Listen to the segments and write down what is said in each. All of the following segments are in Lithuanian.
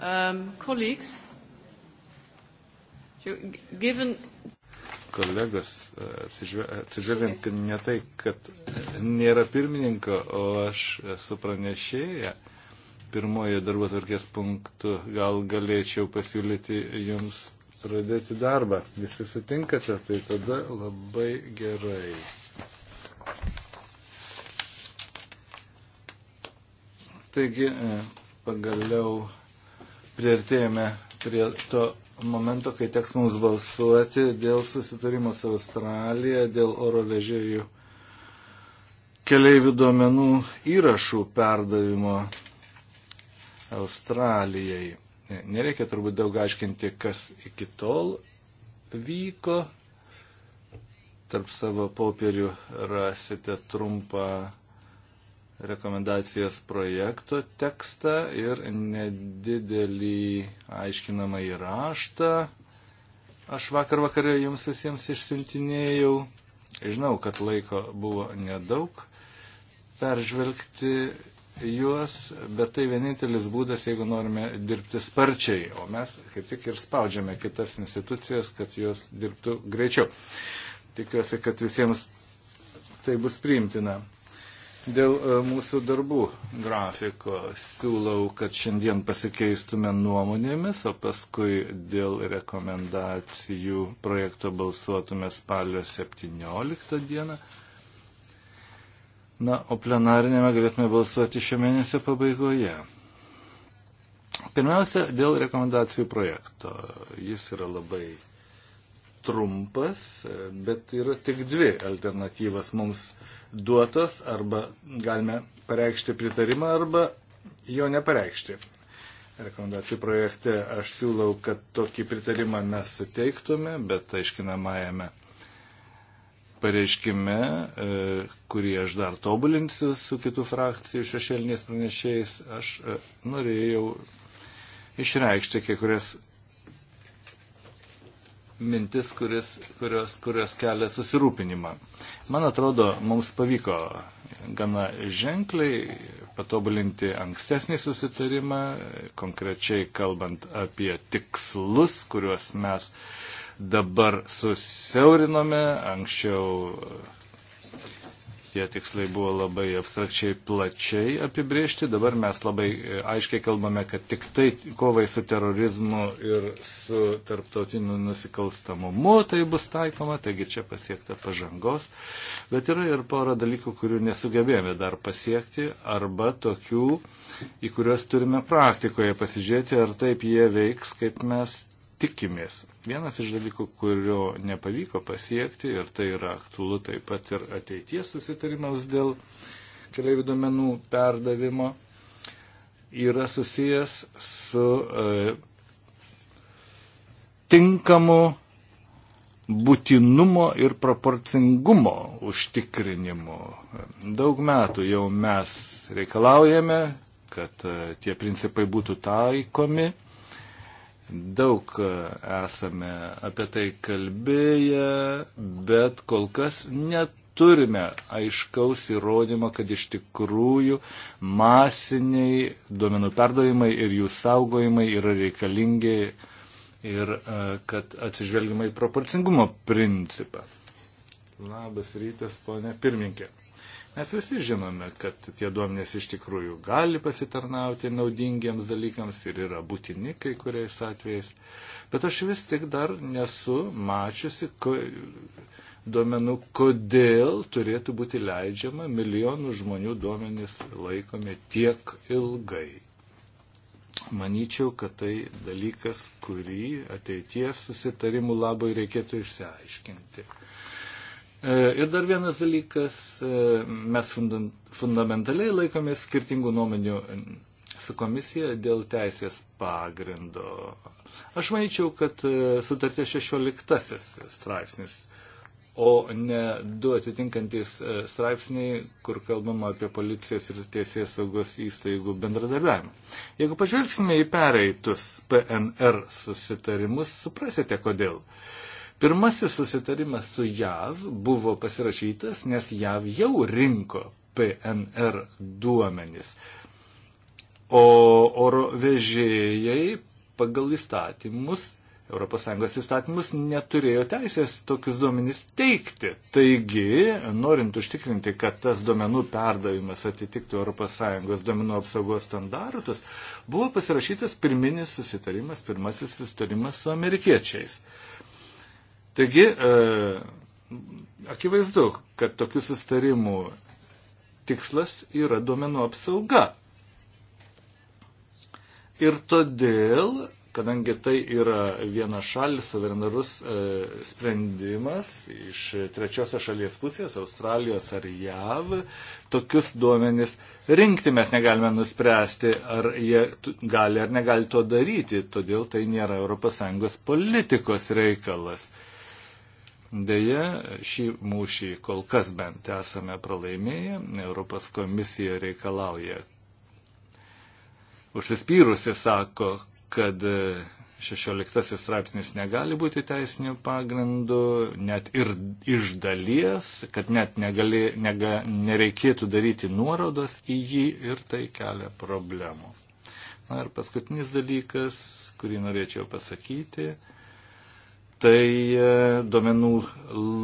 Um, colleagues, given... Kolegos, e, atsižvelgiant, kad ne tai, kad nėra pirmininko, o aš esu pranešėja pirmojo darbo tvarkės punktu, gal galėčiau pasiūlyti jums pradėti darbą. Visi sutinkate, tai tada labai gerai. Taigi, e, pagaliau Priartėjome prie to momento, kai teks mums balsuoti dėl susitarimo su Australija, dėl oro vežėjų keliaivių duomenų įrašų perdavimo Australijai. Nereikia turbūt daug aiškinti, kas iki tol vyko. Tarp savo popierių rasite trumpą rekomendacijos projekto tekstą ir nedidelį aiškinamą įraštą. Aš vakar vakarė jums visiems išsiuntinėjau. Žinau, kad laiko buvo nedaug peržvelgti juos, bet tai vienintelis būdas, jeigu norime dirbti sparčiai, o mes kaip tik ir spaudžiame kitas institucijas, kad jos dirbtų greičiau. Tikiuosi, kad visiems tai bus priimtina. Dėl e, mūsų darbų grafiko siūlau, kad šiandien pasikeistume nuomonėmis, o paskui dėl rekomendacijų projekto balsuotume spalio 17 dieną. Na, o plenarinėme galėtume balsuoti šio mėnesio pabaigoje. Pirmiausia, dėl rekomendacijų projekto. Jis yra labai trumpas, e, bet yra tik dvi alternatyvas mums duotas arba galime pareikšti pritarimą arba jo nepareikšti. Rekomendacijų projekte aš siūlau, kad tokį pritarimą mes suteiktume, bet aiškinamajame pareiškime, e, kurį aš dar tobulinsiu su kitų frakcijų šešėliniais pranešėjais, aš e, norėjau išreikšti kai kurias mintis, kuris, kurios, kurios kelia susirūpinimą. Man atrodo, mums pavyko gana ženkliai patobulinti ankstesnį susitarimą, konkrečiai kalbant apie tikslus, kuriuos mes dabar susiaurinome, anksčiau tie tikslai buvo labai abstrakčiai plačiai apibriežti, dabar mes labai e, aiškiai kalbame, kad tik tai kovai su terorizmu ir su tarptautiniu nusikalstamumu tai bus taikoma, taigi čia pasiekta pažangos, bet yra ir pora dalykų, kurių nesugebėjome dar pasiekti, arba tokių, į kuriuos turime praktikoje pasižiūrėti, ar taip jie veiks, kaip mes tikimės. Vienas iš dalykų, kurio nepavyko pasiekti, ir tai yra aktualu taip pat ir ateities susitarimams dėl keliaivių duomenų perdavimo, yra susijęs su e, tinkamu būtinumo ir proporcingumo užtikrinimu. Daug metų jau mes reikalaujame, kad e, tie principai būtų taikomi Daug e, esame apie tai kalbėję, bet kol kas neturime aiškaus įrodymo, kad iš tikrųjų masiniai duomenų perdavimai ir jų saugojimai yra reikalingi ir e, kad atsižvelgiama į proporcingumo principą. Labas rytas, ponė pirmininkė. Mes visi žinome, kad tie duomenys iš tikrųjų gali pasitarnauti naudingiems dalykams ir yra būtini kai kuriais atvejais. Bet aš vis tik dar nesu mačiusi ko, duomenų, kodėl turėtų būti leidžiama milijonų žmonių duomenys laikomi tiek ilgai manyčiau, kad tai dalykas, kurį ateities susitarimų labai reikėtų išsiaiškinti. E, ir dar vienas dalykas, e, mes fundamentaliai laikomės skirtingų nuomonių e, su komisija dėl teisės pagrindo. Aš manyčiau, kad sutartė 16 straipsnis, o ne du atitinkantis straipsniai, kur kalbama apie policijos ir teisės saugos įstaigų bendradarbiavimą. Jeigu pažvelgsime į pereitus PNR susitarimus, suprasite kodėl. Uh, Pirmasis susitarimas su JAV buvo pasirašytas, nes JAV jau rinko PNR duomenis. O oro vežėjai pagal įstatymus, ES įstatymus, neturėjo teisės tokius duomenis teikti. Taigi, norint užtikrinti, kad tas duomenų perdavimas atitiktų ES duomenų apsaugos standartus, buvo pasirašytas pirminis susitarimas, pirmasis susitarimas su amerikiečiais. Taigi, e, akivaizdu, kad tokių sustarimų tikslas yra duomenų apsauga. Ir todėl, kadangi tai yra viena šalis suverenarus e, sprendimas iš trečiosios šalies pusės, Australijos ar JAV, tokius duomenis rinkti mes negalime nuspręsti, ar jie gali ar negali to daryti, todėl tai nėra ES politikos reikalas. Deja, šį mūšį kol kas bent esame pralaimėję. Europos komisija reikalauja. Užsispyrusi sako, kad 16 straipsnis negali būti teisiniu pagrindu, net ir iš dalies, kad net negali, nega, nereikėtų daryti nuorodos į jį ir tai kelia problemų. Na ir paskutinis dalykas, kurį norėčiau pasakyti, tai e, duomenų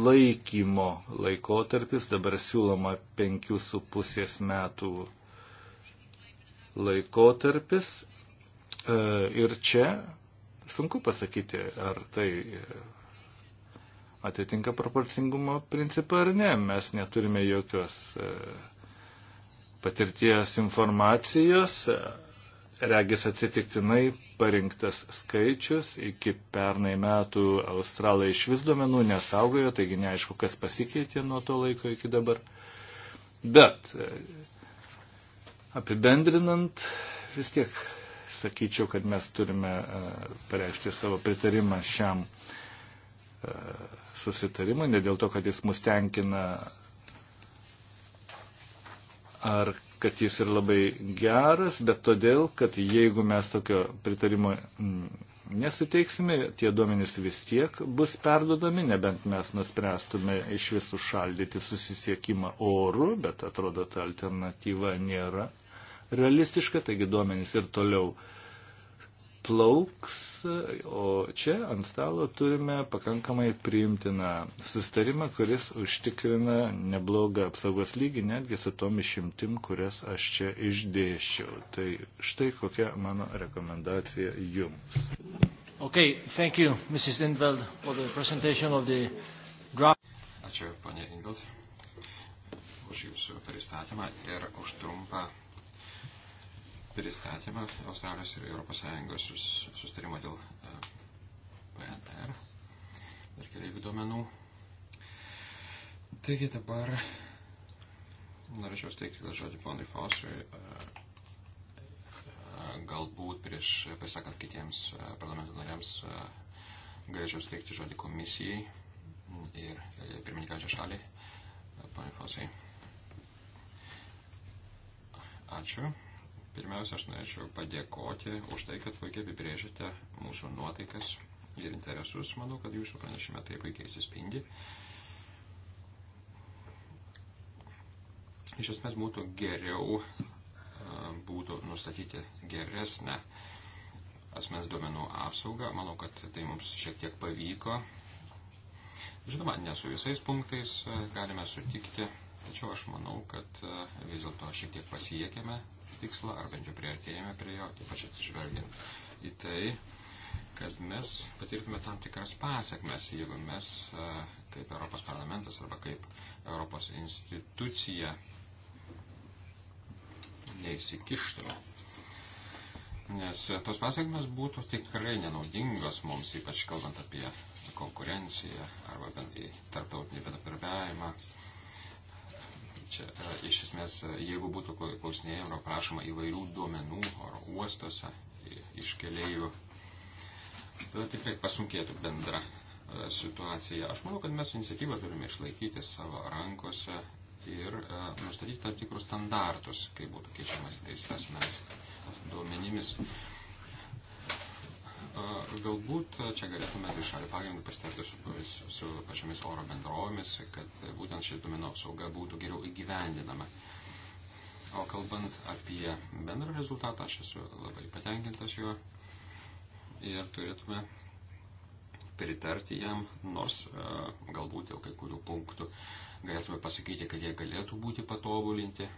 laikymo laikotarpis dabar siūloma 5,5 metų laikotarpis. E, ir čia sunku pasakyti, ar tai atitinka proporcingumo principą ar ne. Mes neturime jokios e, patirties informacijos regis atsitiktinai parinktas skaičius. Iki pernai metų Australai iš vis duomenų nesaugojo, taigi neaišku, kas pasikeitė nuo to laiko iki dabar. Bet apibendrinant, vis tiek sakyčiau, kad mes turime e, pareikšti savo pritarimą šiam e, susitarimui, ne dėl to, kad jis mus tenkina ar kad jis ir labai geras, bet todėl, kad jeigu mes tokio pritarimo mm, nesuteiksime, tie duomenys vis tiek bus perdodami, nebent mes nuspręstume iš visų šaldyti susisiekimą oru, bet atrodo, ta alternatyva nėra realistiška, taigi duomenys ir toliau plauks, o čia ant stalo turime pakankamai priimtiną sustarimą, kuris užtikrina neblogą apsaugos lygį, netgi su tom išimtim, kurias aš čia išdėščiau. Tai štai kokia mano rekomendacija jums. Okay, thank you, Mrs. Lindveld, for the presentation of the draft. Ačiū, ponė Indveld, už jūsų pristatymą ir už trumpą pristatymą Australijos ir ES sus, sustarimo dėl e, PNR ir keliaivių duomenų. Taigi dabar norėčiau steigti žodį ponui Fausui. E, e, galbūt prieš pasakant kitiems parlamento nariams galėčiau steigti žodį komisijai ir pirmininkaujančią šalį, ponui Fausai. Ačiū. Pirmiausia, aš norėčiau padėkoti už tai, kad puikiai apibrėžėte mūsų nuotaikas ir interesus. Manau, kad jūsų pranešime tai puikiai įsispindi. Iš esmės būtų geriau būtų nustatyti geresnę asmens duomenų apsaugą. Manau, kad tai mums šiek tiek pavyko. Žinoma, ne su visais punktais galime sutikti, tačiau aš manau, kad vis dėlto šiek tiek pasiekėme tikslą, ar bent jau prieartėjame prie jo, ypač atsižvelgiant į tai, kad mes patirtume tam tikras pasiekmes, jeigu mes e, kaip Europos parlamentas arba kaip Europos institucija neįsikištume. Nes tos pasiekmes būtų tikrai nenaudingos mums, ypač kalbant apie konkurenciją arba bent į tarptautinį bendradarbiavimą čia e, iš esmės, e, jeigu būtų klausinėjama, prašoma įvairių duomenų oro uostose iš keliaivių, tada tikrai pasunkėtų bendra e, situacija. Aš manau, kad mes iniciatyvą turime išlaikyti savo rankose ir nustatyti tam tikrus standartus, kai būtų keičiamas tais asmens duomenimis. Uh, Galbūt čia galėtume dvišalių pagrindų pasitarti su, su, su pačiomis oro bendrovėmis, kad būtent ši duomenų apsauga būtų geriau įgyvendinama. O kalbant apie bendrą rezultatą, aš esu labai patenkintas juo ir turėtume pritarti jam, nors galbūt dėl kai kurių punktų galėtume pasakyti, kad jie galėtų būti patobulinti,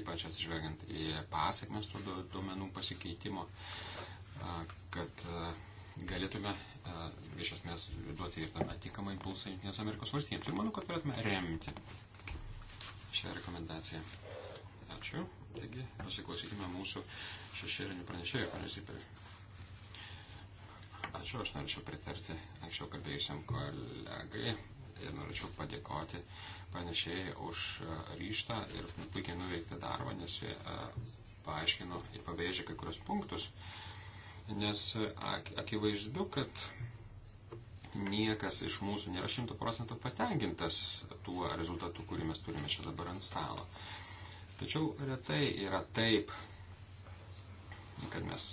ypač atsižvelgiant į pasiekmes to duomenų pasikeitimo. Uh, kad galėtume iš esmės duoti ir tam atitinkamą impulsą Junktinės Amerikos valstybėms. Ir manau, kad turėtume remti šią rekomendaciją. Ačiū. Taigi, pasiklausykime mūsų šešėlinių pranešėjų, ponios Zipelė. Ačiū, aš norėčiau pritarti anksčiau kalbėjusiam kolegai ir norėčiau padėkoti pranešėjai už ryštą ir puikiai nuveiktą darbą, nes jie paaiškino ir pabrėžė kai kurios punktus, uh, nes akivaizdu, kad niekas iš mūsų nėra šimtų procentų patenkintas tuo rezultatu, kurį mes turime čia dabar ant stalo. Tačiau retai yra taip, kad mes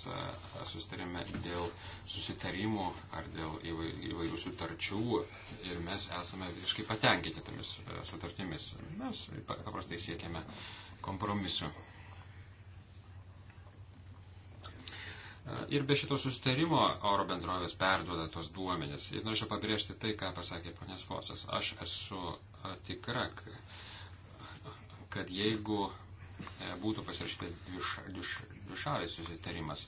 susitarėme dėl susitarimų ar dėl įvairių sutarčių ir mes esame visiškai patenkinti tomis sutartimis. Mes paprastai siekiame kompromisu. Ir be šito sustarimo oro bendrovės perduoda tos duomenis. Ir norėčiau pabrėžti tai, ką pasakė ponės Fosas. Aš esu tikra, kad jeigu e, būtų pasirašyta dvišalis susitarimas,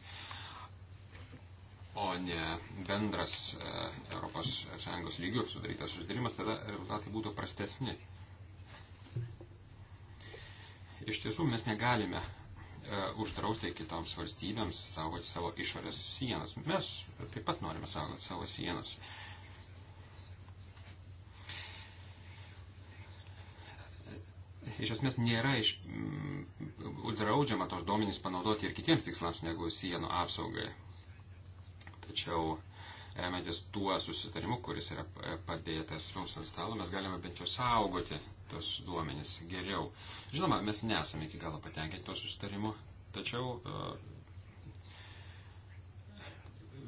o ne bendras ES lygių sudarytas susitarimas, tada rezultatai būtų prastesni. Iš tiesų mes negalime E, uždrausti kitoms valstybėms saugoti savo išorės sienas. Mes taip pat norime saugoti savo sienas. Iš esmės nėra iš, m, mm, draudžiama tos duomenys panaudoti ir kitiems tikslams negu sienų apsaugai. Tačiau remiantis tuo susitarimu, kuris yra padėtas mums ant stalo, mes galime bent jau saugoti tos duomenys geriau. Žinoma, mes nesame iki galo patenkinti to susitarimu, tačiau e,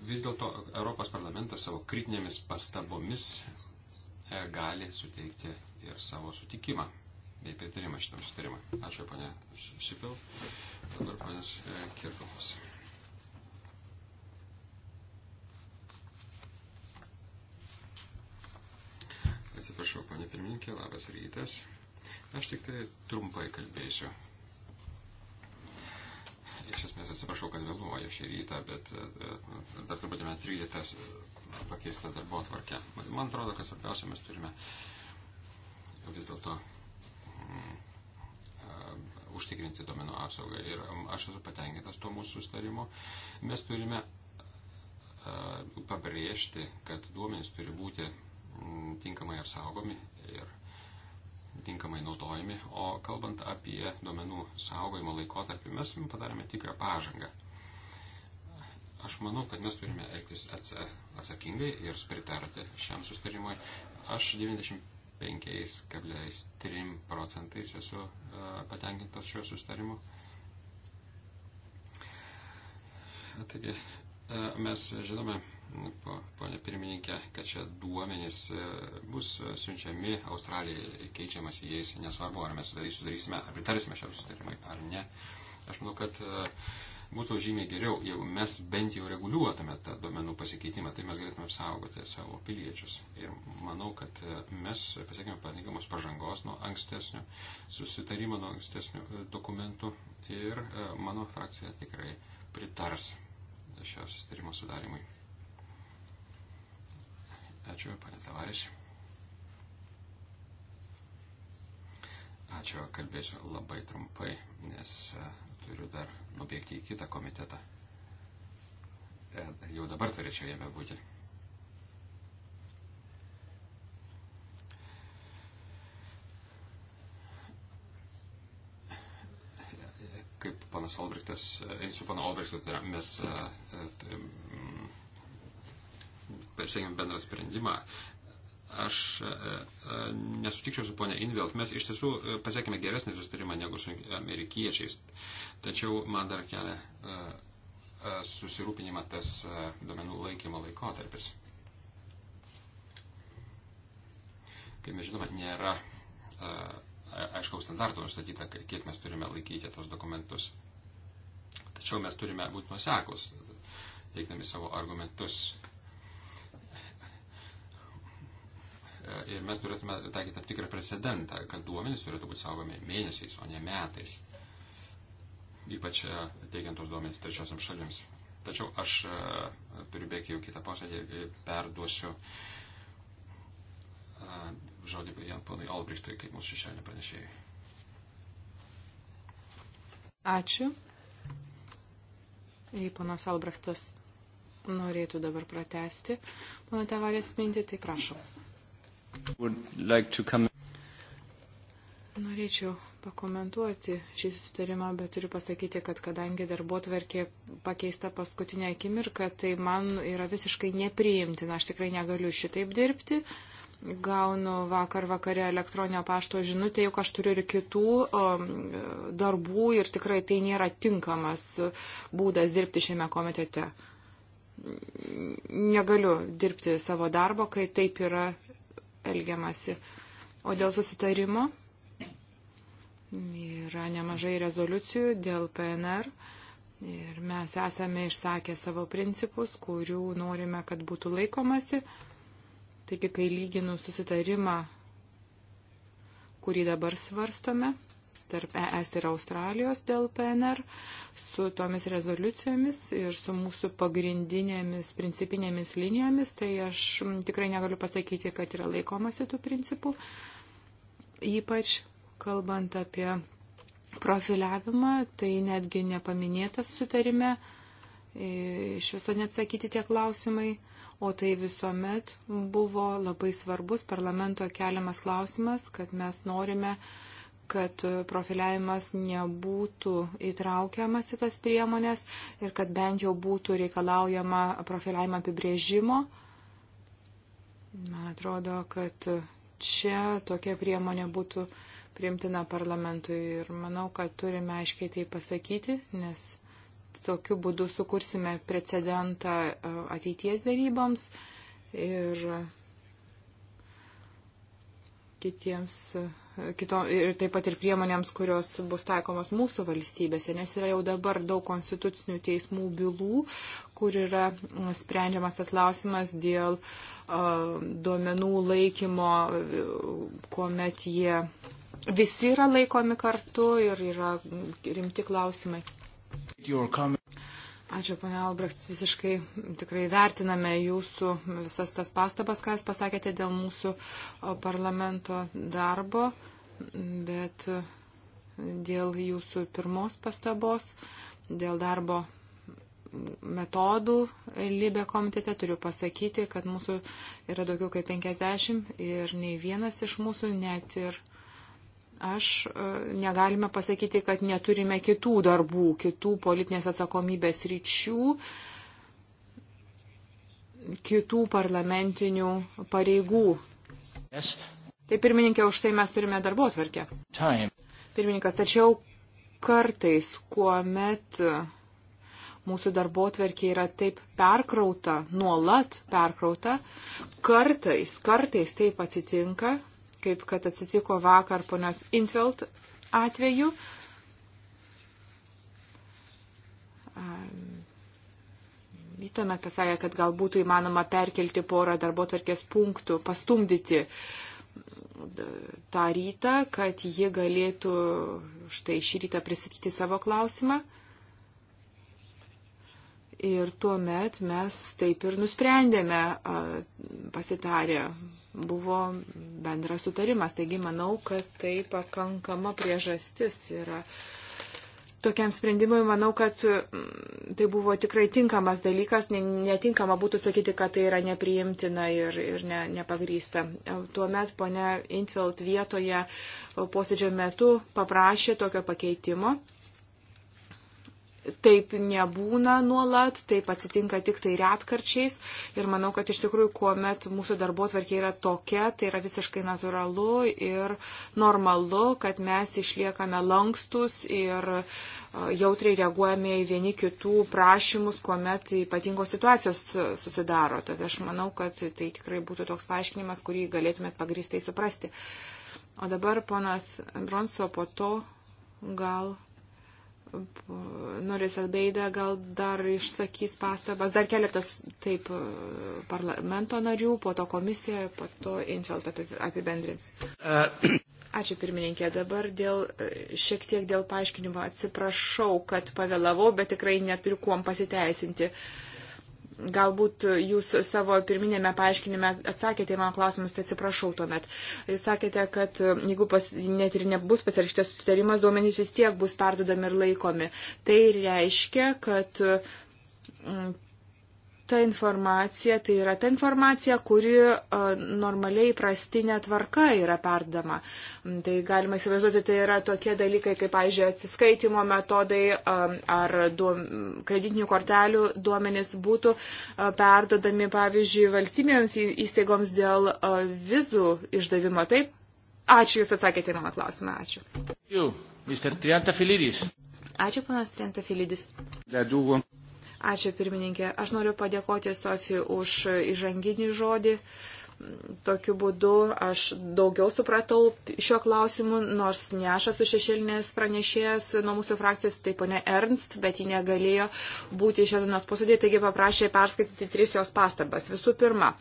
vis dėlto Europos parlamentas savo kritinėmis pastabomis e, gali suteikti ir savo sutikimą bei pritarimą šitam susitarimui. Ačiū, ponė Šipil. Dabar ponės e, Kirkovas. Atsiprašau, panė pirmininkė, labas rytas. Aš tik tai trumpai kalbėsiu. Iš esmės atsiprašau, kad vėluoju šį rytą, bet e, dar turbūt mes trykdytas e, pakeista darbo atvarkė. Man atrodo, kad svarbiausia mes turime vis dėlto mm, e, užtikrinti domenų apsaugą. Ir aš esu patenkintas tuo mūsų sustarimu. Mes turime pabrėžti, kad duomenys turi būti Mm, tinkamai apsaugomi ir tinkamai naudojami. O kalbant apie duomenų saugojimo laikotarpį, mes padarėme tikrą pažangą. Aš manau, kad mes turime elgtis atsakingai ir pritarti šiam sustarimui. Aš 95,3 procentais esu e, patenkintas šiuo sustarimu. Taigi, e, mes žinome, ponė pirmininkė, kad čia duomenys e, bus e, siunčiami Australijai, e, keičiamas jais, nesvarbu, ar mes sudarysime, ar pritarsime šiam sustarimui, ar ne. Aš manau, kad būtų žymiai geriau, jeigu mes bent jau reguliuotume tą duomenų pasikeitimą, tai mes galėtume apsaugoti savo piliečius. Ir manau, kad mes pasiekime patikamos pažangos nuo ankstesnio susitarimo, nuo ankstesnių dokumentų ir mano frakcija tikrai pritars šio susitarimo sudarimui. Ačiū, panė Savariš. Ačiū, kalbėsiu labai trumpai, nes e, turiu dar nubėgti į kitą komitetą. E, jau dabar turėčiau jame būti. E, kaip panas Albrechtas, eisiu pana Albrechtas, tai yra, mes pasiekėm bendrą sprendimą. Aš e, e, nesutikčiau su ponia Invelt, mes iš tiesų e, pasiekėme geresnį sustarimą negu su amerikiečiais. Tačiau man dar kelia susirūpinimą tas duomenų laikymo laikotarpis. Kaip mes žinome, nėra aiškaus standarto nustatyta, kiek mes turime laikyti tos dokumentus. Tačiau mes turime būti nuseklus, teikdami savo argumentus. E, ir mes turėtume taikyti tam tikrą precedentą, kad duomenys turėtų būti saugomi mėnesiais, o ne metais. Ypač e, teikiant tos duomenys trečiosiam šalims. Tačiau aš e, turiu bėgti jau kitą posėdį, perduosiu žodį Jan Ponui Albrechtui, kaip mūsų šešėlinė pranešėjai. Ačiū. Jei ponas Albrechtas norėtų dabar pratesti mano tevarės mintį, tai prašau. Like come... Norėčiau pakomentuoti šį susitarimą, bet turiu pasakyti, kad kadangi darbo tvarkė pakeista paskutinę akimirką, tai man yra visiškai nepriimtina, aš tikrai negaliu šitaip dirbti. Gaunu vakar vakare elektroninio pašto žinutę, juk aš turiu ir kitų um, darbų ir tikrai tai nėra tinkamas būdas dirbti šiame komitete. Negaliu dirbti savo darbo, kai taip yra elgiamasi. O dėl susitarimo yra nemažai rezoliucijų dėl PNR ir mes esame išsakę savo principus, kurių norime, kad būtų laikomasi. Taigi, kai lyginu susitarimą, kurį dabar svarstome, tarp ES ir Australijos dėl PNR, su tomis rezoliucijomis ir su mūsų pagrindinėmis principinėmis linijomis, tai aš tikrai negaliu pasakyti, kad yra laikomasi tų principų, ypač kalbant apie profiliavimą, tai netgi nepaminėta susitarime, e, iš viso neatsakyti tie klausimai. O tai visuomet buvo labai svarbus parlamento keliamas klausimas, kad mes norime uh, kad profiliavimas nebūtų įtraukiamas į tas priemonės ir kad bent jau būtų reikalaujama profiliavimo apibrėžimo. Man atrodo, kad čia tokia priemonė būtų priimtina parlamentui ir manau, kad turime aiškiai tai pasakyti, nes tokiu būdu sukursime precedentą e, ateities daryboms ir kitiems, kito, ir taip pat ir priemonėms, kurios bus taikomos mūsų valstybėse, nes yra jau dabar daug konstitucinių teismų bylų, kur yra sprendžiamas tas klausimas dėl uh, duomenų laikymo, kuomet jie visi yra laikomi kartu ir yra rimti klausimai. Ačiū, pane Albrecht, visiškai tikrai vertiname jūsų visas tas pastabas, ką jūs pasakėte dėl mūsų parlamento darbo, bet e, dėl jūsų pirmos pastabos, dėl darbo metodų Libė komitete turiu pasakyti, kad mūsų yra daugiau kaip 50 ir nei vienas iš mūsų net ir aš e, negalime pasakyti, kad neturime kitų darbų, kitų politinės atsakomybės ryčių, kitų parlamentinių pareigų. Yes. Tai pirmininkė, už tai mes turime darbo atvarkę. Pirmininkas, tačiau kartais, kuomet mūsų darbo atvarkė yra taip perkrauta, nuolat perkrauta, kartais, kartais taip atsitinka, kaip kad atsitiko vakar ponios Intveld atveju. Vytome pasakė, kad gal būtų įmanoma perkelti porą darbo tvarkės punktų, pastumdyti tą rytą, kad ji galėtų štai šį rytą pristatyti savo klausimą. Ir tuo met mes taip ir nusprendėme pasitarę. Buvo bendras sutarimas. Taigi manau, kad tai pakankama priežastis yra. Tokiam sprendimui manau, kad mm, tai buvo tikrai tinkamas dalykas. Netinkama būtų sakyti, kad tai yra nepriimtina ir, ir ne, nepagrysta. Tuomet ponia Intveld vietoje posėdžio metu paprašė tokio pakeitimo Taip nebūna nuolat, taip atsitinka tik tai retkarčiais ir manau, kad iš tikrųjų, kuomet mūsų darbo tvarkė yra tokia, tai yra visiškai natūralu ir normalu, kad mes išliekame lankstus ir jautriai reaguojame į vieni kitų prašymus, kuomet ypatingos situacijos susidaro. Tad aš manau, kad tai tikrai būtų toks paaiškinimas, kurį galėtumėt pagristai suprasti. O dabar ponas Bronso po to gal Noris Albeida gal dar išsakys pastabas, dar keletas taip parlamento narių, po to komisija, po to Infeld apibendrins. Uh, Ačiū pirmininkė, dabar dėl, šiek tiek dėl paaiškinimo atsiprašau, kad pavėlavau, bet tikrai neturiu kuom pasiteisinti. Uh, Galbūt jūs savo pirminėme paaiškinime atsakėte į mano klausimus, tai atsiprašau tuomet. Jūs sakėte, kad e, jeigu pas, net ir nebus pasirašytas sutarimas, duomenys vis tiek bus perdodami ir laikomi. Tai reiškia, kad mm, ta informacija, tai yra ta informacija, kuri normaliai prastinė tvarka yra perdama. Mm, tai galima įsivaizduoti, tai yra tokie dalykai, kaip, pavyzdžiui, atsiskaitimo metodai ar kreditinių kortelių duomenys būtų perdodami, pavyzdžiui, valstybėms įstaigoms dėl vizų išdavimo. Taip, ačiū Jūs atsakėte į mano klausimą. Ačiū. Ačiū, Mr. Trianta Filidis. Ačiū, panas Trianta Filidis. Leduvo. Ačiū pirmininkė. Aš noriu padėkoti Sofijai už įžanginį žodį. Tokiu būdu aš daugiau supratau šiuo klausimu, nors ne aš esu šešėlinės pranešėjas nuo mūsų frakcijos, tai ponė Ernst, bet ji negalėjo būti šios dienos posėdėje, taigi paprašė perskaityti tris jos pastabas. Visų pirma,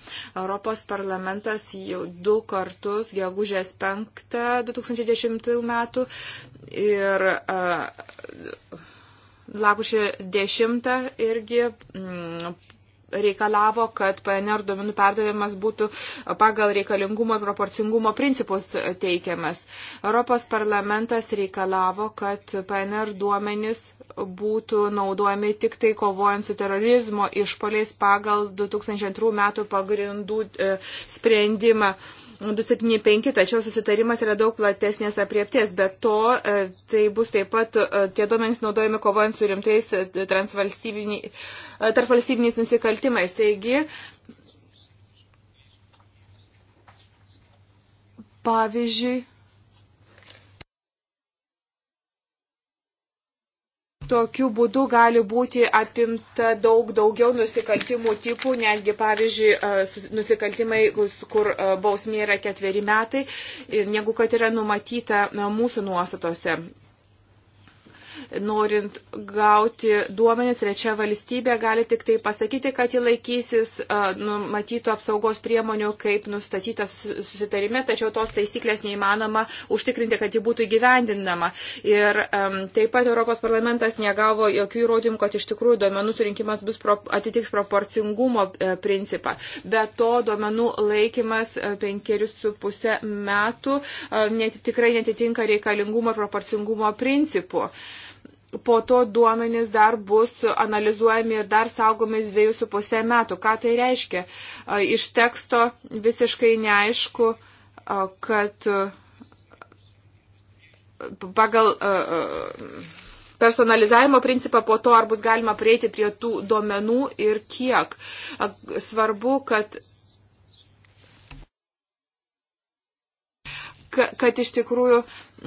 Europos parlamentas jau du kartus, gegužės 5 2010 metų ir. Uh, lakušį 10 irgi mm, reikalavo, kad PNR duomenų perdavimas būtų pagal reikalingumo ir proporcingumo principus teikiamas. Europos parlamentas reikalavo, kad PNR duomenys būtų naudojami tik tai kovojant su terorizmo išpoliais pagal 2002 metų pagrindų e, sprendimą. 275, tačiau susitarimas yra daug platesnės apriepties, bet to e, tai bus taip pat e, tie duomenys naudojami kovojant su rimtais e, tarpvalstybiniais nusikaltimais. Taigi, pavyzdžiui, Tokiu būdu gali būti apimta daug daugiau nusikaltimų tipų, netgi pavyzdžiui e, nusikaltimai, kur e, bausmė yra ketveri metai, e, negu kad yra numatyta mūsų nuostatose norint gauti duomenis, trečia valstybė gali tik tai pasakyti, kad ji laikysis numatytų apsaugos priemonių, kaip nustatytas susitarime, tačiau tos taisyklės neįmanoma užtikrinti, kad ji būtų įgyvendinama. Ir um, taip pat Europos parlamentas negavo jokių įrodymų, kad iš tikrųjų duomenų surinkimas bus pro, atitiks proporcingumo e, principą. Be to, duomenų laikymas e, penkerius su pusę metų e, net, tikrai netitinka reikalingumo ir proporcingumo principų po to duomenys dar bus analizuojami ir dar saugomi dviejus su pusę metų. Ką tai reiškia? Iš teksto visiškai neaišku, kad pagal personalizavimo principą po to, ar bus galima prieiti prie tų duomenų ir kiek. Svarbu, kad kad iš tikrųjų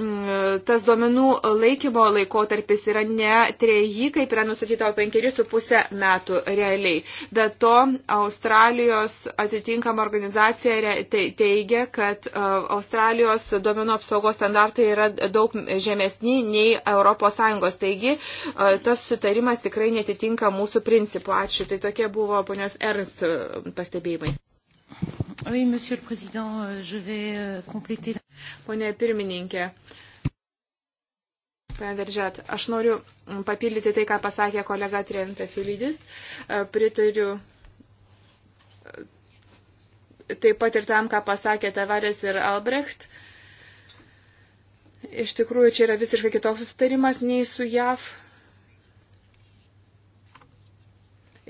mm, tas duomenų laikymo laikotarpis yra ne treji, kaip yra nustatyta, o penkeri su pusė metų realiai. Be to, Australijos atitinkama organizacija teigia, kad e, Australijos duomenų apsaugos standartai yra daug žemesni nei ES. Taigi, e, tas sutarimas tikrai netitinka mūsų principų. Ačiū. Tai tokie buvo ponios Ernst pastebėjimai. Oui, monsieur le président, euh, je vais euh, compléter. Pone pirmininkė, Veržet, aš noriu papildyti tai, ką pasakė kolega Trenta Filidis. E, pritariu e, taip pat ir tam, ką pasakė Tavarės ir Albrecht. Iš tikrųjų, čia yra visiškai kitoks susitarimas nei su JAV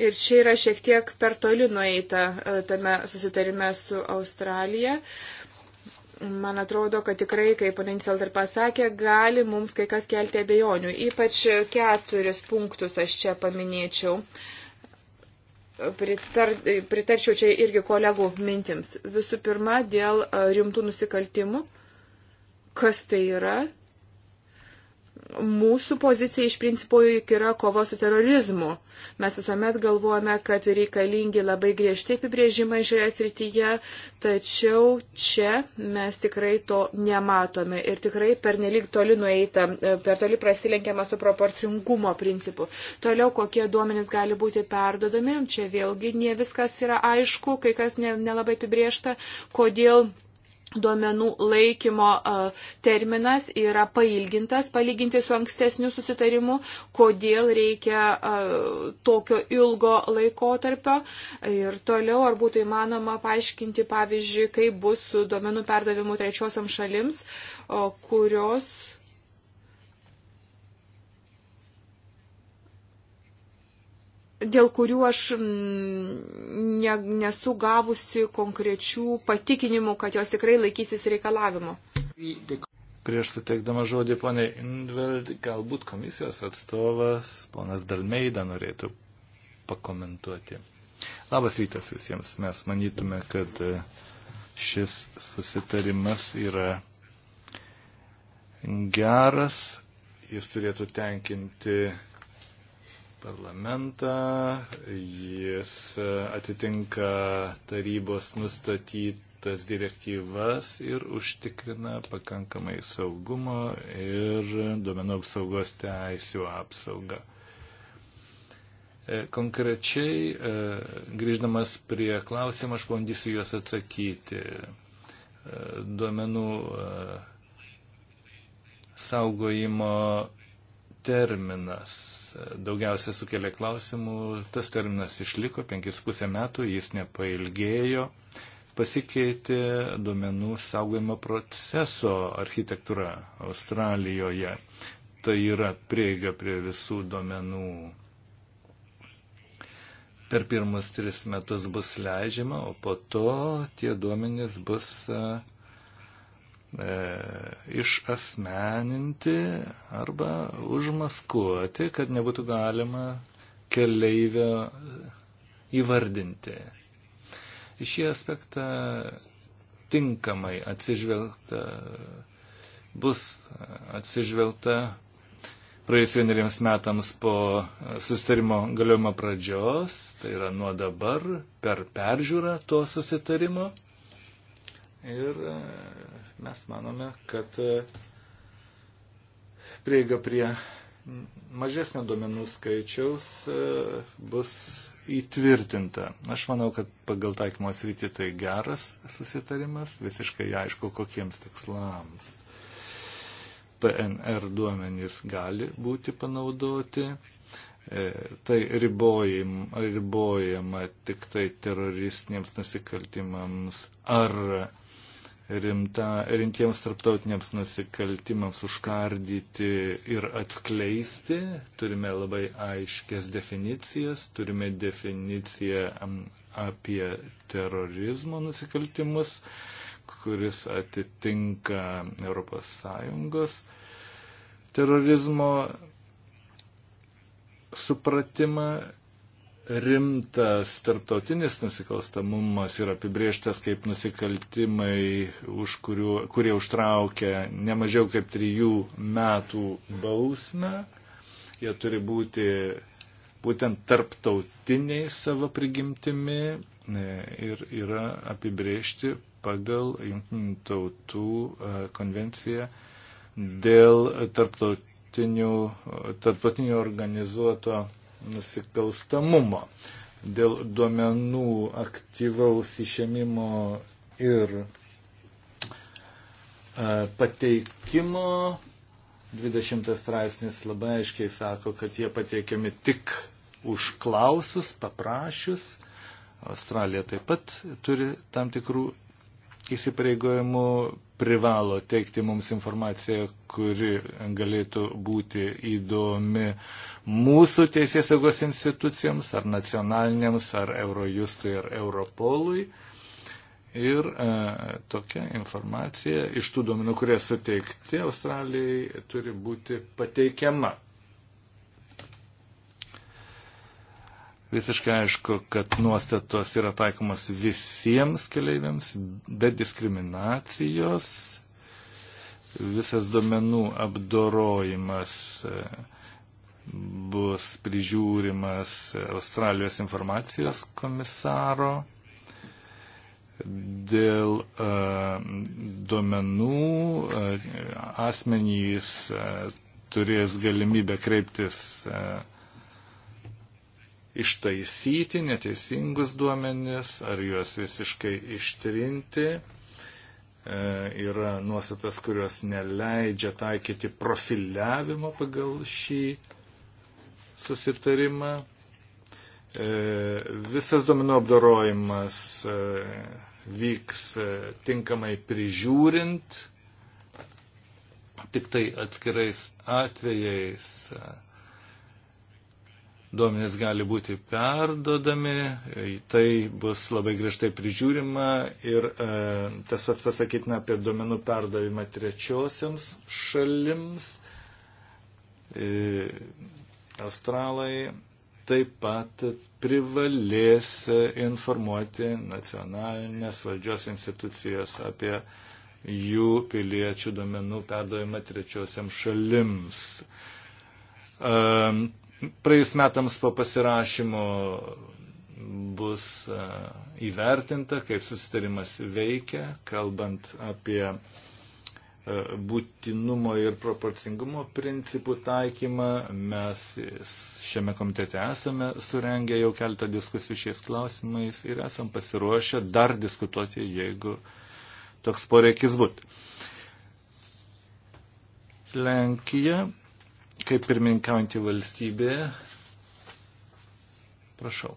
Ir čia yra šiek tiek per toli nueita e, tame susitarime su Australija. Man atrodo, kad tikrai, kaip Paninfelder pasakė, gali mums kai kas kelti abejonių. Ypač keturis punktus aš čia paminėčiau. Pritar, pritarčiau čia irgi kolegų mintims. Visų pirma, dėl e, rimtų nusikaltimų. Kas tai yra? mūsų pozicija iš principo juk yra kova su terorizmu. Mes visuomet galvojame, kad reikalingi labai griežti apibrėžimai šioje srityje, tačiau čia mes tikrai to nematome ir tikrai per nelik toli nueita, per toli prasilenkiama su proporcingumo principu. Toliau, kokie duomenys gali būti perdodami, čia vėlgi ne viskas yra aišku, kai kas nelabai ne apibriešta, kodėl duomenų laikymo terminas yra pailgintas palyginti su ankstesniu susitarimu, kodėl reikia tokio ilgo laikotarpio ir toliau, ar būtų įmanoma paaiškinti, pavyzdžiui, kaip bus su duomenų perdavimu trečiosiam šalims, kurios dėl kurių aš mm, ne, nesu gavusi konkrečių patikinimų, kad jos tikrai laikysis reikalavimo. Prieš suteikdama žodį poniai Indveld, galbūt komisijos atstovas, ponas Dalmeida, norėtų pakomentuoti. Labas rytas visiems. Mes manytume, kad e, šis susitarimas yra geras. Jis turėtų tenkinti parlamentą, jis atitinka tarybos nustatytas direktyvas ir užtikrina pakankamai saugumo ir duomenų apsaugos teisų apsaugą. E, konkrečiai, e, grįždamas prie klausimą, aš bandysiu juos atsakyti. E, duomenų saugojimo terminas daugiausia sukelia klausimų. Tas terminas išliko 5,5 metų, jis nepailgėjo. Pasikeitė duomenų saugojimo proceso architektūra Australijoje. Tai yra prieiga prie visų duomenų. Per pirmus tris metus bus leidžiama, o po to tie duomenys bus uh, e, išasmeninti arba užmaskuoti, kad nebūtų galima keleivio įvardinti. Į šį aspektą tinkamai atsižvelgta, bus atsižvelgta praėjus vieneriems metams po susitarimo galiojimo pradžios, tai yra nuo dabar per peržiūrą to susitarimo. Ir Mes manome, kad e, prieiga prie mažesnio duomenų skaičiaus e, bus įtvirtinta. Aš manau, kad pagal taikymo sritį tai geras susitarimas, visiškai aišku, kokiems tikslams PNR duomenys gali būti panaudoti. E, tai ribojama, ribojama tik tai teroristiniams nusikaltimams ar rimta, rimtiems tarptautiniams nusikaltimams užkardyti ir atskleisti. Turime labai aiškės definicijas, turime definiciją apie terorizmo nusikaltimus, kuris atitinka ES terorizmo supratimą rimtas tarptautinis nusikalstamumas yra apibrieštas kaip nusikaltimai, už kurių, kurie užtraukia ne mažiau kaip trijų metų bausmę. Jie turi būti būtent tarptautiniai savo prigimtimi e, ir yra apibriešti pagal Junktinių tautų e, konvenciją dėl tarptautinių, tarptautinio organizuoto nusikalstamumo. Dėl duomenų aktyvaus išėmimo ir e, pateikimo 20 straipsnis labai aiškiai sako, kad jie pateikiami tik užklausus, paprašius. Australija taip pat turi tam tikrų įsipareigojimu privalo teikti mums informaciją, kuri galėtų būti įdomi mūsų teisės saugos institucijams, ar nacionaliniams, ar Eurojustui, ar Europolui. Ir e, tokia informacija iš tų duomenų, kurie suteikti Australijai, turi būti pateikiama. Visiškai aišku, kad nuostatos yra taikomas visiems keleiviams be diskriminacijos. Visas duomenų apdorojimas e, bus prižiūrimas Australijos informacijos komisaro dėl uh, duomenų uh, asmenys uh, turės galimybę kreiptis uh, ištaisyti neteisingus duomenis ar juos visiškai ištrinti. E, yra nuostatas, kurios neleidžia taikyti profiliavimo pagal šį susitarimą. E, visas duomenų apdorojimas e, vyks e, tinkamai prižiūrint, tik tai atskirais atvejais. E, duomenys gali būti perdodami, tai bus labai griežtai prižiūrima ir e, tas pats pasakytina apie duomenų perdavimą trečiosiams šalims. E, Australai taip pat privalės informuoti nacionalinės valdžios institucijas apie jų piliečių duomenų perdavimą trečiosiam šalims. Ehm, praėjus metams po pasirašymo bus e, įvertinta, kaip susitarimas veikia, kalbant apie e, būtinumo ir proporcingumo principų taikymą. Mes šiame komitete esame surengę jau keltą diskusijų šiais klausimais ir esam pasiruošę dar diskutuoti, jeigu toks poreikis būtų. Lenkija kaip pirmininkaujantį valstybė. Prašau.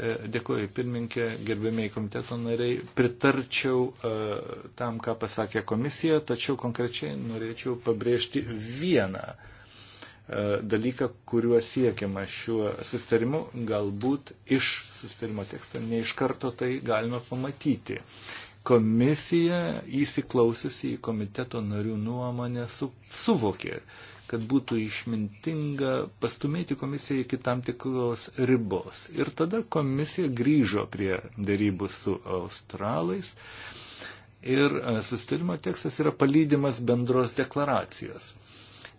E, dėkuoju, pirmininkė, gerbėmiai komiteto nariai. Pritarčiau uh, tam, ką pasakė komisija, tačiau konkrečiai norėčiau pabrėžti vieną uh, dalyką, kuriuo siekiama šiuo sustarimu. Galbūt iš sustarimo teksto ne iš karto tai galima pamatyti. Komisija įsiklausiusi į komiteto narių nuomonę su, suvokė uh, kad būtų išmintinga pastumėti komisiją iki tam tikros ribos. Ir tada komisija grįžo prie darybų su australais ir e, sustarimo tekstas yra palydimas bendros deklaracijos.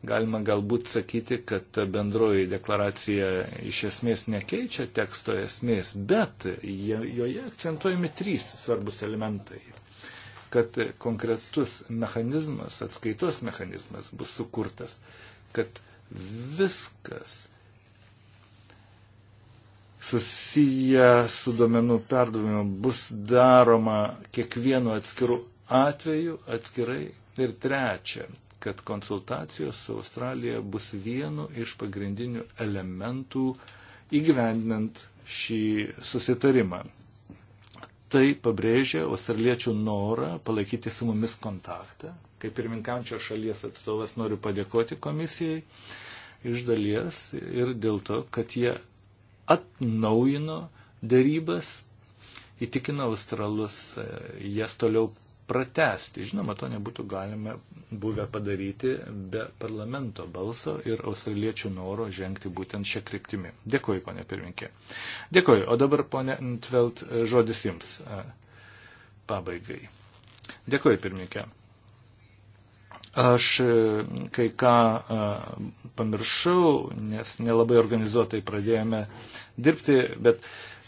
Galima galbūt sakyti, kad bendroji deklaracija iš esmės nekeičia teksto esmės, bet joje akcentuojami trys svarbus elementai kad konkretus mechanizmas, atskaitos mechanizmas bus sukurtas kad viskas susiję su domenų perdavimu bus daroma kiekvienu atskiru atveju atskirai. Ir trečia, kad konsultacijos su Australija bus vienu iš pagrindinių elementų įgyvendinant šį susitarimą. Tai pabrėžia australiečių norą palaikyti su mumis kontaktą, kaip pirminkančio šalies atstovas noriu padėkoti komisijai iš dalies ir dėl to, kad jie atnaujino dėrybas, įtikino australus e, jas toliau pratesti. Žinoma, to nebūtų galima buvę padaryti be parlamento balso ir australiečių noro žengti būtent šią kryptimį. Dėkuoju, ponė pirminkė. Dėkuoju. O dabar, ponė Ntvelt, žodis jums e, pabaigai. Dėkuoju, pirminkė. Aš e, kai ką e, pamiršau, nes nelabai organizuotai pradėjome dirbti, bet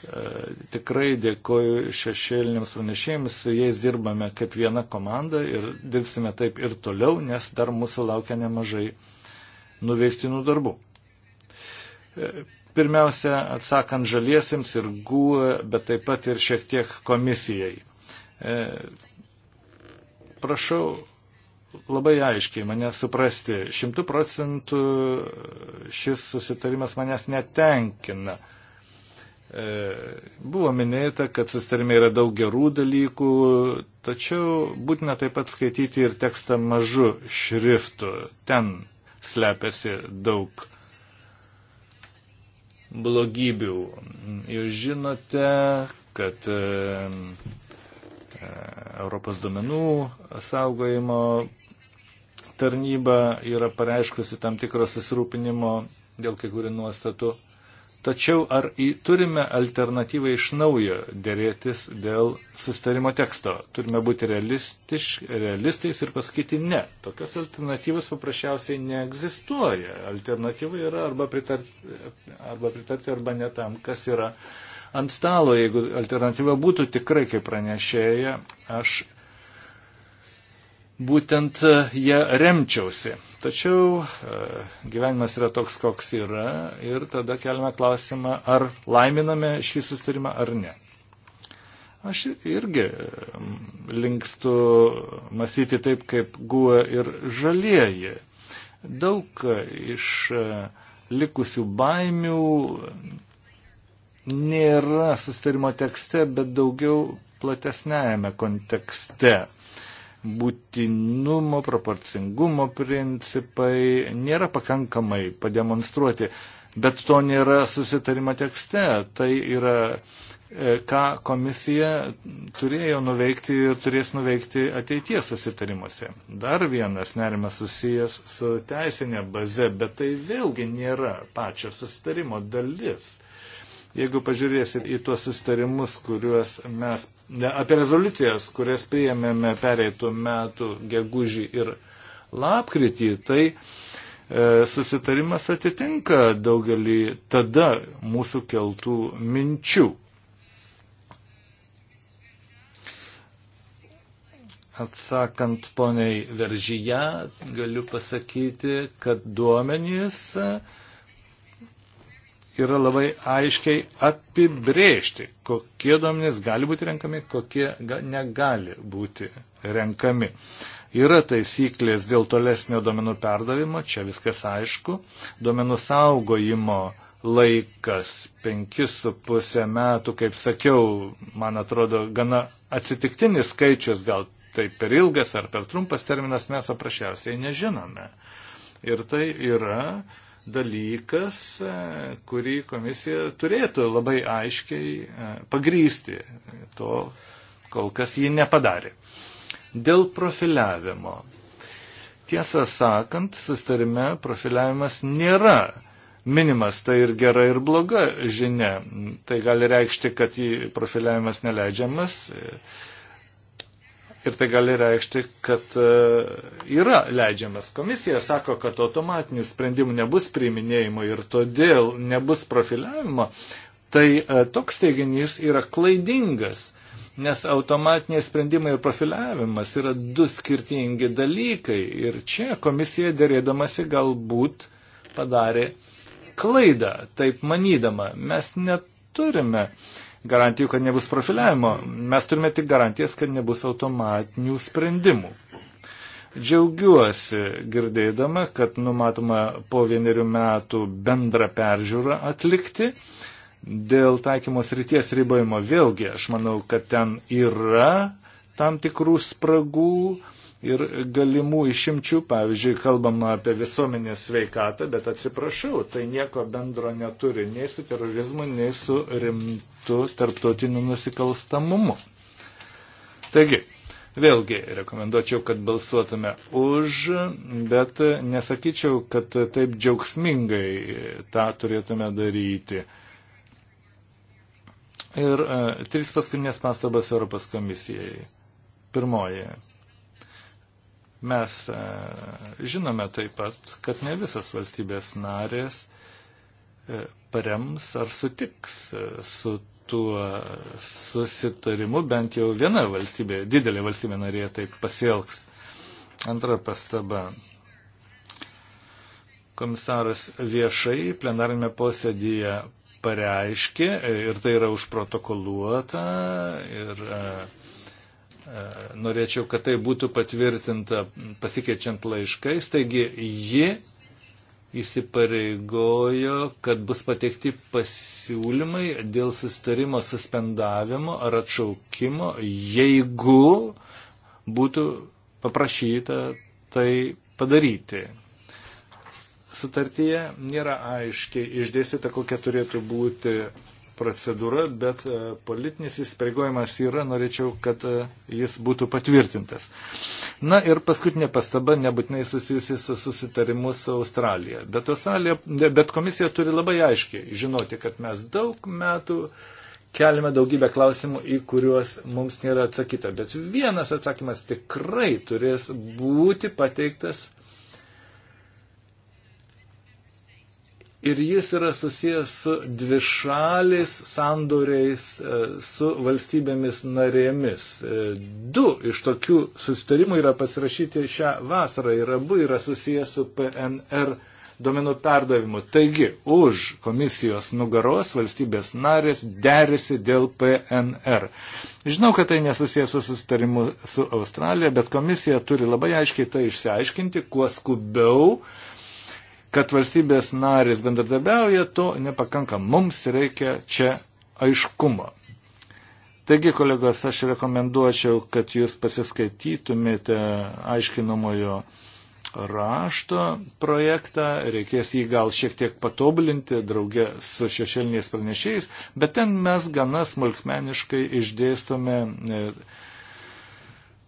e, tikrai dėkoju šešėliniams pranešėjams, su jais dirbame kaip viena komanda ir dirbsime taip ir toliau, nes dar mūsų laukia nemažai nuveiktinų darbų. Pirmiausia, atsakant žaliesiems ir guo, bet taip pat ir šiek tiek komisijai. Prašau labai aiškiai mane suprasti. Šimtų procentų šis susitarimas manęs netenkina. E, buvo minėta, kad susitarime yra daug gerų dalykų, tačiau būtina taip pat skaityti ir tekstą mažu šriftu. Ten slepiasi daug blogybių. Jūs žinote, kad e, e, Europos domenų saugojimo tarnyba yra pareiškusi tam tikrą susirūpinimo dėl kai kurių nuostatų. Tačiau ar į, turime alternatyvą iš naujo dėrėtis dėl sustarimo teksto? Turime būti realistais ir pasakyti ne. Tokios alternatyvos paprasčiausiai neegzistuoja. Alternatyva yra arba pritarti, arba pritarti arba ne tam, kas yra ant stalo. Jeigu alternatyva būtų tikrai kaip pranešėja, aš būtent e, ją remčiausi. Tačiau e, gyvenimas yra toks, koks yra ir tada keliame klausimą, ar laiminame šį sustarimą ar ne. Aš irgi mm, linkstu mąstyti taip, kaip guo ir žalieji. Daug e, iš likusių baimių nėra sustarimo tekste, bet daugiau platesnėjame kontekste būtinumo, proporcingumo principai nėra pakankamai pademonstruoti, bet to nėra susitarimo tekste. Tai yra, e, ką komisija turėjo nuveikti ir turės nuveikti ateities susitarimuose. Dar vienas nerimas susijęs su teisinė baze, bet tai vėlgi nėra pačio susitarimo dalis. Jeigu pažiūrėsim į tuos sustarimus, kuriuos mes, apie rezoliucijas, kurias priėmėme pereitų metų gegužį ir lapkritį, tai e, susitarimas atitinka daugelį tada mūsų keltų minčių. Atsakant poniai veržyje, galiu pasakyti, kad duomenys yra labai aiškiai apibrėžti, kokie duomenys gali būti renkami, kokie negali būti renkami. Yra taisyklės dėl tolesnio duomenų perdavimo, čia viskas aišku. Duomenų saugojimo laikas 5,5 metų, kaip sakiau, man atrodo, gana atsitiktinis skaičius, gal tai per ilgas ar per trumpas terminas mes paprasčiausiai nežinome. Ir tai yra dalykas, e, kurį komisija turėtų labai aiškiai e, pagrysti. To kol kas ji nepadarė. Dėl profiliavimo. Tiesą sakant, sustarime profiliavimas nėra minimas, tai ir gera, ir bloga žinia. Tai gali reikšti, kad profiliavimas neleidžiamas Ir tai gali reikšti, kad e, yra leidžiamas. Komisija sako, kad automatinių sprendimų nebus priiminėjimo ir todėl nebus profiliavimo. Tai e, toks teiginys yra klaidingas, nes automatiniai sprendimai ir profiliavimas yra du skirtingi dalykai. Ir čia komisija dėrėdamasi galbūt padarė klaidą, taip manydama. Mes neturime uh, garantijų, kad nebus profiliavimo. Mes turime tik garantijas, kad nebus automatinių sprendimų. Džiaugiuosi girdėdama, kad numatoma po vienerių metų bendrą peržiūrą atlikti. Dėl taikymos ryties ribojimo vėlgi aš manau, kad ten yra tam tikrų spragų, ir galimų išimčių, pavyzdžiui, kalbama nu, apie visuomenės sveikatą, bet atsiprašau, tai nieko bendro neturi nei su terorizmu, nei su rimtu tarptautiniu nusikalstamumu. Taigi, Vėlgi rekomenduočiau, kad balsuotume už, bet nesakyčiau, kad taip džiaugsmingai tą turėtume daryti. Ir e, trys paskutinės pastabas Europos komisijai. Pirmoji. Mes e, žinome taip pat, kad ne visas valstybės narės e, parems ar sutiks e, su tuo susitarimu, bent jau viena valstybė, didelė valstybė narė taip pasielgs. Antra pastaba komisaras viešai plenarinėme posėdėje pareiškė ir tai yra užprotokoluota ir E, norėčiau, kad tai būtų patvirtinta pasikeičiant laiškais. Taigi ji įsipareigojo, kad bus pateikti pasiūlymai dėl sustarimo suspendavimo ar atšaukimo, jeigu būtų paprašyta tai padaryti. Sutartyje nėra aiškiai išdėstyta, kokia turėtų būti procedūra, bet e, politinis įsipareigojimas yra, norėčiau, kad e, jis būtų patvirtintas. Na ir paskutinė pastaba nebūtinai susijusi su susitarimu su Australija. Bet, Australija, bet komisija turi labai aiškiai žinoti, kad mes daug metų keliame daugybę klausimų, į kuriuos mums nėra atsakyta. Bet vienas atsakymas tikrai turės būti pateiktas ir jis yra susijęs su dvišaliais sandoriais e, su valstybėmis narėmis. E, du iš tokių sustarimų yra pasirašyti šią vasarą ir abu yra susijęs su PNR duomenų perdavimu. Taigi, už komisijos nugaros valstybės narės derisi dėl PNR. Žinau, kad tai nesusijęs su sustarimu su Australija, bet komisija turi labai aiškiai tai išsiaiškinti, kuo skubiau kad valstybės narės bendradarbiauja, to nepakanka. Mums reikia čia aiškumo. Taigi, kolegos, aš rekomenduočiau, kad jūs pasiskaitytumėte aiškinamojo rašto projektą, reikės jį gal šiek tiek patobulinti draugė su šešėliniais pranešėjais, bet ten mes gana smulkmeniškai išdėstome e,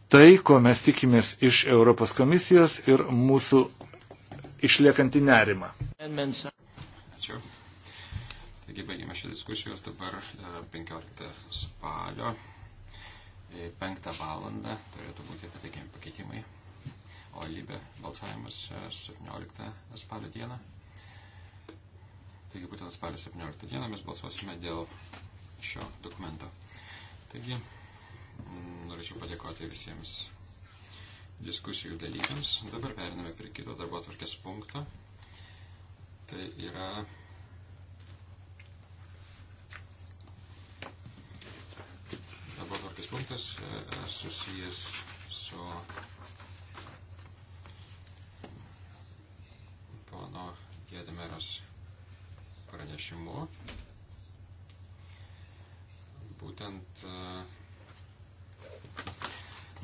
tai, ko mes tikimės iš Europos komisijos ir mūsų išliekantį nerimą. Ačiū. Taigi baigėme šią diskusiją, dabar 15 e, spalio 5 e, valandą turėtų būti atitinkami pakeitimai, o lybė balsavimas 17 e, spalio dieną. Taigi būtent spalio 17 dieną mes balsuosime dėl šio dokumento. Taigi norėčiau padėkoti visiems diskusijų dalyviams. Dabar periname prie kito darbo atvarkės punkto. Tai yra darbo atvarkės punktas e, e, susijęs su pono Gėdemeros pranešimu. Būtent uh,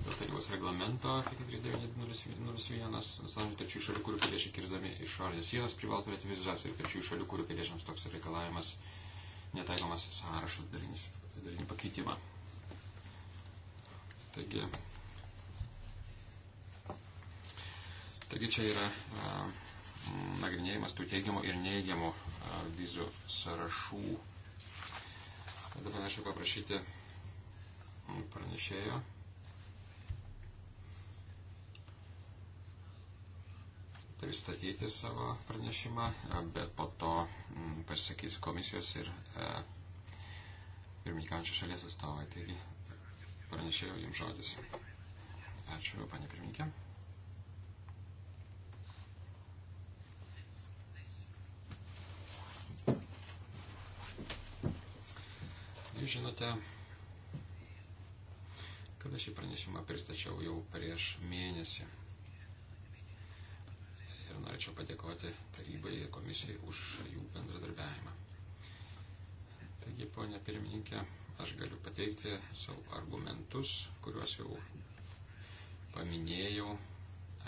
dėl tarybos reglamento 53901 nustatome trečiųjų šalių, kurių piliečiai kirzdami išorinės sienos privalo turėti vizas ir trečiųjų šalių, kurių piliečiams toks reikalavimas netaikomas sąrašas dalinis, dalinį pakeitimą. Taigi, taigi čia yra a, nagrinėjimas tų teigiamų ir neigiamų a, vizų sąrašų. Dabar norėčiau paprašyti pranešėjo pristatyti savo pranešimą, bet po to mm, pasakys komisijos ir e, pirmininkančio šalies atstovai. Taigi pranešėjau jums žodis. Ačiū, panė pirmininkė. Jūs žinote, kad šį pranešimą pristačiau jau prieš mėnesį norėčiau padėkoti tarybai ir komisijai už jų bendradarbiavimą. Taigi, ponė pirmininkė, aš galiu pateikti savo argumentus, kuriuos jau paminėjau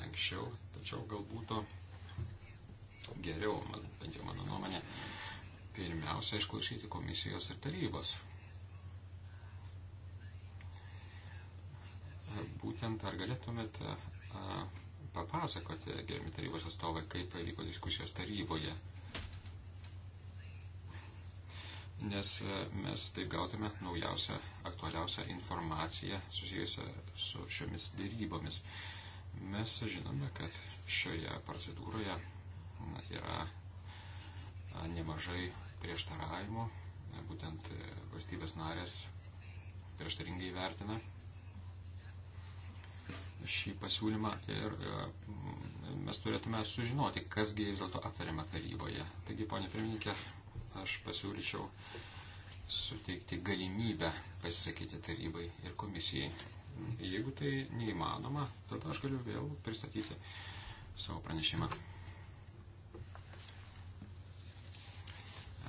anksčiau, tačiau galbūt geriau, man, bent jau mano nuomonė, pirmiausia išklausyti komisijos ir tarybos. Būtent ar galėtumėte papasakoti, gerimi tarybos atstovai, kaip pavyko diskusijos taryboje. Nes e, mes taip gautume naujausią, aktualiausią informaciją susijusią su šiomis dėrybomis. Mes žinome, kad šioje procedūroje yra e, nemažai prieštaravimų, būtent e, valstybės narės prieštaringai vertina šį pasiūlymą ir e, mes turėtume sužinoti, kasgi vis dėlto aptarėme taryboje. Taigi, ponė pirmininkė, aš pasiūlyčiau suteikti galimybę pasisakyti tarybai ir komisijai. Jeigu tai neįmanoma, tada aš galiu vėl pristatyti savo pranešimą.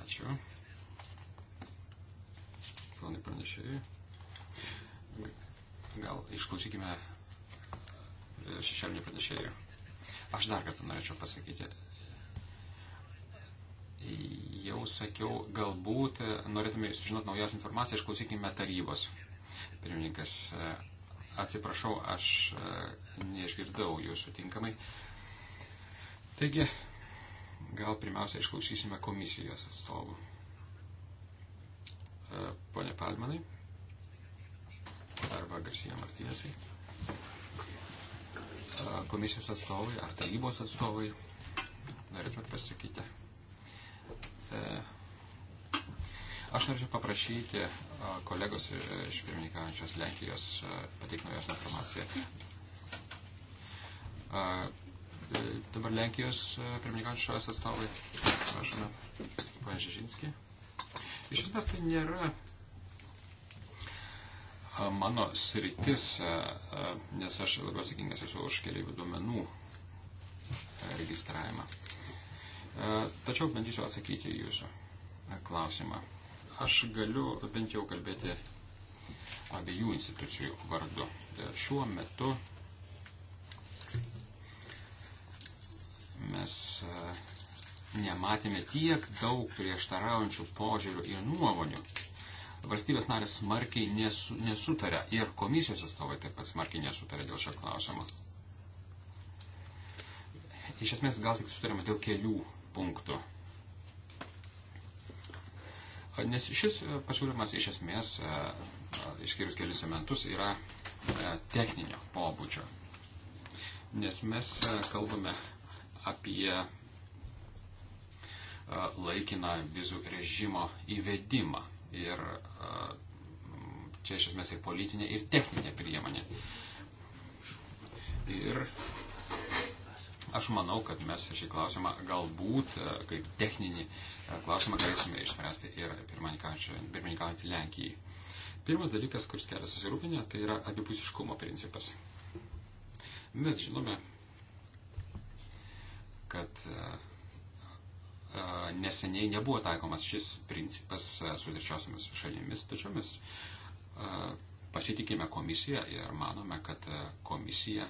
Ačiū. Planai pranešėjai. Gal išklausykime šešėlinių pranešėjų. Aš dar kartą norėčiau pasakyti. Jau sakiau, galbūt norėtume sužinoti naujas informaciją, išklausykime tarybos. Pirmininkas, atsiprašau, aš e, neišgirdau jūsų tinkamai. Taigi, gal pirmiausia išklausysime komisijos atstovų. E, pone Palmanai arba Garcija Martynėsai komisijos atstovai ar tarybos atstovai norėtumėt pasakyti. E, aš norėčiau paprašyti e, kolegos iš pirmininkaujančios Lenkijos e, pateikti naujos informaciją. Dabar Lenkijos pirmininkaujančios atstovai, prašome, ponia Žežinskė. Iš esmės tai nėra mano sritis, e, e, nes aš labiau atsakingas esu už keliaivių duomenų e, registravimą. Tačiau bandysiu atsakyti jūsų klausimą. Aš galiu bent jau kalbėti abiejų institucijų vardu. Šiuo metu mes nematėme tiek daug prieštaraujančių požiūrių ir nuomonių valstybės narės smarkiai nesu, nesutarė ir komisijos atstovai taip pat smarkiai nesutarė dėl šio klausimo. Iš esmės gal tik sutarėme dėl kelių punktų. Nes šis pasiūlymas iš esmės, e, e, išskyrus kelis elementus, yra e, techninio pobūdžio. Nes mes kalbame apie laikiną vizų režimo įvedimą ir čia iš esmės ir politinė, ir techninė priemonė. Ir aš manau, kad mes šį klausimą galbūt kaip techninį klausimą galėsime išspręsti ir pirmininkaujant Lenkijai. Pirmas dalykas, kuris kelia susirūpinę, tai yra abipusiškumo principas. Mes žinome, kad uh, neseniai nebuvo taikomas šis principas su trečiosiamis šalimis, tačiau mes pasitikime komisiją ir manome, kad komisija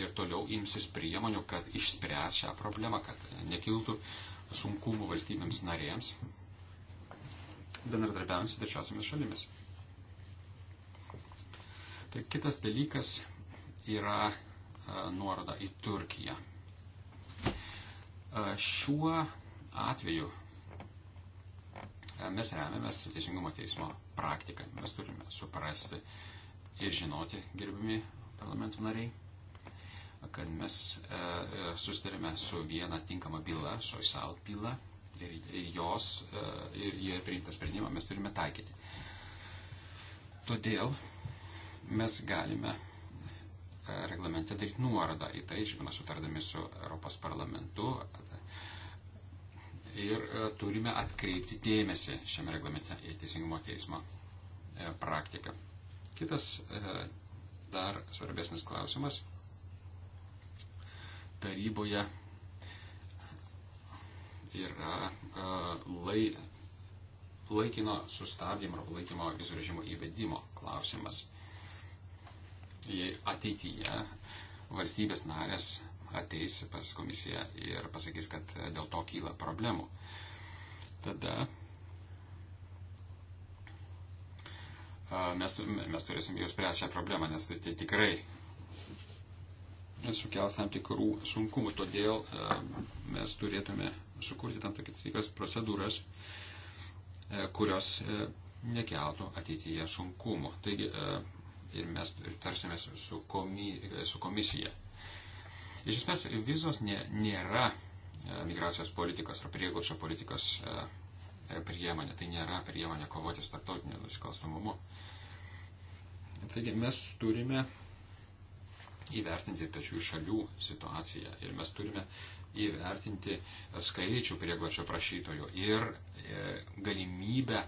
ir toliau imsis priemonių, kad išspręs šią problemą, kad nekiltų sunkumų valstybėms narėms bendradarbiavant su trečiosiamis šalimis. Tai kitas dalykas yra nuoroda į Turkiją. Šiuo atveju mes remiamės Teisingumo teismo praktiką. Mes turime suprasti ir žinoti, gerbimi parlamento nariai, kad mes susitarėme su viena tinkama byla, Soisal byla, ir, ir jos, ir jie priimtą sprendimą mes turime taikyti. Todėl mes galime E, reglamente daryti nuorodą į tai, žinoma, sutardami su Europos parlamentu. Ir e, turime atkreipti dėmesį šiame reglamente į Teisingumo teismo e, praktiką. Kitas dar svarbesnis klausimas. Taryboje yra lai, laikino sustabdymo ar laikymo vizų režimo įvedimo klausimas jei ateityje valstybės narės ateis pas komisiją ir pasakys, kad dėl to kyla problemų. Tada mes, mes turėsim jau spręsti šią problemą, nes tai, tai tikrai sukels tam tikrų sunkumų. Todėl mes turėtume sukurti tam tikras procedūras, kurios nekeltų ateityje sunkumų. Taigi ir mes tarsimės su, komi, su komisija. Iš esmės, vizos nė, nėra e, migracijos politikos ar prieglaučio politikos e, priemonė. Tai nėra priemonė kovoti su tarptautiniu nusikalstamumu. Taigi mes turime įvertinti tačių šalių situaciją ir mes turime įvertinti skaičių prieglačio prašytojų ir e, galimybę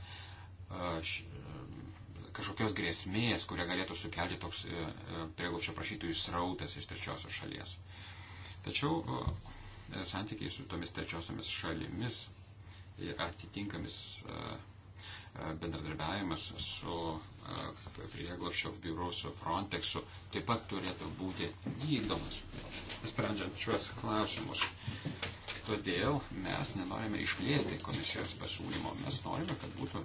kažkokios grėsmės, kurią galėtų sukelti toks e, e, prieglopščio prašytojų srautas iš trečiosios šalies. Tačiau e, santykiai su tomis trečiosiomis šalimis ir atitinkamis bendradarbiavimas su prieglopščio biuru, su Frontexu taip pat turėtų būti vykdomas, sprendžiant šiuos klausimus. Todėl mes nenorime išplėsti komisijos pasiūlymo, mes norime, kad būtų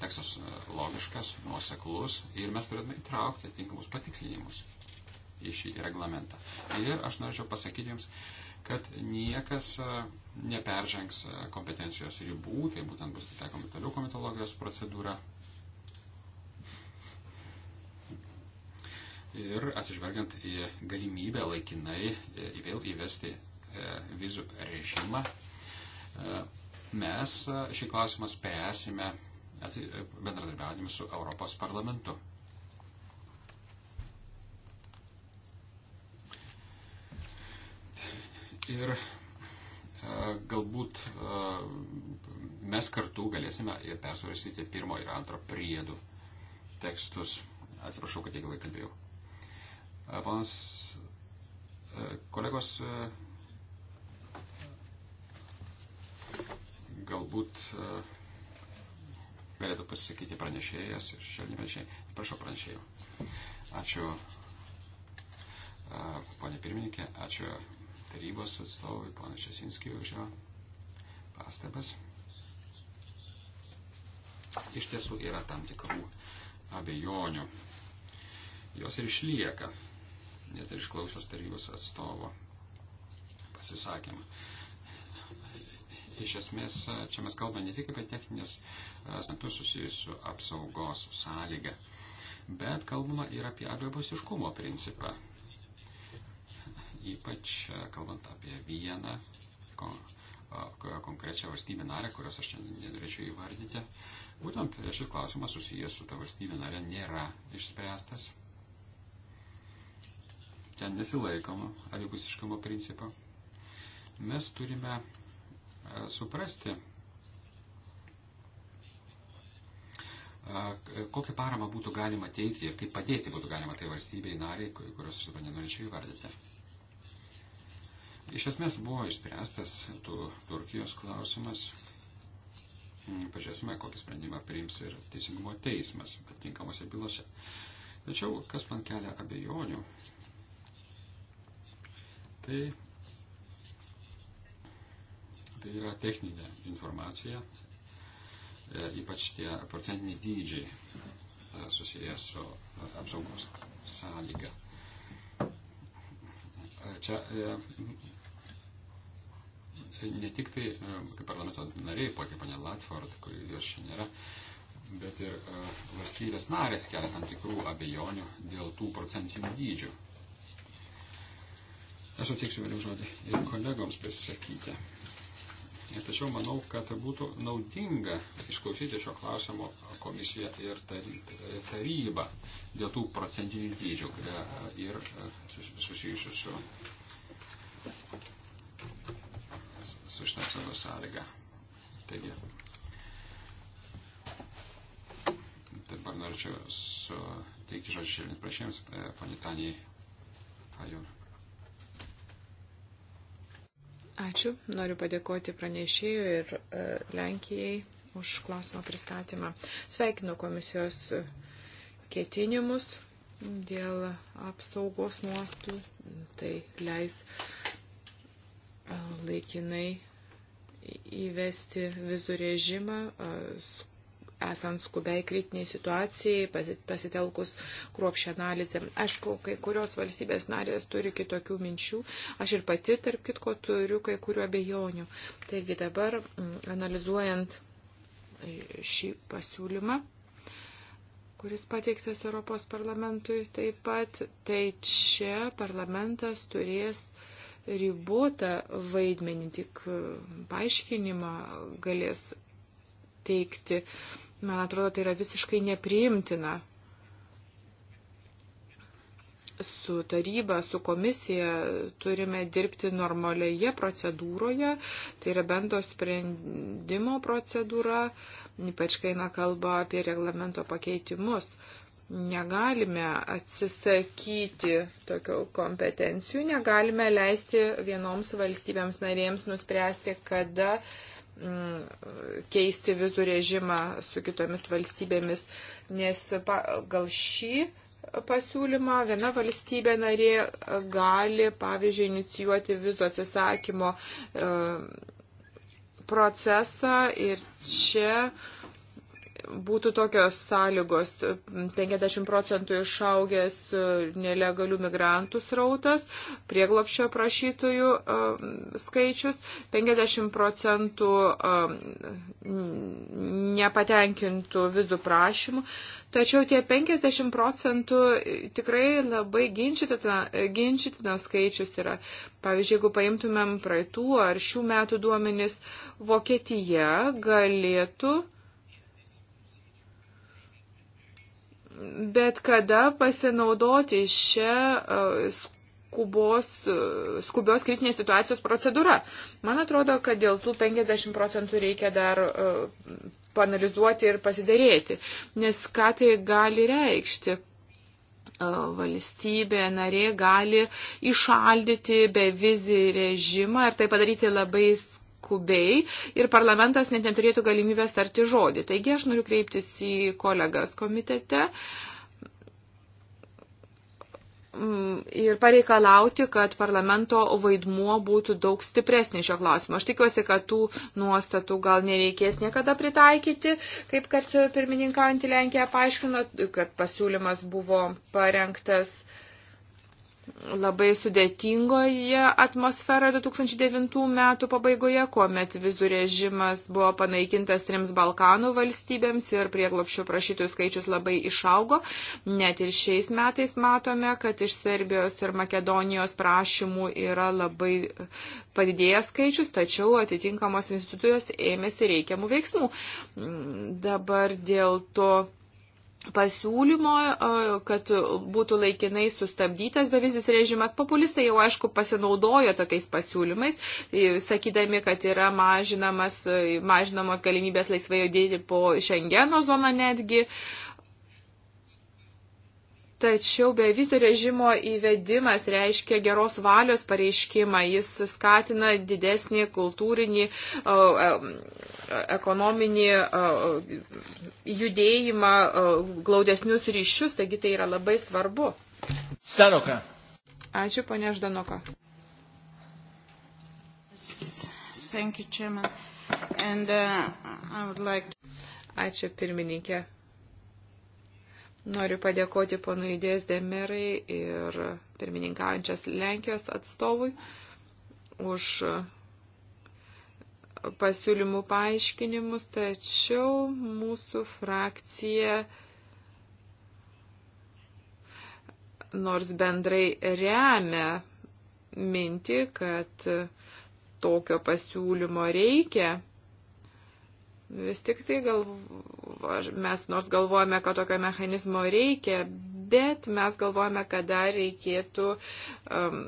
tekstas logiškas, nuoseklus ir mes turėtume įtraukti atitinkamus patikslinimus į šį reglamentą. Ir aš norėčiau pasakyti Jums, kad niekas neperžengs kompetencijos ribų, tai būtent bus taikoma toliau komitologijos procedūra. Ir atsižvelgiant į galimybę laikinai e, vėl įvesti e, vizų režimą, e, mes šį klausimą spręsime bendradarbiavimu su Europos parlamentu. Ir e, galbūt e, mes kartu galėsime ir persvarstyti pirmo ir antro priedų tekstus. Atsiprašau, kad tiek ilgai kalbėjau. E, Panas kolegos, galbūt galėtų pasisakyti pranešėjas ir šelnimečiai. Prašau pranešėjų. Ačiū, ponė pirmininkė, ačiū tarybos atstovui, ponė Česinskijui, už jo pastabas. Iš tiesų yra tam tikrų abejonių. Jos ir išlieka, net ir išklausios tarybos atstovo pasisakymą iš esmės čia mes kalbame ne tik apie techninės e, standartus susijusius su apsaugos sąlyga, bet kalbama ir apie abipusiškumo principą. Ypač e, kalbant apie vieną konkrečią valstybę narę, kurios aš nenorėčiau įvardyti. Būtent šis klausimas susijęs su ta valstybė narė nėra išspręstas. Ten nesilaikoma abipusiškumo principo. Mes turime suprasti, kokią paramą būtų galima teikti ir kaip padėti būtų galima tai valstybei nariai, kurios aš dabar nenorėčiau įvardyti. Iš esmės buvo išspręstas tų Turkijos klausimas. Hmm, pažiūrėsime, kokį sprendimą priims ir teisingumo teismas atitinkamose bylose. Tačiau, kas man kelia abejonių, tai Tai yra techninė informacija, e, ypač tie procentiniai dydžiai e, susijęs su e, apsaugos sąlyga. Čia ne tik tai, kaip parlamento nariai, tokia panė Latford, kurios šiandien yra, bet ir valstybės narės kelia tam tikrų abejonių dėl tų procentinių dydžių. Aš sutiksiu vėliau žodį ir kolegoms pasisakyti. Tačiau manau, kad būtų naudinga išklausyti šio klausimo komisiją ir tarybą dėl tų procentinių dydžių e, ir e, susijusių su, su šitą apsaugos sąlygą. Taigi, dabar norėčiau suteikti žodžiu šiandien prašėjams, e, panitanijai Fajon. Ačiū. Noriu padėkoti pranešėjui ir e, Lenkijai už klausimo pristatymą. Sveikinu komisijos ketinimus dėl apsaugos nuostų. Tai leis e, laikinai įvesti vizų režimą e, esant skubiai kritiniai situacijai, pasitelkus kruopšę analizę. Aišku, kai kurios valstybės narės turi kitokių minčių, aš ir pati, tarp kitko, turiu kai kurių abejonių. Taigi dabar, analizuojant e, šį pasiūlymą, kuris pateiktas Europos parlamentui taip pat, tai čia parlamentas turės ribotą vaidmenį, tik paaiškinimą galės teikti Man atrodo, tai yra visiškai nepriimtina su taryba, su komisija turime dirbti normalioje procedūroje, tai yra bendro sprendimo procedūra, ypač kai eina kalba apie reglamento pakeitimus. Negalime atsisakyti tokių kompetencijų, negalime leisti vienoms valstybėms narėms nuspręsti, kada uh, Mm, keisti vizų režimą su kitomis valstybėmis, nes gal šį pasiūlymą viena valstybė narė gali, pavyzdžiui, inicijuoti vizų atsisakymo e, procesą ir čia uh, būtų tokios sąlygos 50 procentų išaugęs e, nelegalių migrantų srautas, prieglopščio prašytojų e, skaičius, 50 procentų e, nepatenkintų vizų prašymų. Tačiau tie 50 procentų tikrai labai ginčytina, ginčytina skaičius yra. Pavyzdžiui, jeigu paimtumėm praeitų ar šių metų duomenis, Vokietija galėtų bet kada pasinaudoti šią e, skubos, e, skubios kritinės situacijos procedūra. Man atrodo, kad dėl tų 50 procentų reikia dar e, panalizuoti ir pasidarėti, nes ką tai gali reikšti, valstybė narė gali išaldyti bevizį režimą ir tai padaryti labai skubiai ir parlamentas net neturėtų galimybės tarti žodį. Taigi aš noriu kreiptis į kolegas komitete mm, ir pareikalauti, kad parlamento vaidmuo būtų daug stipresnis šio klausimo. Aš tikiuosi, kad tų nuostatų gal nereikės niekada pritaikyti, kaip kad pirmininkaujantį Lenkiją paaiškino, kad pasiūlymas buvo parengtas labai sudėtingoje atmosferoje 2009 metų pabaigoje, kuomet vizų režimas buvo panaikintas trims Balkanų valstybėms ir prieglopšių prašytojų skaičius labai išaugo. Net ir šiais metais matome, kad iš Serbijos ir Makedonijos prašymų yra labai padidėjęs skaičius, tačiau atitinkamos institucijos ėmėsi reikiamų veiksmų. Dabar dėl to pasiūlymo, kad būtų laikinai sustabdytas bevizis režimas. Populistai jau aišku pasinaudojo tokiais pasiūlymais, sakydami, kad yra mažinamas, mažinamos galimybės laisvai judėti po Šengeno zoną netgi. Uh, Tačiau bevizio režimo įvedimas reiškia geros valios pareiškimą, jis skatina didesnį kultūrinį, e, ekonominį judėjimą, glaudesnius ryšius, taigi tai yra labai svarbu. Stanoka. Ačiū, ponė Ždanoka. Uh, Ačiū, pirmininkė. Noriu padėkoti ponui Dės Demerai ir pirmininkaujančias Lenkijos atstovui už pasiūlymų paaiškinimus, tačiau mūsų frakcija, nors bendrai remia mintį, kad tokio pasiūlymo reikia, Vis tik tai gal, mes nors galvojame, kad tokio mechanizmo reikia, bet mes galvojame, kad dar reikėtų um,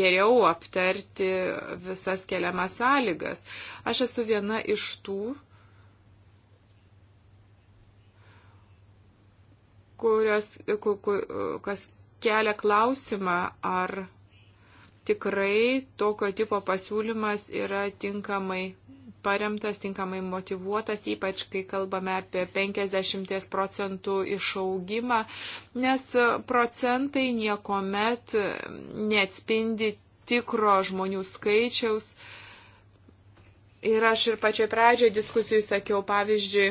geriau aptarti visas keliamas sąlygas. Aš esu viena iš tų, kurios, ku, ku, kas kelia klausimą, ar tikrai tokio tipo pasiūlymas yra tinkamai paremtas, tinkamai motivuotas, ypač kai kalbame apie 50 procentų išaugimą, nes procentai niekuomet neatspindi tikro žmonių skaičiaus. Ir aš ir pačioj pradžioj diskusijų sakiau, pavyzdžiui,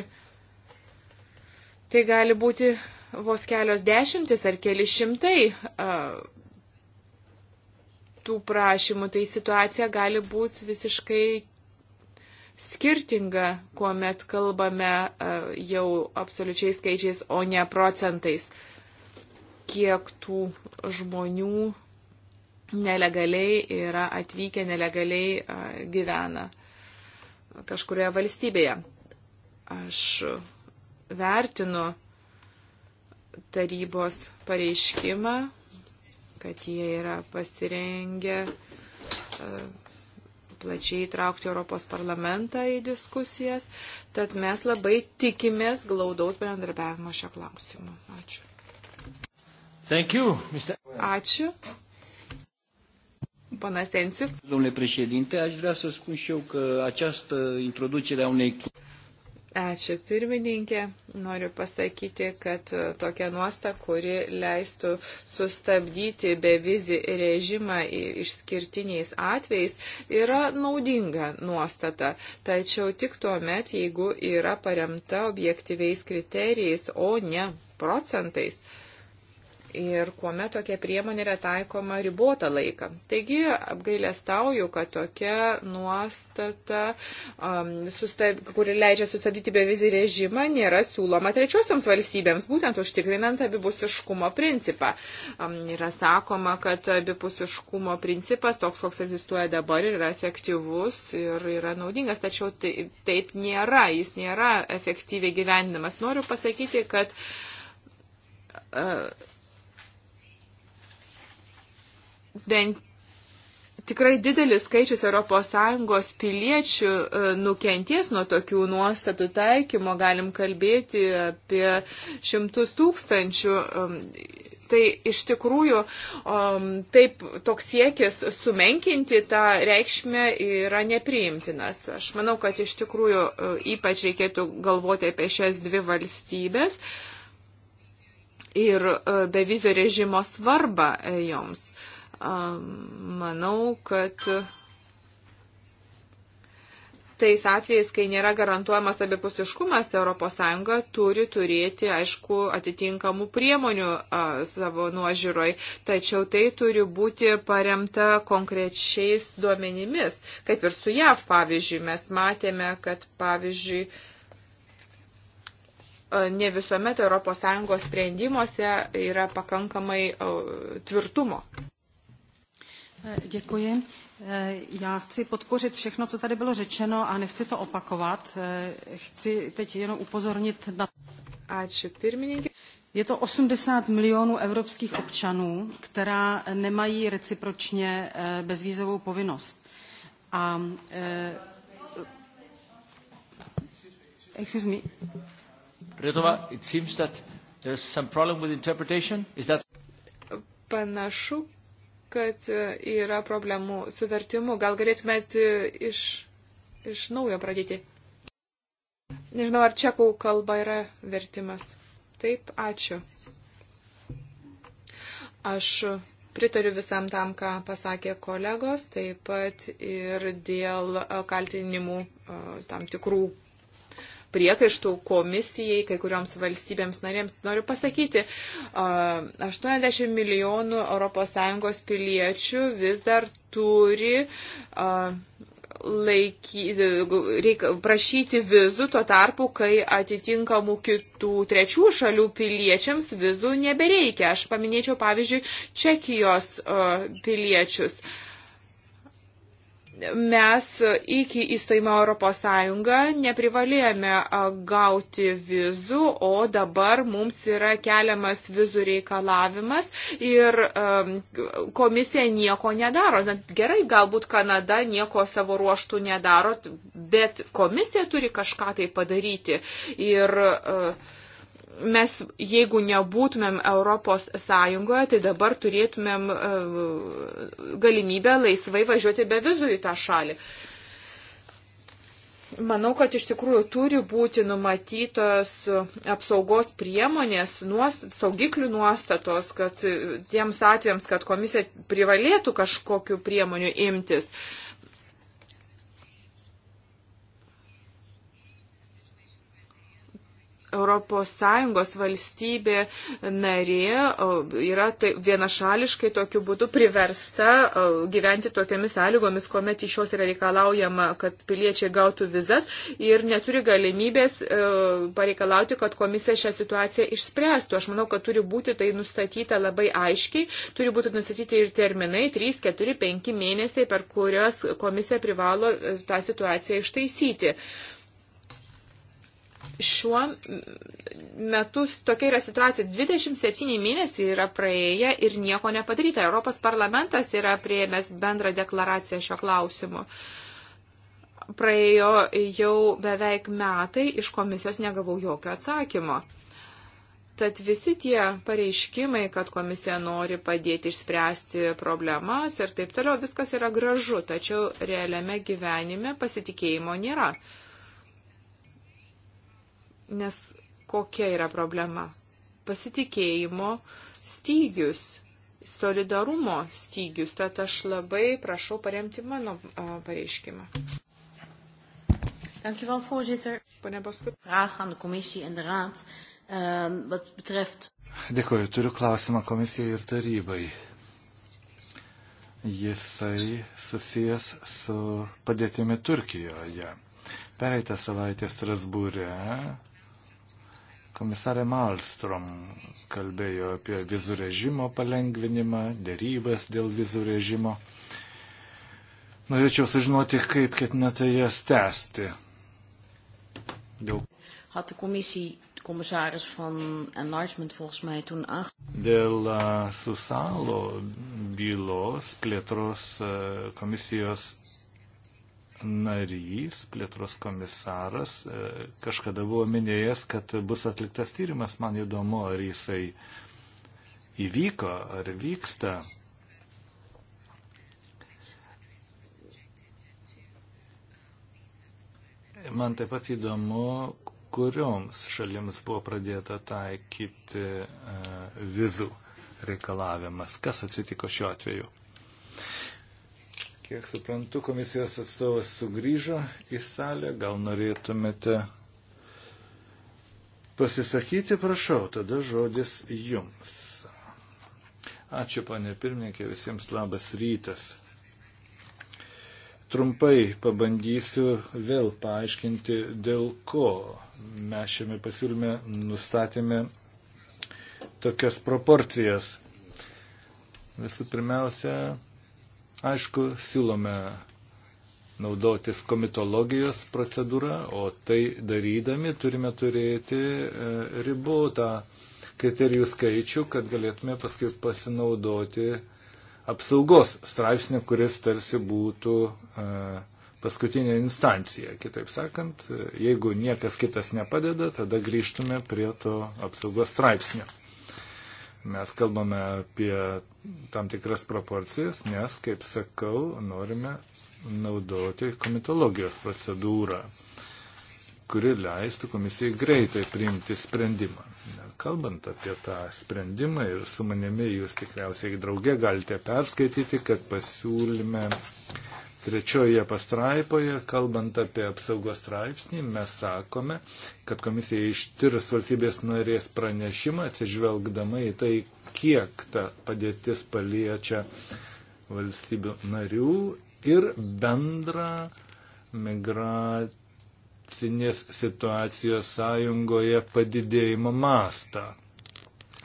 tai gali būti vos kelios dešimtis ar keli šimtai tų prašymų, tai situacija gali būti visiškai skirtinga, kuomet kalbame e, jau absoliučiais skaičiais, o ne procentais, kiek tų žmonių nelegaliai yra atvykę, nelegaliai e, gyvena kažkurioje valstybėje. Aš vertinu tarybos pareiškimą, kad jie yra pasirengę e, plačiai įtraukti Europos parlamentą į diskusijas, tad mes labai tikimės glaudaus bendradarbiavimo šio klausimu. Ačiū. Thank you, Mr. Ačiū. Pana Sensi. Domnule președinte, aș vrea să spun și eu că această introducere a unei Ačiū pirmininkė. Noriu pasakyti, kad e, tokia nuosta, kuri leistų sustabdyti bevizį režimą išskirtiniais atvejais, yra naudinga nuostata. Tačiau tik tuo met, jeigu yra paremta objektyviais kriterijais, o ne procentais ir kuomet tokia priemonė yra taikoma ribotą laiką. Taigi apgailestauju, kad tokia nuostata, um, sustab, kuri leidžia sustabdyti bevizį režimą, nėra siūloma trečiosioms valstybėms, būtent užtikrinant abipusiškumo principą. Um, yra sakoma, kad abipusiškumo principas toks, koks egzistuoja dabar, yra efektyvus ir yra naudingas, tačiau tai, taip nėra, jis nėra efektyviai gyvenimas. Noriu pasakyti, kad uh, bent tikrai didelis skaičius ES piliečių e, nukenties nuo tokių nuostatų taikymo, galim kalbėti apie šimtus tūkstančių. Tai iš tikrųjų taip toks siekis sumenkinti tą reikšmę yra nepriimtinas. Aš manau, kad iš tikrųjų e, ypač reikėtų galvoti apie šias dvi valstybės ir e, bevizio režimo svarbą joms manau, kad tais atvejais, kai nėra garantuojamas abipusiškumas, ES turi turėti, aišku, atitinkamų priemonių a, savo nuožiūroj, tačiau tai turi būti paremta konkrečiais duomenimis. Kaip ir su JAV, pavyzdžiui, mes matėme, kad, pavyzdžiui, ne visuomet ES sprendimuose yra pakankamai tvirtumo. Eh, děkuji. Eh, já chci podpořit všechno, co tady bylo řečeno a nechci to opakovat. Eh, chci teď jenom upozornit na... Ačiū pirmininkė. Je to 80 milionů evropských občanů, která nemají recipročně bezvízovou povinnost. A, excuse me. Rytova, it seems that there's some problem with interpretation. Is that... Panašu, kad e, yra problemų su vertimu. Gal galėtumėt e, iš, iš naujo pradėti? Nežinau, ar čekų kalba yra vertimas. Taip, ačiū. Aš pritariu visam tam, ką pasakė kolegos, taip pat ir dėl kaltinimų e, tam tikrų priekaištų komisijai, kai kurioms valstybėms narėms. Noriu pasakyti, 80 milijonų ES piliečių vis dar turi laiky, reik, prašyti vizų tuo tarpu, kai atitinkamų kitų trečių šalių piliečiams vizų nebereikia. Aš paminėčiau, pavyzdžiui, Čekijos uh, piliečius. Uh, mes iki įstojimo Europos Sąjungą neprivalėjome gauti vizų, o dabar mums yra keliamas vizų reikalavimas ir um, komisija nieko nedaro. Na, gerai, galbūt Kanada nieko savo ruoštų nedaro, bet komisija turi kažką tai padaryti. Ir, uh, mes, jeigu nebūtumėm Europos Sąjungoje, tai dabar turėtumėm e, galimybę laisvai važiuoti be vizų į tą šalį. Manau, kad iš tikrųjų turi būti numatytos apsaugos priemonės, nuostat, saugiklių nuostatos, kad tiems atvejams, kad komisija privalėtų kažkokiu priemoniu imtis. Uh, ES valstybė narė yra tai vienašališkai tokiu būdu priversta gyventi tokiomis sąlygomis, kuomet iš jos yra reikalaujama, kad piliečiai gautų vizas ir neturi galimybės pareikalauti, kad komisija šią situaciją išspręstų. Aš manau, kad turi būti tai nustatyta labai aiškiai, turi būti nustatyti ir terminai 3, 4, 5 mėnesiai, per kurios komisija privalo e, tą situaciją ištaisyti šiuo metu tokia yra situacija. 27 mėnesiai yra praėję ir nieko nepadaryta. Europos parlamentas yra prieėmęs bendrą deklaraciją šio klausimu. Praėjo jau beveik metai, iš komisijos negavau jokio atsakymo. Tad visi tie pareiškimai, kad komisija nori padėti išspręsti problemas ir taip toliau, viskas yra gražu, tačiau realiame gyvenime pasitikėjimo nėra. Nes kokia yra problema? Pasitikėjimo stygius, solidarumo stygius, tad aš labai prašau paremti mano pareiškimą. Dankjewel, voorzitter. Vraag aan de commissie en de raad uh, wat betreft. Dėkuoju, turiu klausimą komisijai ir tarybai. Jisai susijęs su padėtimi Turkijoje. Pereitą savaitę Strasbūre Komisarė Malmstrom kalbėjo apie vizų režimo palengvinimą, dėrybas dėl vizų režimo. Norėčiau sužinoti, kaip ketinate jas tęsti. Dėl... Had de commissie commissaris van enlargement volgens mij toen aange... Dėl uh, Susalo bylos plėtros uh, komisijos narys, plėtros komisaras, e, kažkada buvo minėjęs, kad bus atliktas tyrimas, man įdomu, ar jisai įvyko, ar vyksta. Man taip pat įdomu, kurioms šalims buvo pradėta taikyti e, vizų reikalavimas. Kas atsitiko šiuo atveju? Kiek suprantu, komisijos atstovas sugrįžo į salę, gal norėtumėte pasisakyti, prašau, tada žodis jums. Ačiū, panė pirmininkė, visiems labas rytas. Trumpai pabandysiu vėl paaiškinti, dėl ko mes šiame pasiūlyme nustatėme tokias proporcijas. Visų pirmiausia, Aišku, siūlome naudotis komitologijos procedūra, o tai darydami turime turėti e, ribotą kriterijų skaičių, kad galėtume paskui pasinaudoti apsaugos straipsnį, kuris tarsi būtų e, paskutinė instancija. Kitaip sakant, e, jeigu niekas kitas nepadeda, tada grįžtume prie to apsaugos straipsnio. Mes kalbame apie tam tikras proporcijas, nes, kaip sakau, norime naudoti komitologijos procedūrą, kuri leistų komisijai greitai priimti sprendimą. Kalbant apie tą sprendimą ir su manimi jūs tikriausiai draugė galite perskaityti, kad pasiūlyme uh, Trečioje pastraipoje, kalbant apie apsaugos straipsnį, mes sakome, kad komisija ištirs valstybės narės pranešimą, atsižvelgdama į tai, kiek ta padėtis paliečia valstybių narių ir bendrą migracinės situacijos sąjungoje padidėjimo mastą.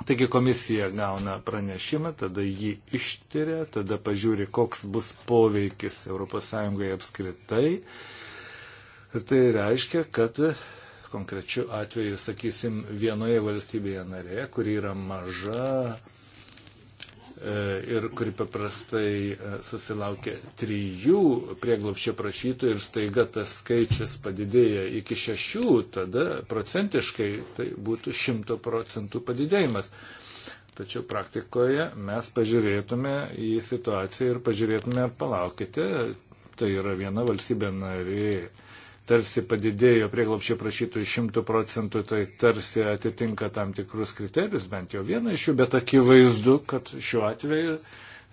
Taigi komisija gauna pranešimą, tada jį ištiria, tada pažiūri, koks bus poveikis ES apskritai. Ir tai reiškia, kad konkrečiu atveju, sakysim, vienoje valstybėje narėje, kuri yra maža, E, ir kuri paprastai e, susilaukia trijų prieglopščio prašytų ir staiga tas skaičius padidėja iki šešių, tada procentiškai tai būtų šimto procentų padidėjimas. Tačiau praktikoje mes pažiūrėtume į situaciją ir pažiūrėtume, palaukite, tai yra viena valstybė narė tarsi padidėjo prieglopščio prašytojų 100 procentų, tai tarsi atitinka tam tikrus kriterijus, bent jau vieną iš jų, bet akivaizdu, kad šiuo atveju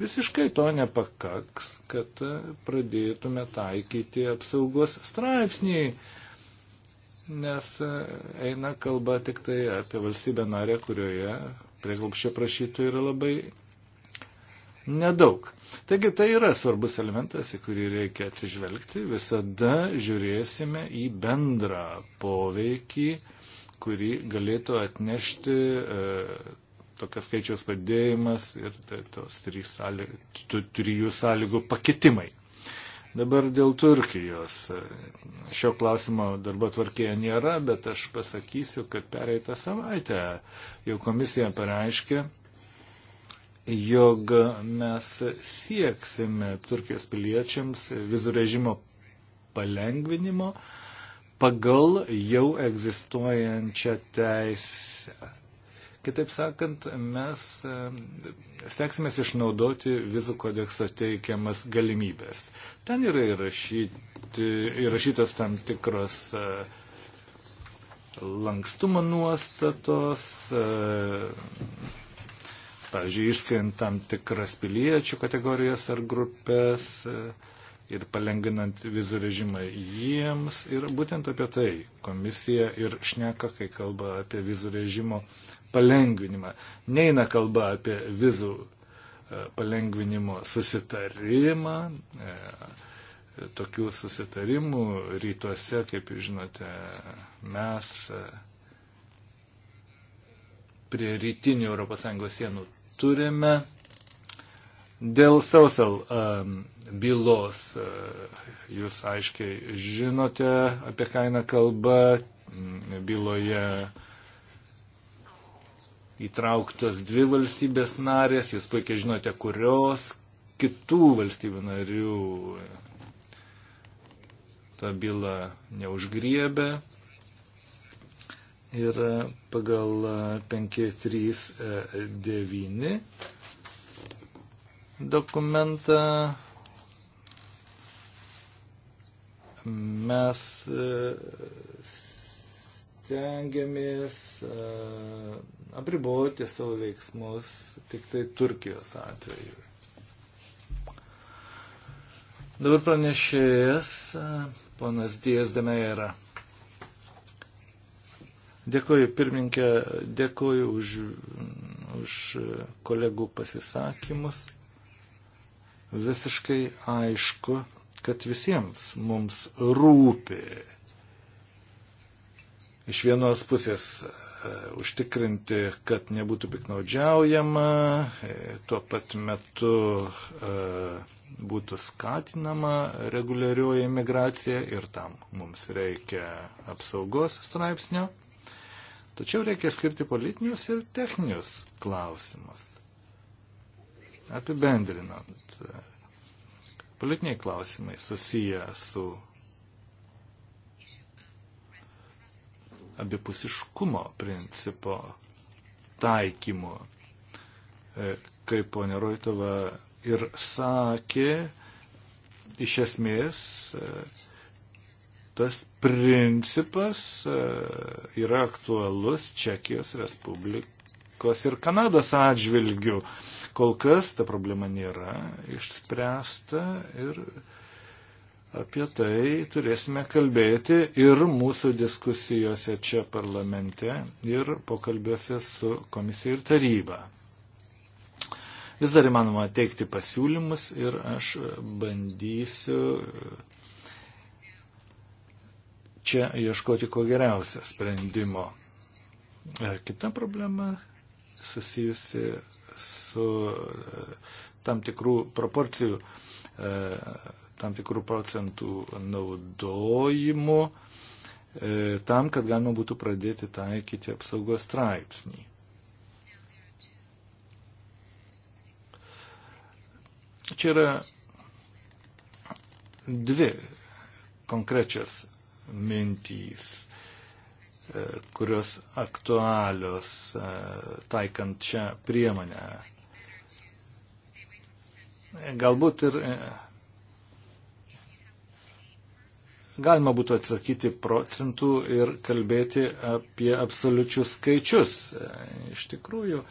visiškai to nepakaks, kad pradėtume taikyti apsaugos straipsnį, nes eina kalba tik tai apie valstybę narę, kurioje prieglopščio prašytojų yra labai nedaug. Taigi tai yra svarbus elementas, į kurį reikia atsižvelgti. Visada žiūrėsime į bendrą poveikį, kurį galėtų atnešti e, tokias skaičiaus padėjimas ir tos trijų sąlygų pakitimai. Dabar dėl Turkijos. Šio klausimo darbo tvarkėje nėra, bet aš pasakysiu, kad pereitą savaitę jau komisija pareiškė, jog mes sieksime Turkijos piliečiams vizų režimo palengvinimo pagal jau egzistuojančią teisę. Kitaip sakant, mes e, steksime išnaudoti vizų kodekso teikiamas galimybės. Ten yra įrašyti, įrašytos tam tikros e, lankstumo nuostatos, e, pavyzdžiui, išskiriant tam tikras piliečių kategorijas ar grupės e, ir palengvinant vizų režimą jiems. Ir būtent apie tai komisija ir šneka, kai kalba apie vizų režimo palengvinimą. Neina kalba apie vizų e, palengvinimo susitarimą. E, tokių susitarimų rytuose, kaip jūs žinote, mes prie rytinių ES sienų turime dėl sausal um, bylos. Uh, jūs aiškiai žinote, apie ką eina kalba mm, byloje įtrauktos dvi valstybės narės, jūs puikiai žinote, kurios kitų valstybių narių ta byla neužgriebė ir pagal 539 e, e, dokumentą mes e, stengiamės apriboti savo veiksmus tik tai Turkijos atveju. Dabar pranešėjas ponas Dijas Demeira. Dėkuoju pirmininkė, dėkuoju už, už kolegų pasisakymus. Visiškai aišku, kad visiems mums rūpi iš vienos pusės e, užtikrinti, kad nebūtų piknaudžiaujama, e, tuo pat metu e, būtų skatinama reguliarioji migracija ir tam mums reikia apsaugos straipsnio. Tačiau reikia skirti politinius ir techninius klausimus. Apibendrinant, politiniai klausimai susiję su abipusiškumo principo taikymu. E, kaip ponė Roitova ir sakė, iš esmės e, tas principas e, yra aktualus Čekijos Respublikos ir Kanados atžvilgių. Kol kas ta problema nėra išspręsta ir apie tai turėsime kalbėti ir mūsų diskusijose čia parlamente ir pokalbiuose su komisija ir taryba vis dar įmanoma teikti pasiūlymus ir aš bandysiu čia ieškoti ko geriausią sprendimo. E, kita problema susijusi su e, tam tikrų proporcijų, e, tam tikrų procentų naudojimu tam, kad galima būtų pradėti taikyti apsaugos straipsnį. Čia yra dvi konkrečios mintys, e, kurios aktualios e, taikant šią priemonę. Galbūt ir e, galima būtų atsakyti procentų ir kalbėti apie absoliučius skaičius. Iš tikrųjų,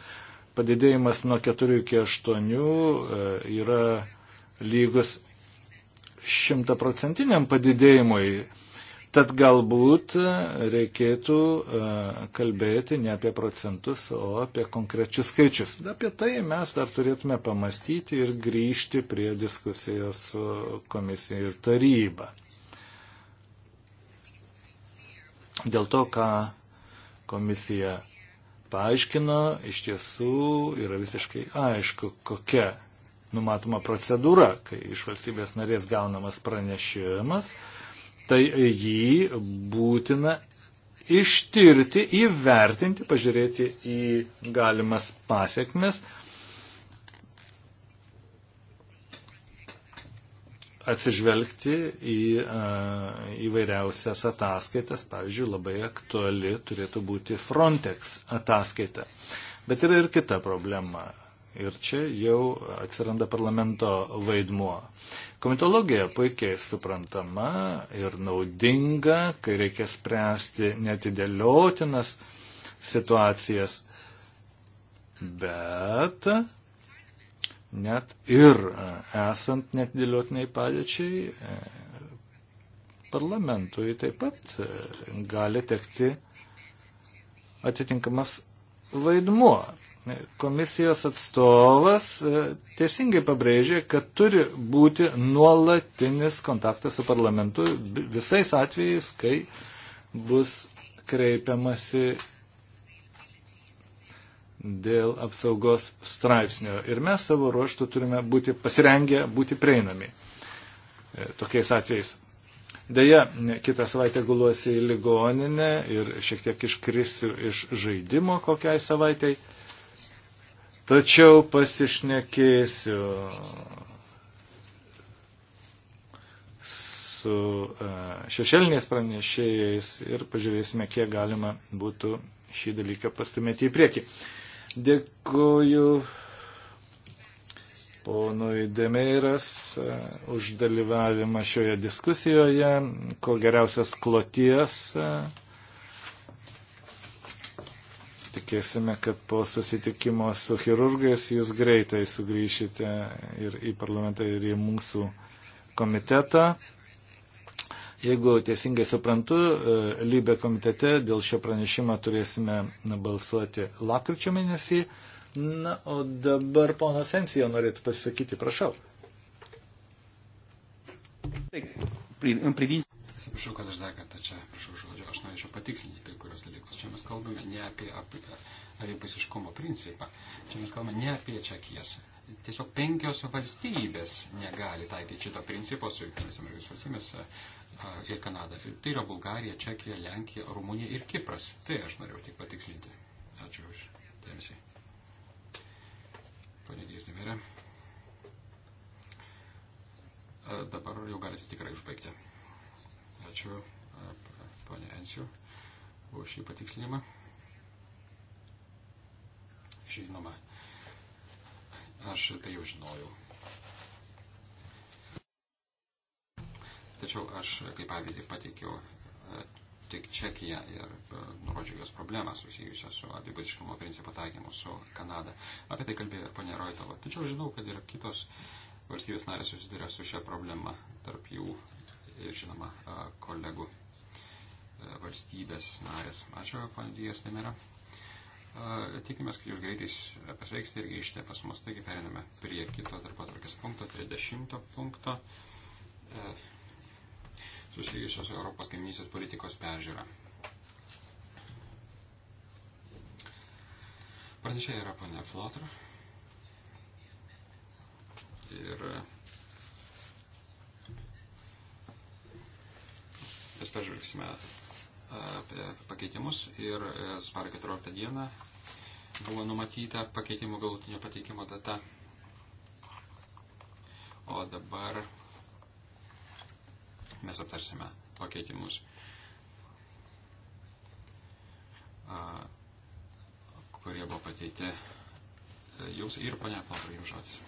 padidėjimas nuo 4 iki 8 yra lygus šimtaprocentiniam padidėjimui Tad galbūt e, reikėtų e, kalbėti ne apie procentus, o apie konkrečius skaičius. Apie tai mes dar turėtume pamastyti ir grįžti prie diskusijos su komisija ir taryba. Dėl to, ką komisija paaiškino, iš tiesų yra visiškai aišku, kokia numatoma procedūra, kai iš valstybės narės gaunamas pranešimas tai jį būtina ištirti, įvertinti, pažiūrėti į galimas pasiekmes. atsižvelgti į a, įvairiausias ataskaitas, pavyzdžiui, labai aktuali turėtų būti Frontex ataskaita. Bet yra ir kita problema. Ir čia jau atsiranda parlamento vaidmuo. Komitologija puikiai suprantama ir naudinga, kai reikia spręsti netidėliotinas situacijas. Bet net ir esant netidėliotiniai padėčiai, parlamentui taip pat gali tekti atitinkamas vaidmuo. Komisijos atstovas e, teisingai pabrėžė, kad turi būti nuolatinis kontaktas su parlamentu visais atvejais, kai bus kreipiamasi dėl apsaugos straipsnio. Ir mes savo ruoštų turime būti pasirengę būti prieinami e, tokiais atvejais. Deja, kitą savaitę guluosi į ligoninę ir šiek tiek iškrisiu iš žaidimo kokiai savaitėjai. Tačiau pasišnekėsiu su e, šešėliniais pranešėjais ir pažiūrėsime, kiek galima būtų šį dalyką pastumėti į priekį. Dėkuoju ponui Demeiras e, už dalyvavimą šioje diskusijoje, ko geriausias kloties e, Tikėsime, kad po susitikimo su chirurgais jūs greitai sugrįšite ir į parlamentą, ir į mūsų komitetą. Jeigu teisingai suprantu, e, lybė komitete dėl šio pranešimo turėsime balsuoti lapkričio mėnesį. Na, o dabar ponas Ensija norėtų pasisakyti, prašau. Atsiprašau, kad aš dar kartą čia, prašau, aš norėčiau patikslinti kai kurios dalykus. Čia mes kalbame ne apie abipusiškumo principą, čia mes kalbame ne apie čekijas. Tiesiog penkios valstybės negali taikyti šito principo su Junktinės Amerikos valstybės ir Kanada. Tai yra Bulgarija, Čekija, Lenkija, Rumunija ir Kipras. Tai aš norėjau tik patikslinti. Ačiū už dėmesį. Pane Dėsdėmerė. Dabar jau galite tikrai užbaigti. Ačiū ponė Ensiu, už šį patikslinimą. Žinoma, aš tai jau žinojau. Tačiau aš, kaip pavyzdį, pateikiau e, tik Čekiją ir e, nurodžiau jos problemą susijusią su abipusiškumo principo taikymu su Kanada. Apie tai kalbėjo ir ponė Roitova. Tačiau žinau, kad ir kitos valstybės narės susiduria su šia problema, tarp jų ir, žinoma, e, kolegų E, valstybės narės. Ačiū, pan Dijas Nemera. E, tikimės, kad jūs greitai pasveiksite ir grįžtė pas mus. Taigi periname prie kito darbo atvarkės punkto, 30 punkto, e, susijusios Europos kaiminysės politikos peržiūra. Pranešė yra ponia Flotr. Ir mes peržvelgsime pakeitimus ir e, spalio 14 dieną buvo numatyta pakeitimo galutinio pateikimo data. O dabar mes aptarsime pakeitimus, kurie buvo pateikti e, jums ir pane Flotrai, jums žodis.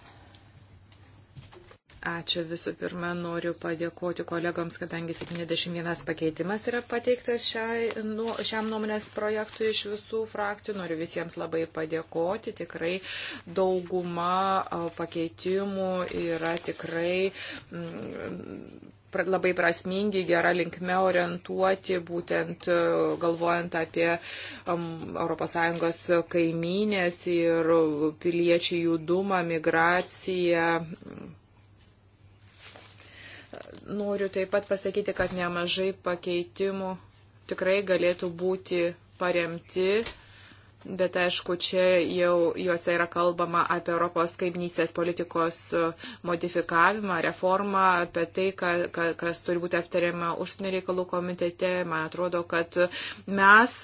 Ačiū visų pirma, noriu padėkoti kolegoms, kadangi 71 pakeitimas yra pateiktas šiai, nu, šiam nuomonės projektui iš visų frakcijų. Noriu visiems labai padėkoti. Tikrai dauguma pakeitimų yra tikrai. Mm, labai prasmingi, gera linkme orientuoti, būtent galvojant apie ES kaimynės ir piliečių judumą, migraciją Noriu taip pat pasakyti, kad nemažai pakeitimų tikrai galėtų būti paremti Bet aišku, čia jau juose yra kalbama apie Europos kaimnysės politikos e, modifikavimą, reformą, apie tai, ka, ka, kas turi būti aptariama užsienio reikalų komitete. Man atrodo, kad mes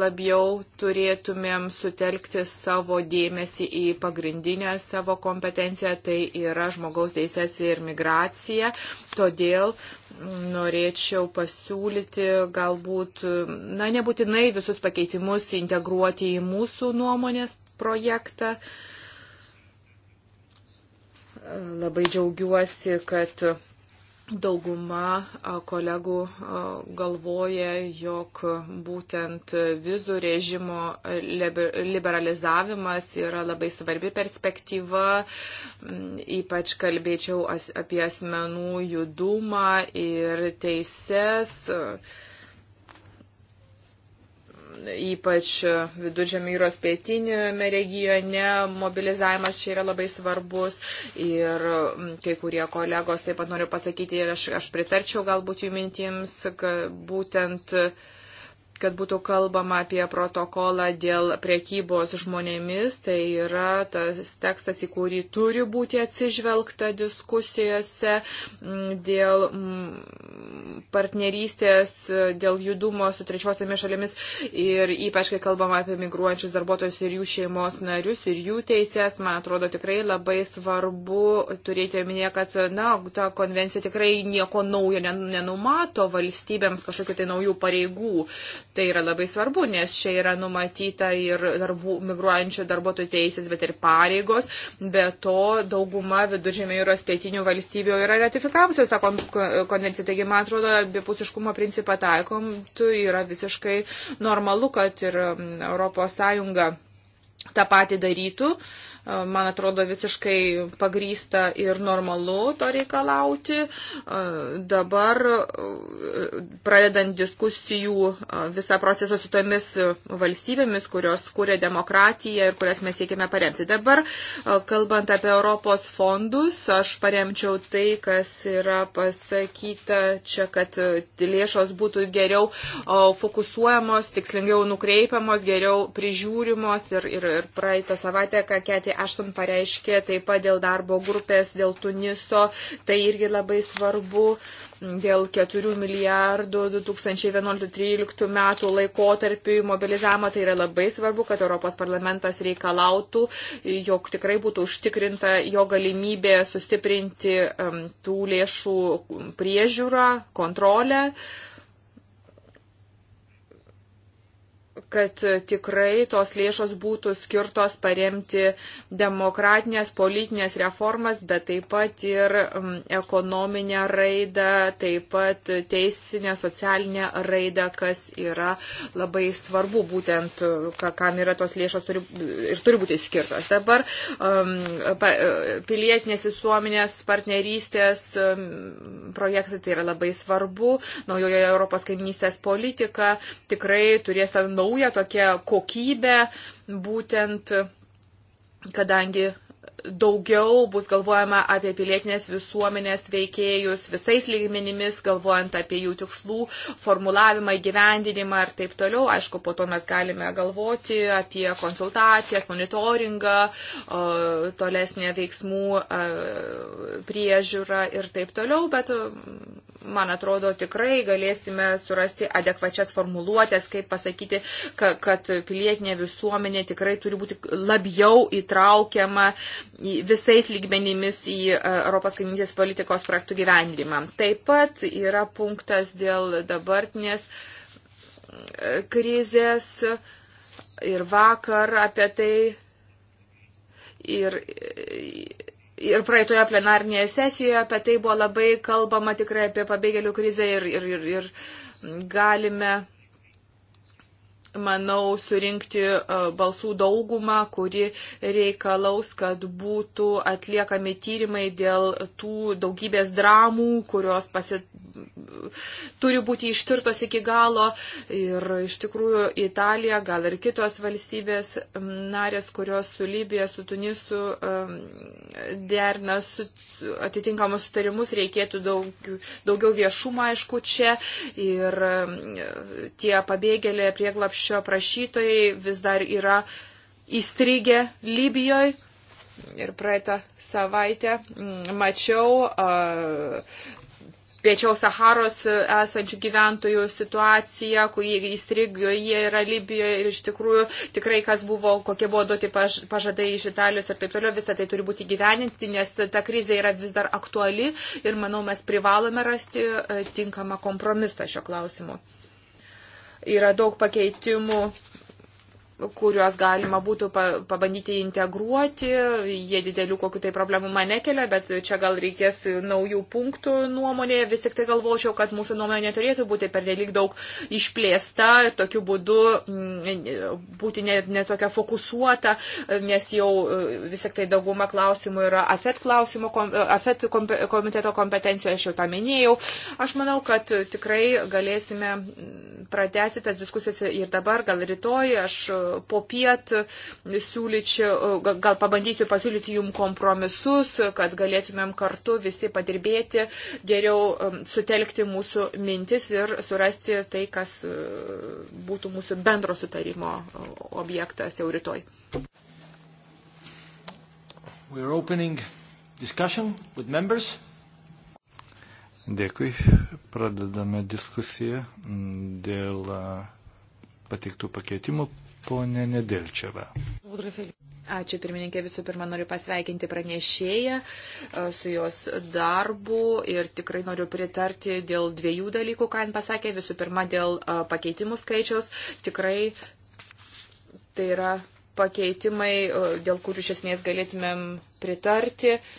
labiau turėtumėm sutelkti savo dėmesį į pagrindinę savo kompetenciją, tai yra žmogaus teisės ir migracija. Todėl uh, norėčiau pasiūlyti galbūt, na, nebūtinai visus pakeitimus integruoti į mūsų nuomonės projektą. Labai džiaugiuosi, kad Dauguma kolegų galvoja, jog būtent vizų režimo liberalizavimas yra labai svarbi perspektyva, mm, ypač kalbėčiau apie asmenų judumą ir teises ypač viduržėmio jūros pietinėme regione mobilizavimas čia yra labai svarbus ir mm, kai kurie kolegos taip pat noriu pasakyti ir aš, aš pritarčiau galbūt jų mintims, kad būtent uh, kad būtų kalbama apie protokolą dėl priekybos žmonėmis, tai yra tas tekstas, į kurį turi būti atsižvelgta diskusijose dėl partnerystės, dėl judumo su trečiosiamis šalimis ir ypač, kai kalbama apie migruojančius darbuotojus ir jų šeimos narius ir jų teisės, man atrodo tikrai labai svarbu turėti omenyje, kad na, ta konvencija tikrai nieko naujo nenumato valstybėms kažkokiu tai naujų pareigų Tai yra labai svarbu, nes čia yra numatyta ir darbų, migruojančių darbuotojų teisės, bet ir pareigos. Be to, dauguma viduržėmio jūros pietinių valstybių yra ratifikavusios tą konvenciją. Taigi, man atrodo, abipusiškumo principą taikom, tu yra visiškai normalu, kad ir mm, ES tą patį darytų. Uh, man atrodo visiškai pagrysta ir normalu to reikalauti. Dabar, pradedant diskusijų visą procesą su tomis valstybėmis, kurios kūrė demokratiją ir kurias mes siekime paremti. Dabar, kalbant apie Europos fondus, aš paremčiau tai, kas yra pasakyta čia, kad lėšos būtų geriau fokusuojamos, tikslingiau nukreipiamos, geriau prižiūrimos ir, ir, ir praeitą savaitę, ką ketė Kathy Ashton pareiškė taip pat dėl darbo grupės, dėl Tuniso, tai irgi labai svarbu dėl 4 milijardų 2011-2013 metų laikotarpių mobilizavimo. Tai yra labai svarbu, kad Europos parlamentas reikalautų, jog tikrai būtų užtikrinta jo galimybė sustiprinti um, tų lėšų priežiūrą, kontrolę. Uh, kad tikrai tos lėšos būtų skirtos paremti demokratinės, politinės reformas, bet taip pat ir mm, ekonominę raidą, taip pat teisinę, socialinę raidą, kas yra labai svarbu būtent, kam yra tos lėšos turi, ir turi būti skirtos. Dabar um, pilietinės visuomenės partnerystės um, projektai tai yra labai svarbu. Naujoje Europos kaiminystės politika tikrai turės tą naują naują tokią kokybę, būtent kadangi daugiau bus galvojama apie pilietinės visuomenės veikėjus visais lygmenimis, galvojant apie jų tikslų formulavimą, įgyvendinimą ir taip toliau. Aišku, po to mes galime galvoti apie konsultacijas, monitoringą, tolesnę veiksmų priežiūrą ir taip toliau, bet man atrodo, tikrai galėsime surasti adekvačias formuluotės, kaip pasakyti, kad pilietinė visuomenė tikrai turi būti labiau įtraukiama visais lygmenimis į e, Europos kaiminės politikos projektų gyvendimą. Taip pat yra punktas dėl dabartinės e, krizės ir vakar apie tai ir e, Ir praeitoje plenarnėje sesijoje apie tai buvo labai kalbama tikrai apie pabėgėlių krizę ir, ir, ir, ir galime manau, surinkti e, balsų daugumą, kuri reikalaus, kad būtų atliekami tyrimai dėl tų daugybės dramų, kurios pasi... turi būti ištirtos iki galo. Ir iš tikrųjų Italija, gal ir kitos valstybės narės, kurios su Libija, su Tunisu derna su atitinkamus sutarimus, reikėtų daug, daugiau viešumą, aišku, čia. Ir tie pabėgėliai prieglapščiai prieglopščio prašytojai vis dar yra įstrigę Libijoje. Ir praeitą savaitę mm, mačiau piečiau Saharos esančių gyventojų situaciją, kur jie įstrigio, jie yra Libijoje ir iš tikrųjų tikrai kas buvo, kokie buvo duoti pažadai iš Italijos ir taip toliau, visą tai turi būti gyveninti, nes ta krizė yra vis dar aktuali ir manau mes privalome rasti tinkamą kompromisą šio klausimu. Yra daug pakeitimų kuriuos galima būtų pabandyti integruoti, jie didelių kokių tai problemų man nekelia, bet čia gal reikės naujų punktų nuomonėje, vis tik tai galvočiau, kad mūsų nuomonė neturėtų būti pernelyg daug išplėsta, tokiu būdu mm, būti netokia ne fokusuota, nes jau mm, vis tik tai dauguma klausimų yra AFET, klausimų, AFET komiteto kompetencijoje, aš jau tą minėjau. Aš manau, kad tikrai galėsime pratesti tas diskusijas ir dabar, gal rytoj, aš e, po piet e, siūlyčiau, e, gal pabandysiu pasiūlyti jum kompromisus, kad galėtumėm kartu visi padirbėti, geriau sutelkti mūsų mintis ir surasti tai, kas būtų mūsų bendro sutarimo objektas jau rytoj. We're opening discussion with members. Dėkui. Pradedame diskusiją dėl pateiktų pakeitimų. Pone Nedelčiava. Ačiū pirmininkė, visų pirma noriu pasveikinti pranešėją su jos darbu ir tikrai noriu pritarti dėl dviejų dalykų, ką jin pasakė. Visų pirma, dėl pakeitimų skaičiaus. Tikrai tai yra pakeitimai, dėl kurių iš esmės galėtumėm pritarti. Uh,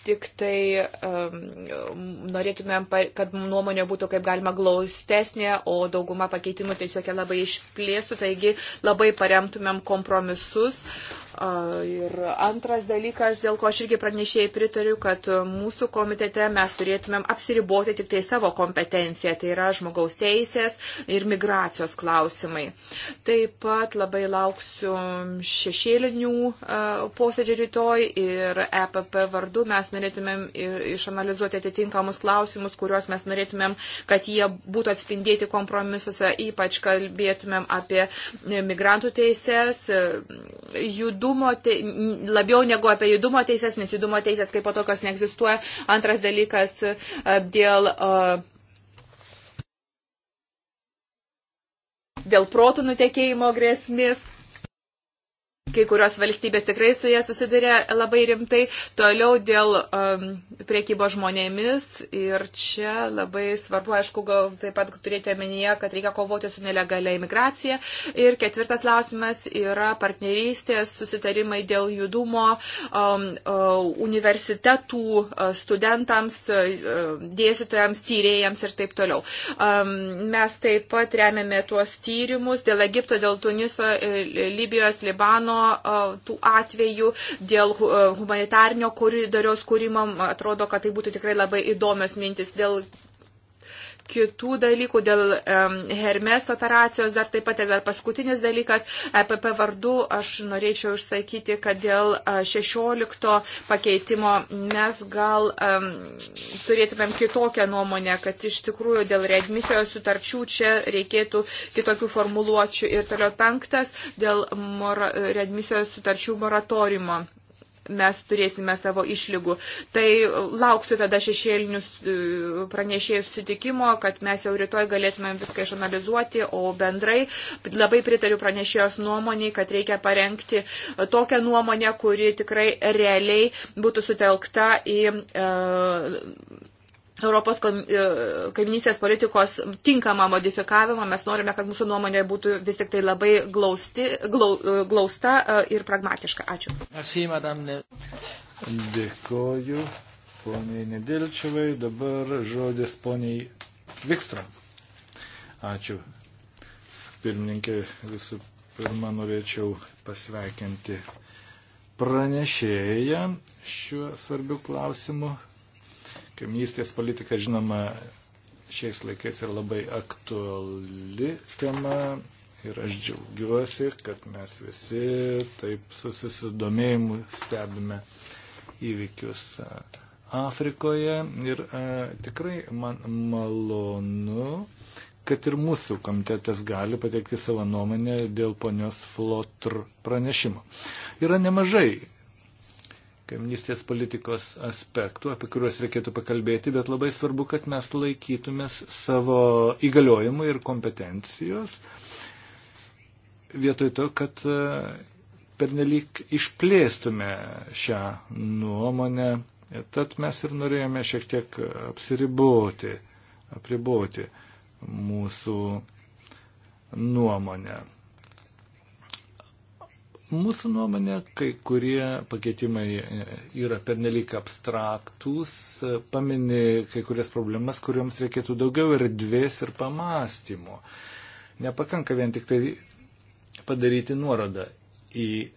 tik tai um, norėtumėm, kad nuomonė būtų kaip galima glaustesnė, o dauguma pakeitimų tiesiog labai išplėstų, taigi labai paremtumėm kompromisus. Uh, ir antras dalykas, dėl ko aš irgi pranešėjai pritariu, kad mūsų komitete mes turėtumėm apsiriboti tik tai savo kompetenciją, tai yra žmogaus teisės ir migracijos klausimai. Taip pat labai lauksiu šešėlinių uh, posėdžių rytoj ir EPP vardu mes mes norėtumėm išanalizuoti atitinkamus klausimus, kuriuos mes norėtumėm, kad jie būtų atspindėti kompromisuose, ypač kalbėtumėm apie e, migrantų teises, e, judumo, te, labiau negu apie judumo teises, nes judumo teises kaip po tokios neegzistuoja. Antras dalykas e, dėl. Uh, dėl protų nutekėjimo grėsmės. Kai kurios valstybės tikrai su jie susiduria labai rimtai. Toliau dėl um, priekybo žmonėmis ir čia labai svarbu, aišku, gal taip pat turėti omenyje, kad reikia kovoti su nelegalia imigracija. Ir ketvirtas klausimas yra partnerystės susitarimai dėl judumo um, universitetų studentams, dėstytojams, tyrėjams ir taip toliau. Um, mes taip pat remiame tuos tyrimus dėl Egipto, dėl Tuniso, e, Libijos, Libano Irano tų atvejų, dėl humanitarnio koridoriaus kūrimo. Atrodo, kad tai būtų tikrai labai įdomios mintis dėl kitų dalykų, dėl um, Hermes operacijos dar taip pat ir dar paskutinis dalykas. EPP vardu aš norėčiau išsakyti, kad dėl uh, e, 16 pakeitimo mes gal um, turėtumėm kitokią nuomonę, kad iš tikrųjų dėl readmisijos sutarčių čia reikėtų kitokių formuluočių. Ir toliau penktas dėl readmisijos sutarčių moratoriumo mes turėsime savo išlygų. Tai lauksiu tada šešėlinius e, pranešėjų susitikimo, kad mes jau rytoj galėtume viską išanalizuoti, o bendrai labai pritariu pranešėjos nuomonį, kad reikia parengti tokią nuomonę, kuri tikrai realiai būtų sutelkta į. E, Europos e, kaiminysės politikos tinkamą modifikavimą. Mes norime, kad mūsų nuomonė būtų vis tik tai labai glausti, glau, e, glausta e, ir pragmatiška. Ačiū. Merci, madame. Dėkoju, poniai Nedilčiavai. Dabar žodis poniai Vikstra. Ačiū. Pirmininkė, visų pirma, norėčiau pasveikinti pranešėją šiuo svarbiu klausimu Kaimynystės politika, žinoma, šiais laikais yra labai aktuali tema. Ir aš džiaugiuosi, kad mes visi taip susisidomėjimu stebime įvykius Afrikoje. Ir a, e, tikrai man malonu, kad ir mūsų komitetas gali pateikti savo nuomonę dėl ponios Flotr pranešimo. Yra nemažai kaimnystės politikos aspektų, apie kuriuos reikėtų pakalbėti, bet labai svarbu, kad mes laikytumės savo įgaliojimų ir kompetencijos vietoj to, kad e, pernelyg išplėstume šią nuomonę. Tad mes ir norėjome šiek tiek apsiriboti, apriboti mūsų nuomonę. Mūsų nuomonė, kai kurie pakeitimai yra pernelyg abstraktus, pamini kai kurias problemas, kuriuoms reikėtų daugiau erdvės ir pamastymų. Nepakanka vien tik tai padaryti nuorodą į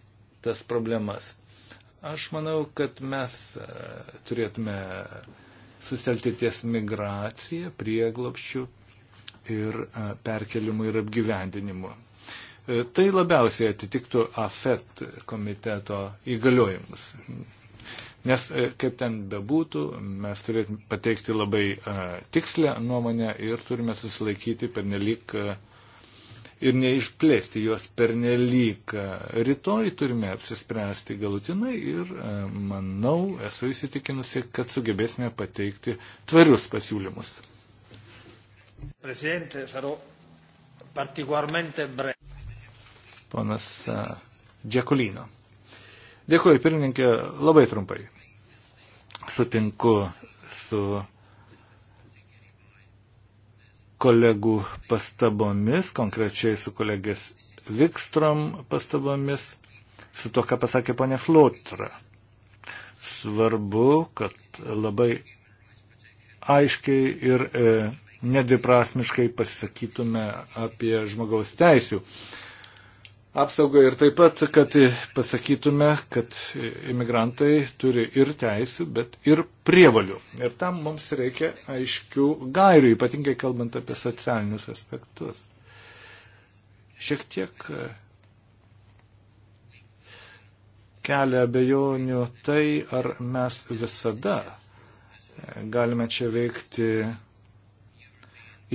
tas problemas. Aš manau, kad mes e, turėtume sustelti ties migraciją, prieglopščių ir e, perkelimu ir apgyvendinimu. E, tai labiausiai atitiktų AFET komiteto įgaliojimus. Nes, e, kaip ten bebūtų, mes turėtume pateikti labai e, tikslę nuomonę ir turime susilaikyti per nelik ir neišplėsti juos per nelik. Rytoj turime apsispręsti galutinai ir, manau, esu įsitikinusi, kad sugebėsime pateikti tvarius pasiūlymus. Presidente, sarò particolarmente breve ponas Džekulino. Dėkuoju, pirmininkė, labai trumpai. Sutinku su kolegų pastabomis, konkrečiai su kolegės Vikstrom pastabomis, su to, ką pasakė ponė Flotra. Svarbu, kad labai aiškiai ir e, nedviprasmiškai pasisakytume apie žmogaus teisų apsaugą ir taip pat, kad pasakytume, kad imigrantai turi ir teisų, bet ir prievalių. Ir tam mums reikia aiškių gairių, ypatingai kalbant apie socialinius aspektus. Šiek tiek e, kelia abejonių tai, ar mes visada e, galime čia veikti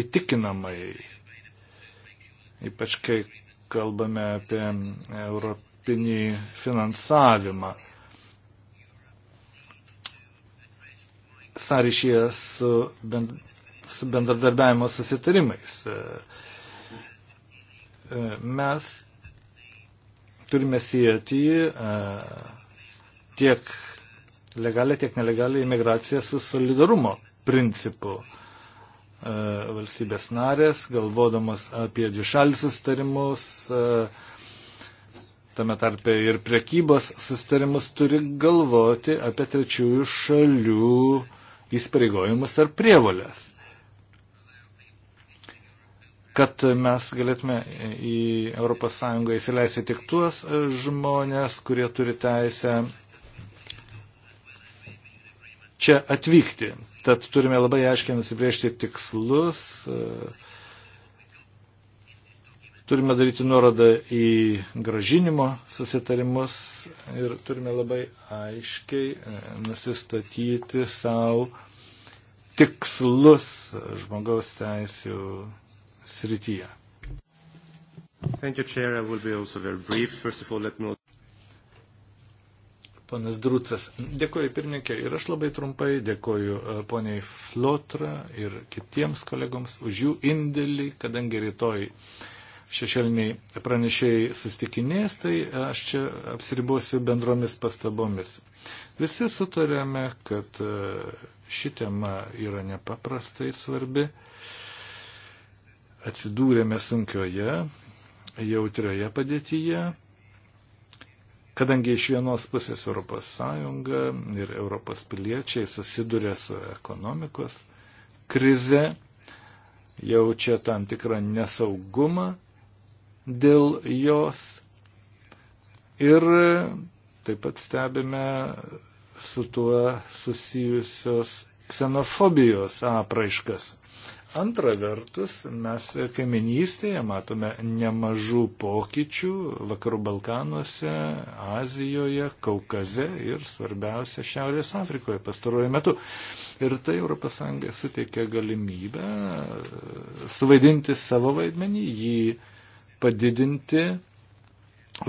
įtikinamai, ypač kai kalbame apie europinį finansavimą. Sąryšyje su, bend, su bendradarbiavimo susitarimais. Mes turime sieti e, tiek legalią, tiek nelegalią imigraciją su solidarumo principu. E, valstybės narės, galvodamas apie dvišalius sustarimus, e, tame tarpe ir prekybos sustarimus, turi galvoti apie trečiųjų šalių įsipareigojimus ar prievalės. Kad mes galėtume į ES įsileisti tik tuos žmonės, kurie turi teisę čia atvykti. Tad turime labai aiškiai nusibriežti tikslus, turime daryti nuorodą į gražinimo susitarimus ir turime labai aiškiai e, nusistatyti savo tikslus žmogaus teisų srityje. Thank you, Chair. I will be also very brief. First of all, let me... Panas Drūcas, dėkoju pirmininkė ir aš labai trumpai dėkoju e, poniai Flotra ir kitiems kolegoms už jų indėlį, kadangi rytoj šešėliniai pranešėjai sustikinės, tai e, aš čia apsiribosiu bendromis pastabomis. Visi sutarėme, kad e, ši tema yra nepaprastai svarbi. Atsidūrėme sunkioje, jautrioje padėtyje Kadangi iš vienos pusės ES ir Europos piliečiai susiduria su ekonomikos krize, jaučia tam tikrą nesaugumą dėl jos ir taip pat stebime su tuo susijusios ksenofobijos apraiškas. Antra vertus, mes kaiminystėje matome nemažų pokyčių Vakarų Balkanuose, Azijoje, Kaukaze ir svarbiausia Šiaurės Afrikoje pastaruoju metu. Ir tai ES suteikia galimybę e, suvaidinti savo vaidmenį, jį padidinti,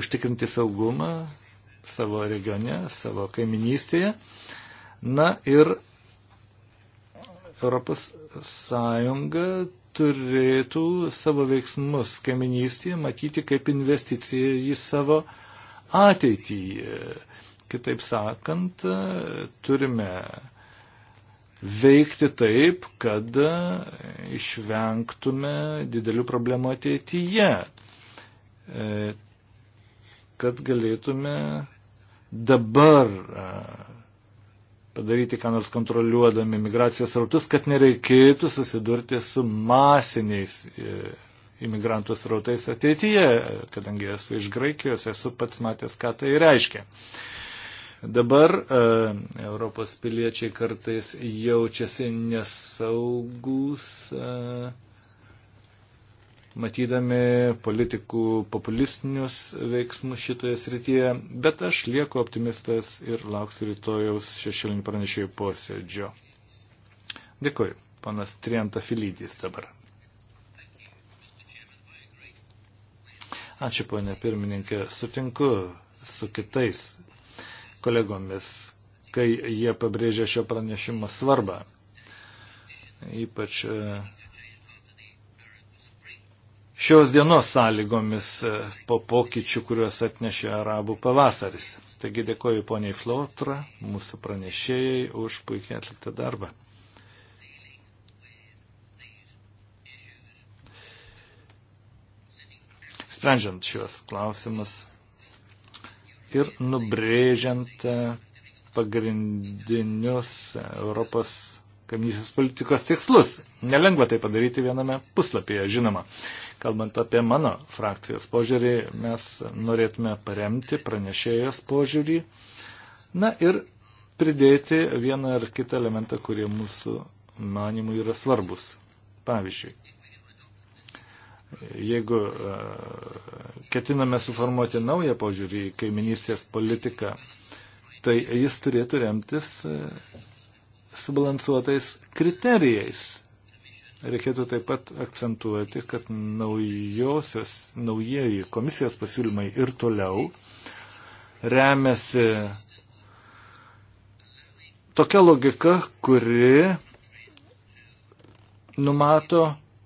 užtikrinti saugumą savo regione, savo kaiminystėje. Na ir Europos Sąjunga turėtų savo veiksmus kaiminystėje matyti kaip investiciją į savo ateitį. Kitaip sakant, turime veikti taip, kad išvengtume didelių problemų ateityje, e, kad galėtume dabar e, padaryti ką nors kontroliuodami migracijos rautus, kad nereikėtų susidurti su masiniais e, imigrantų srautais ateityje, kadangi esu iš Graikijos, esu pats matęs, ką tai reiškia. Dabar e, Europos piliečiai kartais jaučiasi nesaugus. E, matydami politikų populistinius veiksmus šitoje srityje, bet aš lieku optimistas ir lauksiu rytojaus šešėlinių pranešėjų posėdžio. Dėkuoju, panas Trienta Filydys dabar. Ačiū, ponė pirmininkė, sutinku su kitais kolegomis, kai jie pabrėžia šio pranešimo svarbą. Ypač e, šios dienos sąlygomis e, po pokyčių, kuriuos atnešė arabų pavasaris. Taigi dėkoju poniai Flotra, mūsų pranešėjai, už puikiai atliktą darbą. Sprendžiant šios klausimus ir nubrėžiant e, pagrindinius Europos kaimynystės politikos tikslus. Nelengva tai padaryti viename puslapyje, žinoma. Kalbant apie mano frakcijos požiūrį, mes norėtume paremti pranešėjos požiūrį. Na ir pridėti vieną ar kitą elementą, kurie mūsų manimų yra svarbus. Pavyzdžiui, jeigu e, ketiname suformuoti naują požiūrį į kaiminystės politiką, tai jis turėtų remtis e, subalansuotais kriterijais. Reikėtų taip pat akcentuoti, kad naujosios, naujieji komisijos pasiūlymai ir toliau remiasi tokia logika, kuri numato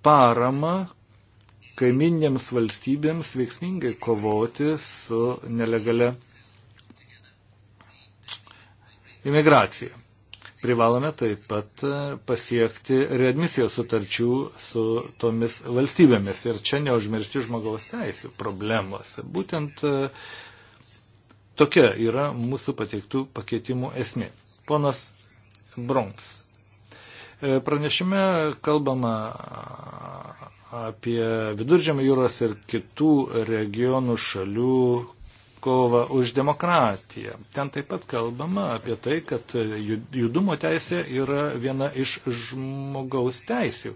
paramą kaiminėms valstybėms veiksmingai kovoti su nelegale imigracija. Privalome taip pat e, pasiekti readmisijos sutarčių su tomis valstybėmis ir čia neužmiršti žmogaus teisų problemos. Būtent e, tokia yra mūsų pateiktų pakeitimų esmė. Ponas Bronks. E, pranešime kalbama apie Viduržėmio jūros ir kitų regionų šalių kovą už demokratiją. Ten taip pat kalbama apie tai, kad judumo teisė yra viena iš žmogaus teisių.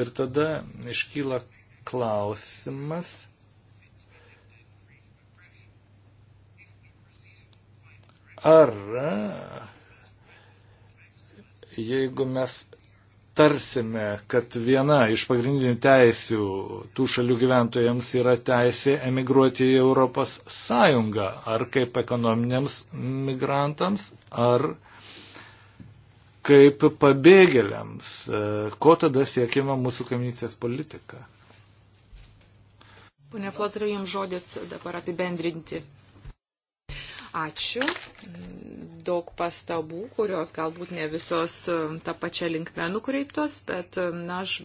Ir tada iškyla klausimas, ar jeigu mes aptarsime, kad viena iš pagrindinių teisių tų šalių gyventojams yra teisė emigruoti į Europos Sąjungą, ar kaip ekonominiams migrantams, ar kaip pabėgėliams. E, ko tada siekima mūsų kaiminystės politika? Pone Flotrai, jums žodis dabar apibendrinti. Ačiū. Daug pastabų, kurios galbūt ne visos um, tą pačią linkmenų kreiptos, bet um, na, aš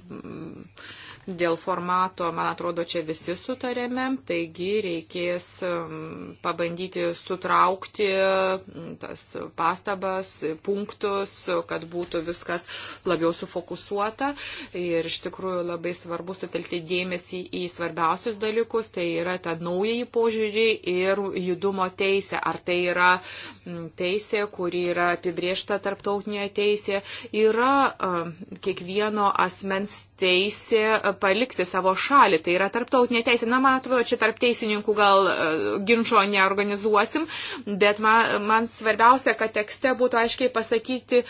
Dėl formato, man atrodo, čia visi sutarėme, taigi reikės um, pabandyti sutraukti mm, tas pastabas, punktus, kad būtų viskas labiau sufokusuota. Ir iš tikrųjų labai svarbu sutelkti dėmesį į svarbiausius dalykus, tai yra ta naujai požiūrį ir judumo teisė. Ar tai yra mm, teisė, kuri yra apibriešta tarptautinėje teisėje. Yra um, kiekvieno asmens teisė palikti savo šalį. Tai yra tarptautinė teisė. Na, man atrodo, čia tarp teisininkų gal e, ginčio neorganizuosim, bet man, man svarbiausia, kad tekste būtų aiškiai pasakyti,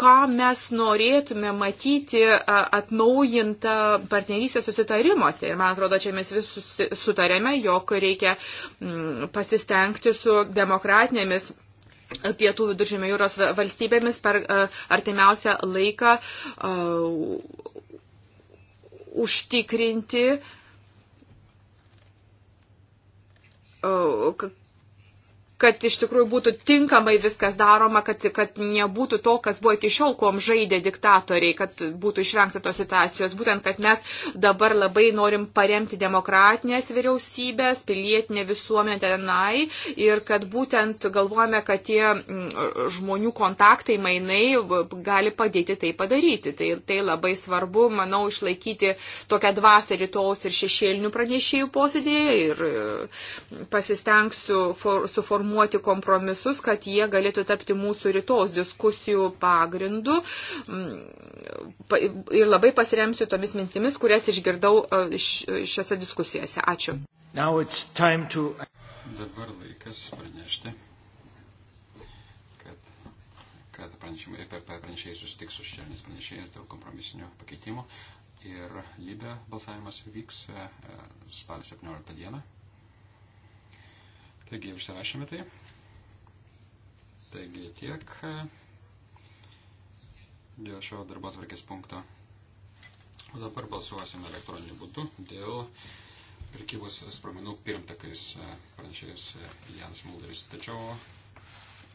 ką mes norėtume matyti e, atnaujintą partnerystę susitarimuose. Ir man atrodo, čia mes visi sutarėme, jog reikia mm, pasistengti su demokratinėmis e, pietų viduržėmio jūros valstybėmis per artimiausią laiką užtikrinti, kad iš tikrųjų būtų tinkamai viskas daroma, kad, kad nebūtų to, kas buvo iki šiol, kuom žaidė diktatoriai, kad būtų išvengta tos situacijos. Būtent, kad mes dabar labai norim paremti demokratinės vyriausybės, pilietinę visuomenę tenai ir kad būtent galvojame, kad tie mm, žmonių kontaktai, mainai gali padėti tai padaryti. Tai, tai labai svarbu, manau, išlaikyti tokią dvasę rytojus ir šešėlinių pranešėjų posėdėje ir e, pasistengsiu for, suformuoti formuoti kompromisus, kad jie galėtų tapti mūsų rytos diskusijų pagrindu. Mm, ir labai pasiremsiu tomis mintimis, kurias išgirdau e, šiose diskusijose. Ačiū. To... Dabar laikas pranešti, kad, kad e, pranešėjai susitiks su šešėlinės pranešėjais dėl kompromisinio pakeitimo. Ir lybė balsavimas vyks e, spalio 17 dieną. Taigi, užsirašėme tai. Taigi tiek e, dėl šio darbo atvarkės punkto. O dabar balsuosime elektroniniu būdu dėl prekybos sprogmenų pirmtakais e, pranešėjas e, Jans Mulderis. Tačiau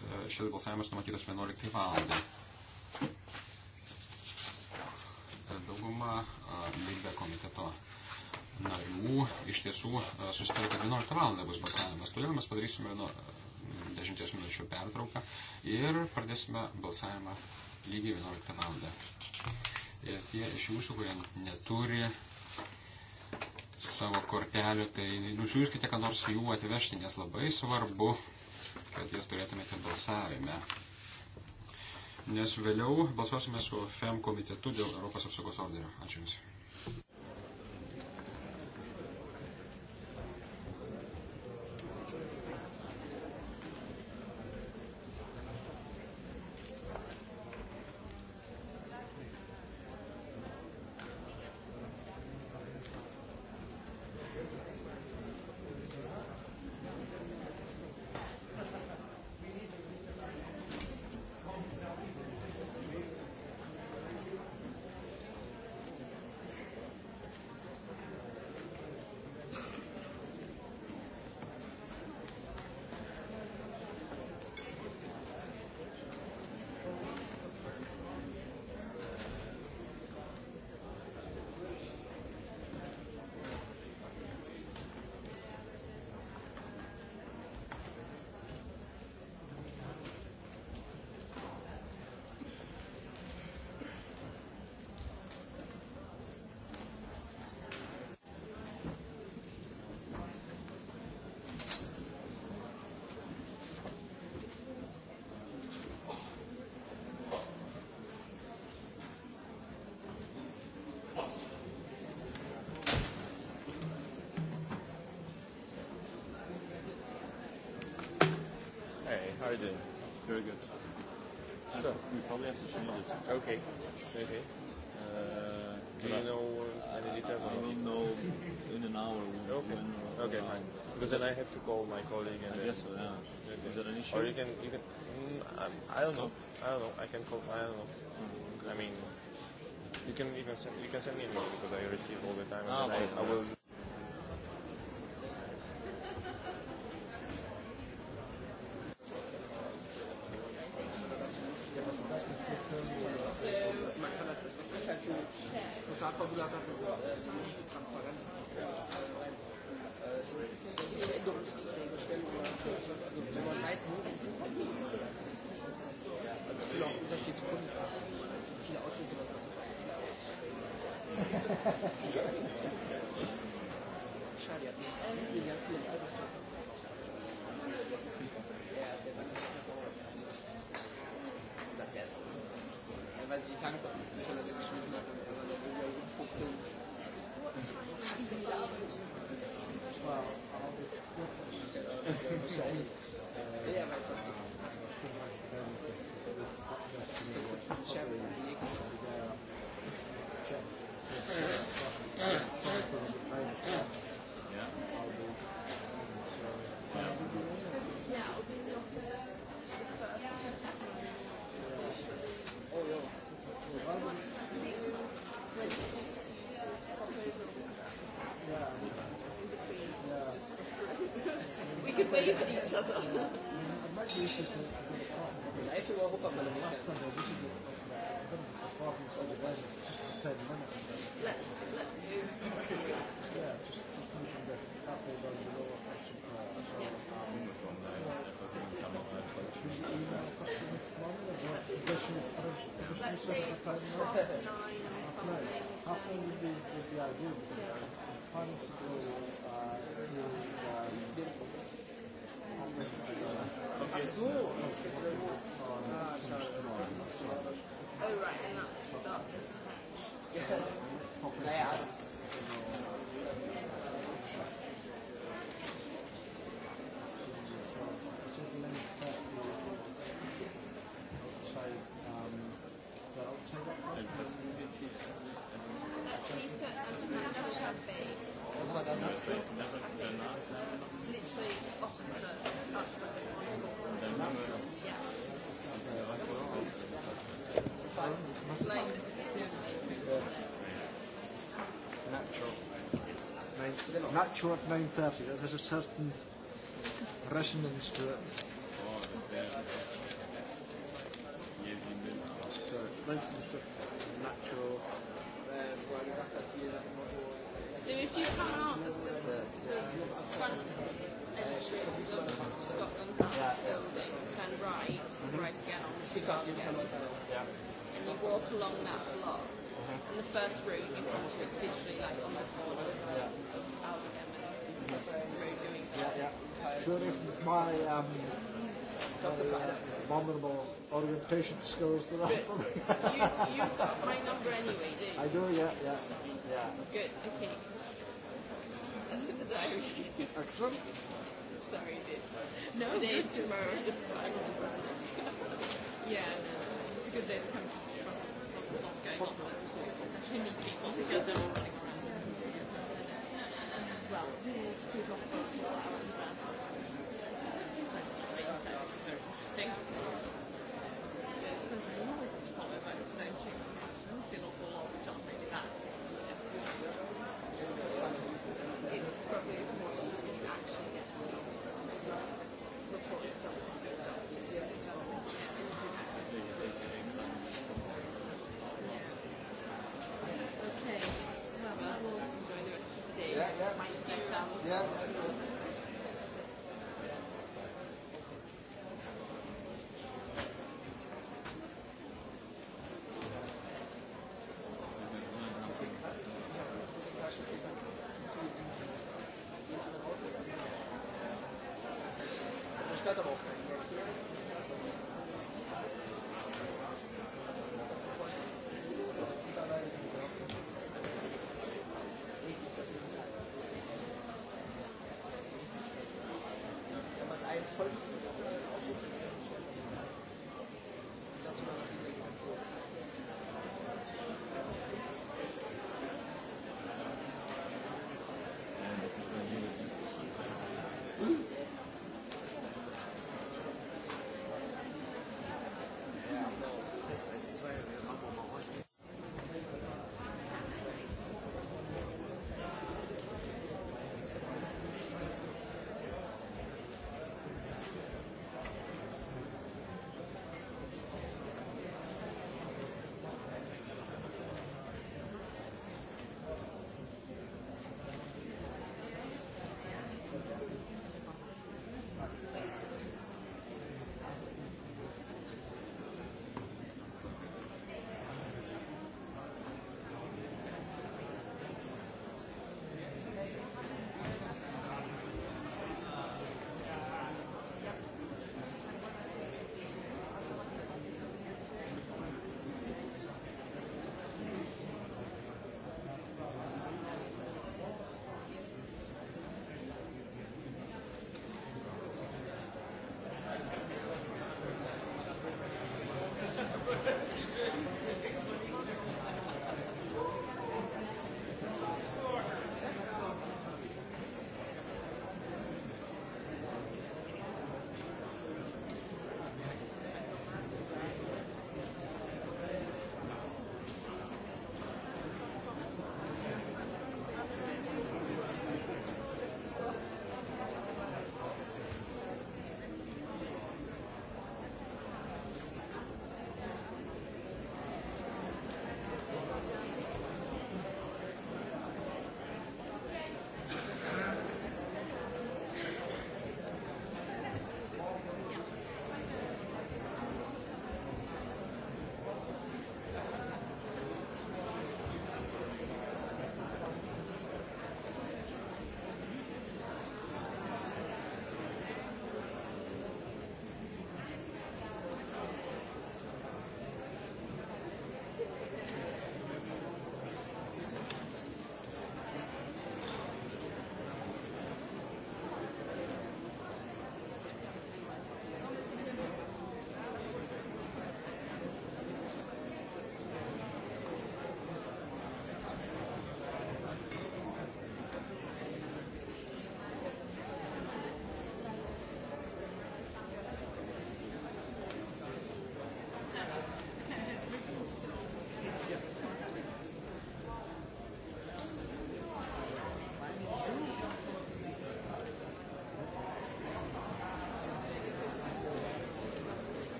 šis balsavimas numatytas 11 valandą. Dauguma lygda komiteto narių iš tiesų susitarė, kad 11 val. bus balsavimas. Todėl mes padarysime nuo 10 e, minučių pertrauką ir pradėsime balsavimą lygiai 11 val. Ir tie iš jūsų, kurie neturi savo kortelių, tai nusiųskite, kad nors jų atvežti, nes labai svarbu, kad jas turėtumėte balsavime. Nes vėliau balsuosime su FEM komitetu dėl Europos apsaugos orderio. Ačiū Jums. How are you doing? Very good. So we probably have to change it. Okay. Okay. Uh, Do you know uh, any details? I will know in an hour. When, okay. When, uh, okay. Fine. Because then I have to call my colleague. And I guess so. Uh, yeah. Okay. Is that an issue? Or you can you can. Mm, I, I don't Stop. know. I don't know. I can call. I don't know. Mm, okay. I mean, you can even send, you can send me an email because I receive all the time. And ah, then I, I will. Regulator das ist äh, diese Transparenz. Äh, solche Änderungsanträge stellen oder also wenn man weiß, wo also viel auch Unterschied zu Bundestag, viele Ausschüsse oder so. Schade, ja. Vielen Dank. I'm not sure at 9.30. That has a certain resonance to it. So it's resonance with natural. So if you come out of the, the front entrance of Scotland Park yeah. building, turn right, mm-hmm. right again onto Gardner, yeah. and you walk along that block, mm-hmm. and the first route you come to is literally like on the corner. Yeah. Yeah, yeah. Sure isn't my um, my, uh, abominable orientation skills that I'm you, You've got my number anyway, do you? I do, yeah, yeah. yeah. Good, okay. That's in the diary. Excellent. Sorry, Dave. No, Today, tomorrow, this time. yeah, no, it's a good day to come to Moscow. It's actually meet people together well, the school's office is well, and uh, that's been so, so interesting.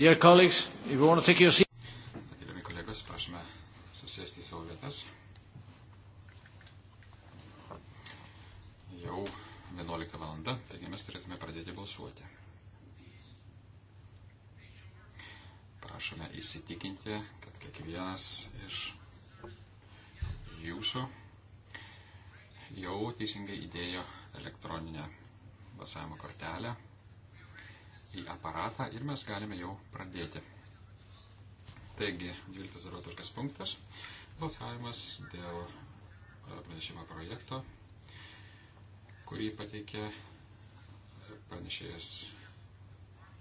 Dear colleagues, if you want to take your seat. Gerbiami kolegos, prašome susėsti į savo vietas. Jau 11 valanda, taigi mes turėtume pradėti balsuoti. Prašome įsitikinti, kad kiekvienas iš jūsų jau teisingai įdėjo elektroninę balsavimo kortelę į aparatą ir mes galime jau pradėti. Taigi, 12 darbotvarkės punktas. Balsavimas dėl e, pranešimo projekto, kurį pateikė e, pranešėjas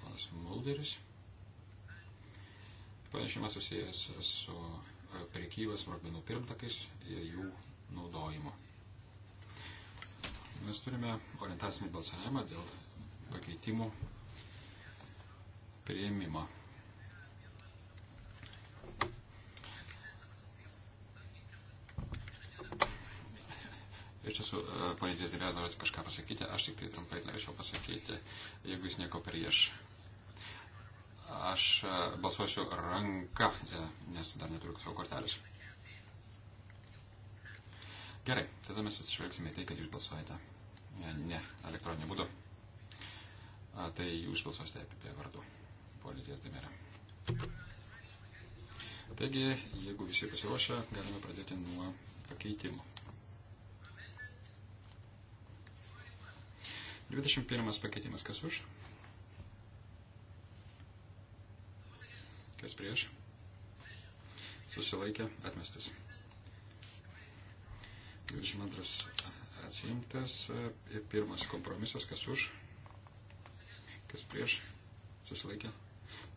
panas Mulderis. Pranešimas susijęs su e, prekybos sprogmenų pirmtakais ir jų naudojimo. Mes turime orientacinį balsavimą dėl pakeitimų prieimimą. Iš tiesų, e, ponė Dėsdėlė, norėtų kažką pasakyti, aš tik tai trumpai norėčiau pasakyti, jeigu jūs nieko prieš. Aš e, balsuosiu ranka, e, nes dar neturiu savo kortelės. Gerai, tada mes atsižvelgsime į tai, kad jūs balsuojate. Ne, ne elektroniniu būdu. Tai jūs balsuosite apie vardu. Lyties Demirė. Taigi, jeigu visi pasiruošę, galime pradėti nuo pakeitimų. 21 pakeitimas kas už? Kas prieš? Susilaikė atmestas. 22 atsijimtas. Pirmas kompromisas kas už? Kas prieš? Susilaikė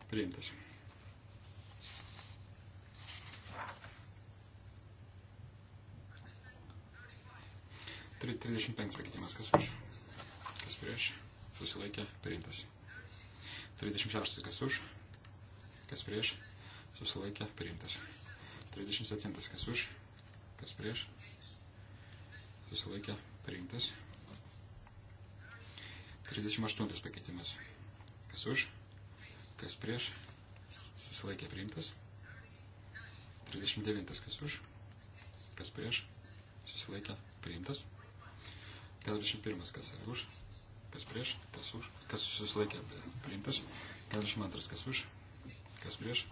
Priimtas. Tri, 35 pakeitimas, kas už, kas prieš, susilaikė, priimtas. 36 kas už, kas prieš, susilaikė, priimtas. 37 kas už, kas prieš, susilaikė, priimtas. 38 pakeitimas, kas už, kas prieš, susilaikė priimtas. 39 kas už, kas prieš, susilaikė priimtas. 41 kas ar už, kas prieš, kas už, kas susilaikė priimtas. 42 kas už, kas prieš,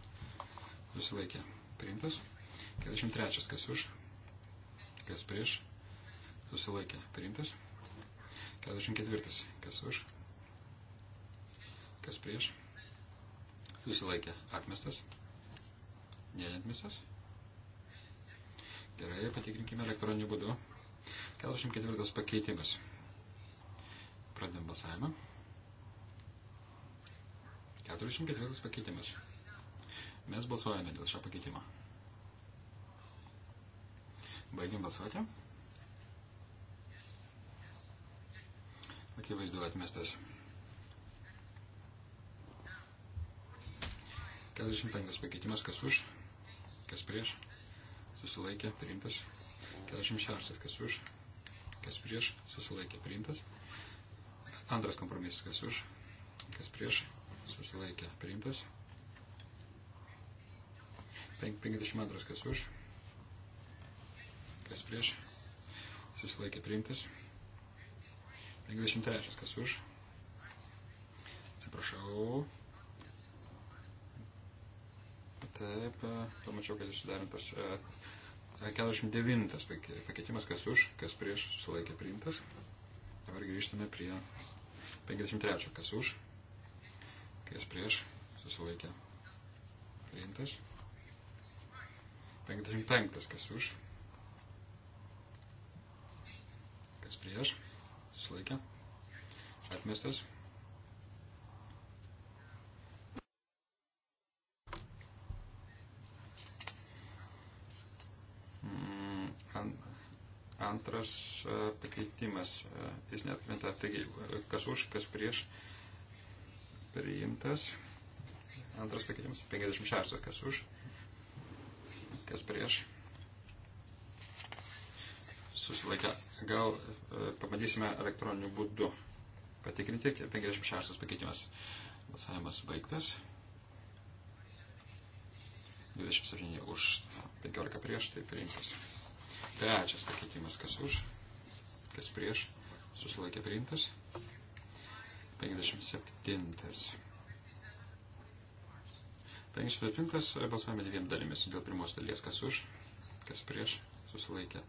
susilaikė priimtas. 43 kas už, kas prieš, susilaikė priimtas. 44 kas už, kas prieš, Susilaikė. Atmestas. Neatmestas. Gerai, patikrinkime elektroniniu būdu. 44 pakeitimas. Pradedam balsavimą. 44 pakeitimas. Mes balsuojame dėl šio pakeitimo. Baigiam balsuoti. Akivaizdu atmestas. 45 pakeitimas, kas už, kas prieš, susilaikė, priimtas. 46, kas už, kas prieš, susilaikė, priimtas. Antras kompromisas, kas už, kas prieš, susilaikė, priimtas. 52, kas už, kas prieš, susilaikė, priimtas. 53, kas už. Atsiprašau, Taip, pamačiau, kad jis sudarintas e, 49 pakeitimas, kas už, kas prieš sulaikė priimtas. Dabar grįžtame prie 53, kas už, kas prieš susilaikė priimtas. 55, kas už, kas prieš susilaikė atmestas. antras e, pakeitimas, e, jis netkrenta, taigi kas už, kas prieš priimtas. Antras pakeitimas, 56, kas už, kas prieš. Susilaikę, gal e, pabandysime elektroniniu būdu patikrinti, 56 pakeitimas. Balsavimas baigtas. 27 už 15 prieš, tai priimtas. Trečias pakeitimas, kas už, kas prieš, susilaikė priimtas. 57. 57 e, balsuojame dviem dalimis. Dėl pirmos dalies, kas už, kas prieš, susilaikė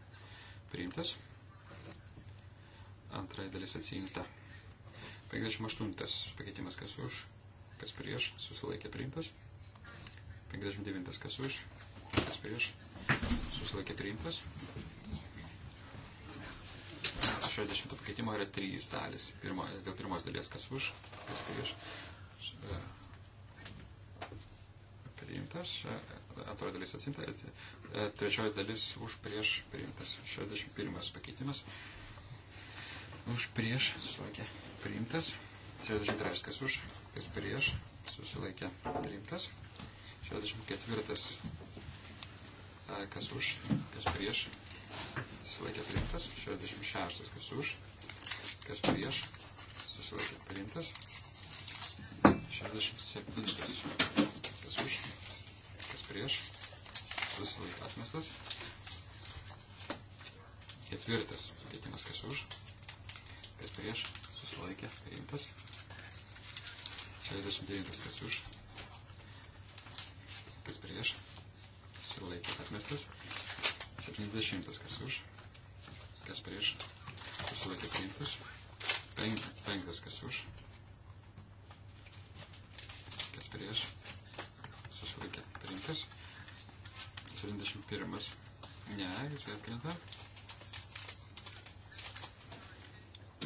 priimtas. Antrai dalis atsiimta. 58 pakeitimas, kas už, kas prieš, susilaikė priimtas. 59 kas už, kas prieš, susilaikė priimtas. 60 pakeitimo yra trys dalis. Pirmo, dėl pirmos dalies, kas už, kas prieš. Priimtas. Antroji dalis atsimta. Trečioji dalis už, prieš, priimtas. 61 pakeitimas. Už, prieš, susilaikė priimtas. 63 kas už, kas prieš, susilaikė priimtas. 64 kas už, kas prieš, susilaikė priimtas, 66, kas už, kas prieš, susilaikė priimtas, 67, kas už, kas prieš, susilaikė atmestas, ketvirtas, teikiamas kas už, kas prieš, susilaikė priimtas, 69, kas už, kas prieš, susilaikė atmestas. 70 kas už, kas prieš, susilaikė priimtas. 5 kas už, kas prieš, susilaikė priimtas. 71 ne, jis atkrenta.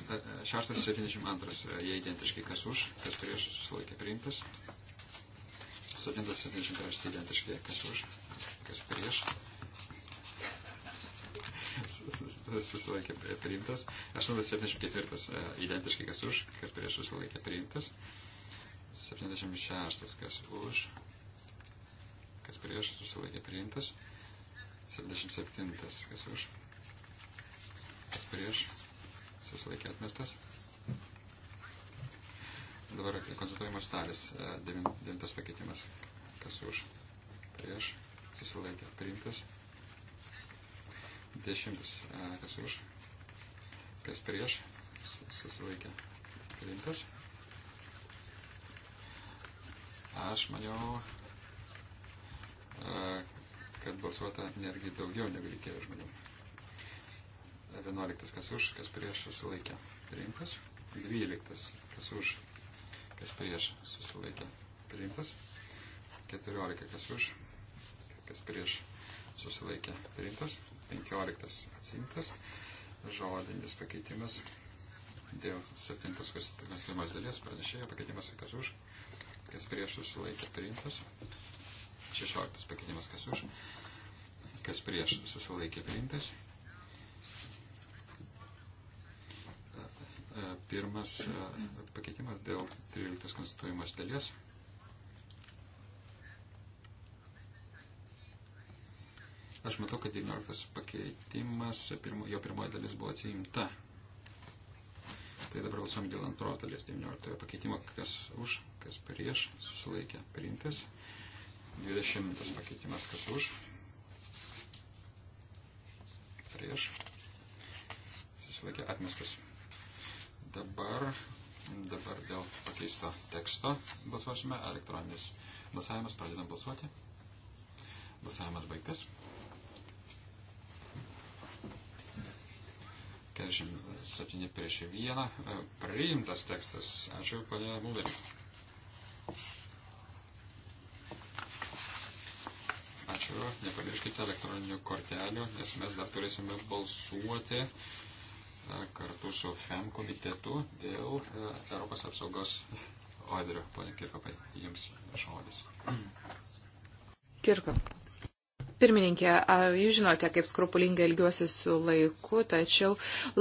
672 e, e, e, jie identiškai kas už, kas prieš susilaikė priimtas. 773 identiškai kas už, kas prieš. Susilaikė priimtas. 874 e, identiškai kas už, kas prieš susilaikė priimtas. 76 kas už, kas prieš susilaikė priimtas. 77 kas už, kas prieš susilaikė atmestas. Dabar konsultuojamos talis, e, devintas pakeitimas, kas už, prieš, susilaikė priimtas. Dešimtas, kas už, kas prieš, susilaikė priimtas. Aš maniau, kad balsuota netgi daugiau negu reikėjo žmonių. 11 kas už, kas prieš susilaikė priimtas. 12 kas už, kas prieš susilaikė priimtas. 14 kas už, kas prieš susilaikė priimtas, 15 atsimtas, žodinis pakeitimas dėl 7 konstitucijos dalies pranešėjo pakeitimas kas už, kas prieš susilaikė priimtas, 16 pakeitimas kas už, kas prieš susilaikė priimtas. Pirmas e, pakeitimas dėl 13 konstitucijos dalies Aš matau, kad 19 pakeitimas, pirmo, jo pirmoji dalis buvo atsiimta. Tai dabar balsuom dėl antros dalies 19 pakeitimo, kas už, kas prieš, susilaikė priimtas. 20 pakeitimas, kas už, prieš, susilaikė atmestas. Dabar, dabar dėl pakeisto teksto balsuosime elektroninis balsavimas, pradedam balsuoti. Balsavimas baigtas. 57 prieš 1. E, priimtas tekstas. Ačiū, ponė Mulderis. Ačiū. Nepamirškite elektroninių kortelių, nes mes dar turėsime balsuoti e, kartu su FEM komitetu dėl e, Europos apsaugos orderio. Pone Kirkopai, jums žodis. Kirkop. Pirmininkė, jūs žinote, kaip skrupulingai ilgiuosi su laiku, tačiau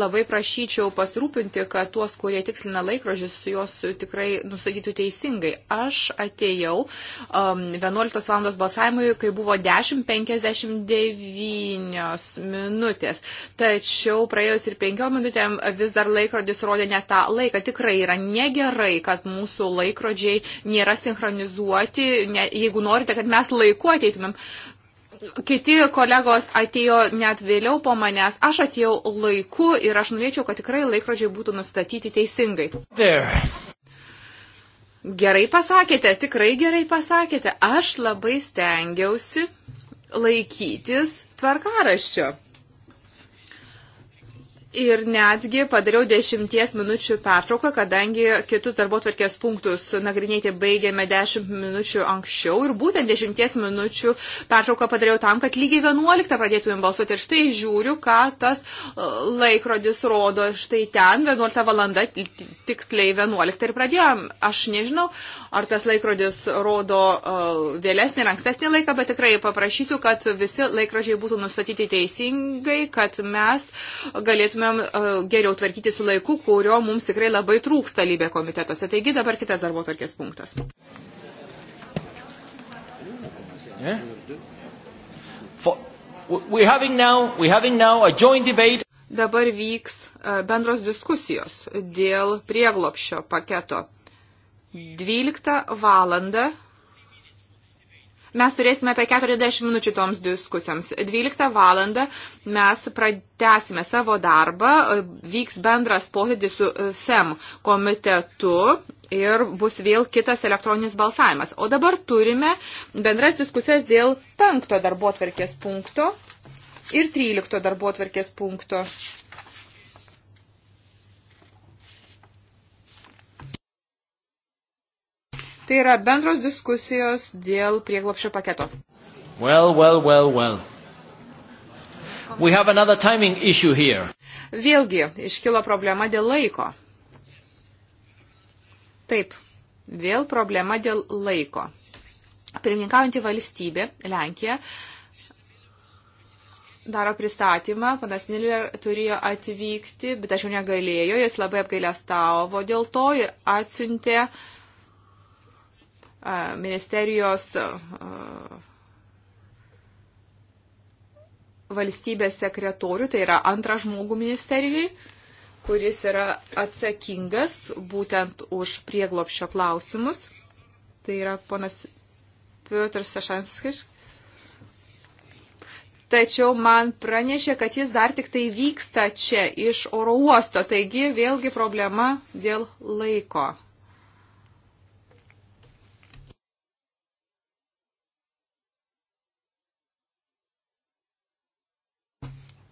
labai prašyčiau pasirūpinti, kad tuos, kurie tikslina laikrodžius, juos tikrai nusakytų teisingai. Aš atėjau um, 11 val. balsavimui, kai buvo 10.59 minutės, tačiau praėjus ir 5 minutėm vis dar laikrodis rodė ne tą laiką. Tikrai yra negerai, kad mūsų laikrodžiai nėra sinchronizuoti, ne, jeigu norite, kad mes laiku ateitumėm. Kiti kolegos atėjo net vėliau po manęs. Aš atėjau laiku ir aš norėčiau, kad tikrai laikrodžiai būtų nustatyti teisingai. There. Gerai pasakėte, tikrai gerai pasakėte. Aš labai stengiausi laikytis tvarkaraščio. Ir netgi padariau dešimties minučių pertrauką, kadangi kitus darbo tvarkės punktus nagrinėti baigėme dešimt minučių anksčiau. Ir būtent dešimties minučių pertrauką padariau tam, kad lygiai vienuoliktą pradėtumėm balsuoti. Ir štai žiūriu, ką tas e, laikrodis rodo. Štai ten vienuoliktą valandą, tiksliai vienuoliktą ir pradėjom. Aš nežinau, ar tas laikrodis rodo e, vėlesnį ir ankstesnį laiką, bet tikrai paprašysiu, kad visi laikrodžiai būtų nustatyti teisingai, kad mes galėtume galėtumėm e, geriau tvarkyti su laiku, kurio mums tikrai labai trūksta lybė komitetuose. Taigi dabar kitas darbo tvarkės punktas. Yeah. For, now, now dabar vyks e, bendros diskusijos dėl prieglopšio paketo. 12 valandą Mes turėsime apie 40 minučių toms diskusijoms. 12 valandą mes pratęsime savo darbą, vyks bendras posėdis su FEM komitetu ir bus vėl kitas elektroninis balsavimas. O dabar turime bendras diskusijas dėl penkto darbo atverkės punkto ir 13 darbo atverkės punkto. Tai yra bendros diskusijos dėl prieglopšio paketo. Well, well, well, well. We have another timing issue here. Vėlgi iškilo problema dėl laiko. Taip, vėl problema dėl laiko. Pirmininkaujantį valstybę, Lenkiją, daro pristatymą, panas Miller turėjo atvykti, bet aš jau negalėjo, jis labai apgailestavo dėl to ir atsiuntė uh, ministerijos valstybės sekretorių, tai yra antrą žmogų ministerijai, kuris yra atsakingas būtent už prieglopščio klausimus. Tai yra ponas Piotr Sašanskis. Tačiau man pranešė, kad jis dar tik tai vyksta čia iš oro uosto, taigi vėlgi problema dėl laiko.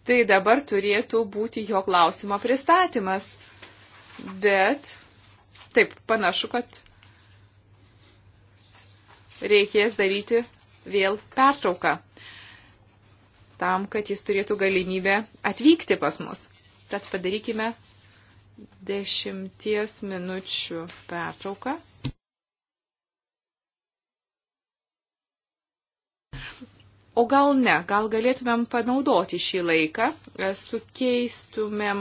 tai dabar turėtų būti jo klausimo pristatymas. Bet taip, panašu, kad reikės daryti vėl pertrauką tam, kad jis turėtų galimybę atvykti pas mus. Tad padarykime dešimties minučių pertrauką. O gal ne, gal galėtumėm panaudoti šį laiką, e, sukeistumėm,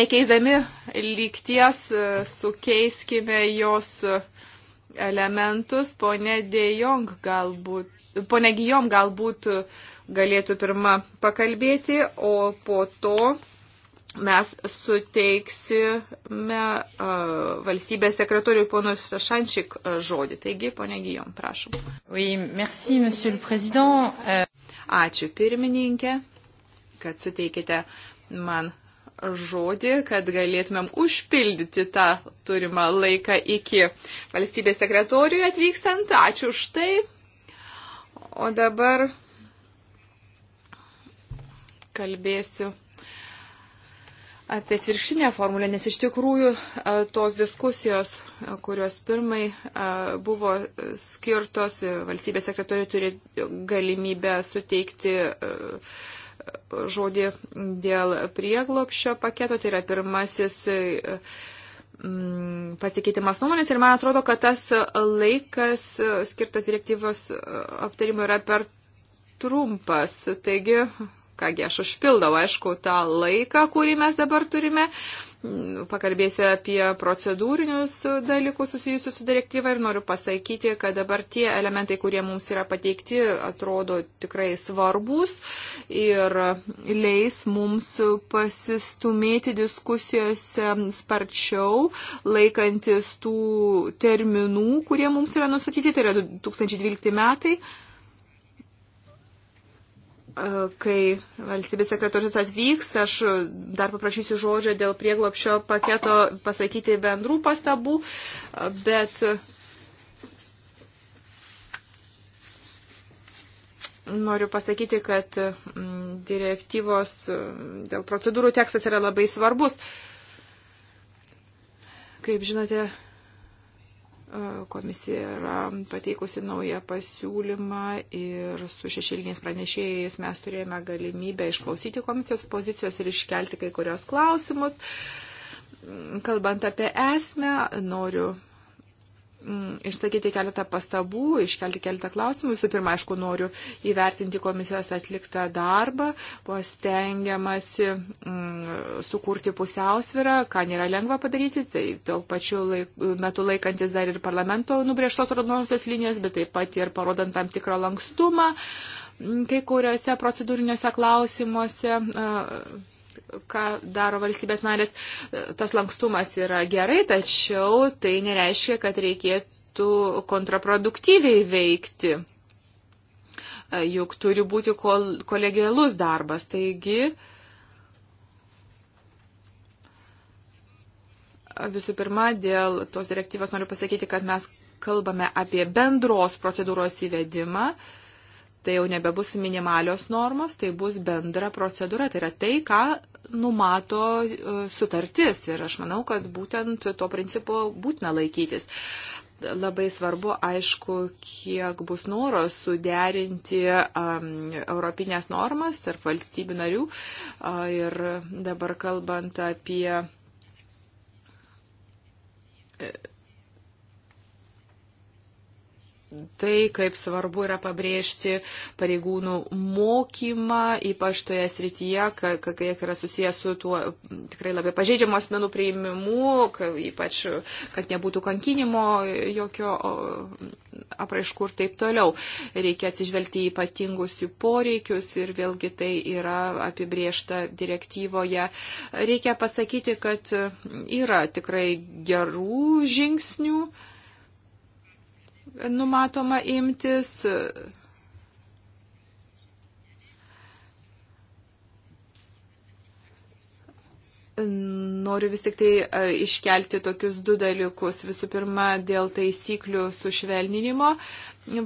nekeisdami lygties, e, sukeiskime jos elementus, ponė Dejong galbūt, ponė Gijom galbūt galėtų pirmą pakalbėti, o po to mes suteiksime valstybės sekretoriui ponus Šančik žodį. Taigi, ponė Gijom, prašom. Oui, merci, euh, Ačiū pirmininkė, kad suteikite man žodį, kad galėtumėm užpildyti tą turimą laiką iki valstybės sekretoriui atvykstant. Ačiū už tai. O dabar kalbėsiu apie atvirkštinę formulę, nes iš tikrųjų e, tos diskusijos, e, kurios pirmai e, buvo skirtos, valstybės sekretoriai turi galimybę suteikti žodį dėl prieglopšio paketo, tai yra pirmasis pasikeitimas nuomonės ir man atrodo, kad tas laikas skirtas direktyvos aptarimui yra per trumpas. Taigi Kągi aš užpildau, aišku, tą laiką, kurį mes dabar turime. Pakalbėsiu apie procedūrinius dalykus susijusius su direktyva ir noriu pasakyti, kad dabar tie elementai, kurie mums yra pateikti, atrodo tikrai svarbus ir leis mums pasistumėti diskusijose sparčiau, laikantis tų terminų, kurie mums yra nusakyti, tai yra 2012 metai kai valstybės sekretorius atvyks, aš dar paprašysiu žodžio dėl prieglopšio paketo pasakyti bendrų pastabų, bet noriu pasakyti, kad mm, direktyvos mm, dėl procedūrų tekstas yra labai svarbus. Kaip žinote, Komisija yra pateikusi naują pasiūlymą ir su šešėliniais pranešėjais mes turėjome galimybę išklausyti komisijos pozicijos ir iškelti kai kurios klausimus. Kalbant apie esmę, noriu Mm, išsakyti keletą pastabų, iškelti keletą klausimų. Visų pirma, aišku, noriu įvertinti komisijos atliktą darbą, pastengiamasi mm, sukurti pusiausvirą, ką nėra lengva padaryti, tai tuo pačiu laik, metu laikantis dar ir parlamento nubriežtos raudonosios linijos, bet taip pat ir parodant tam tikrą lankstumą mm, kai kuriuose procedūriniuose klausimuose. Uh, ką daro valstybės narės, tas lankstumas yra gerai, tačiau tai nereiškia, kad reikėtų kontraproduktyviai veikti. Juk turi būti kol, kolegialus darbas. Taigi, visų pirma, dėl tos direktyvos noriu pasakyti, kad mes kalbame apie bendros procedūros įvedimą. Uh, tai jau nebebus minimalios normos, tai bus bendra procedūra. Tai yra tai, ką numato e, sutartis. Ir aš manau, kad būtent to principo būtina laikytis labai svarbu, aišku, kiek bus noro suderinti um, europinės normas tarp valstybių narių. Uh, ir dabar kalbant apie. Uh, tai, kaip svarbu yra pabrėžti pareigūnų mokymą, ypač toje srityje, kai yra susijęs su tuo tikrai labai pažeidžiamo asmenų priimimu, ypač, kad nebūtų kankinimo jokio apraiškų ir taip toliau. Reikia atsižvelgti į ypatingus jų poreikius ir vėlgi tai yra apibriešta direktyvoje. Reikia pasakyti, kad yra tikrai gerų žingsnių numatoma imtis. Noriu vis tik tai e, iškelti tokius du dalykus. Visų pirma, dėl taisyklių sušvelninimo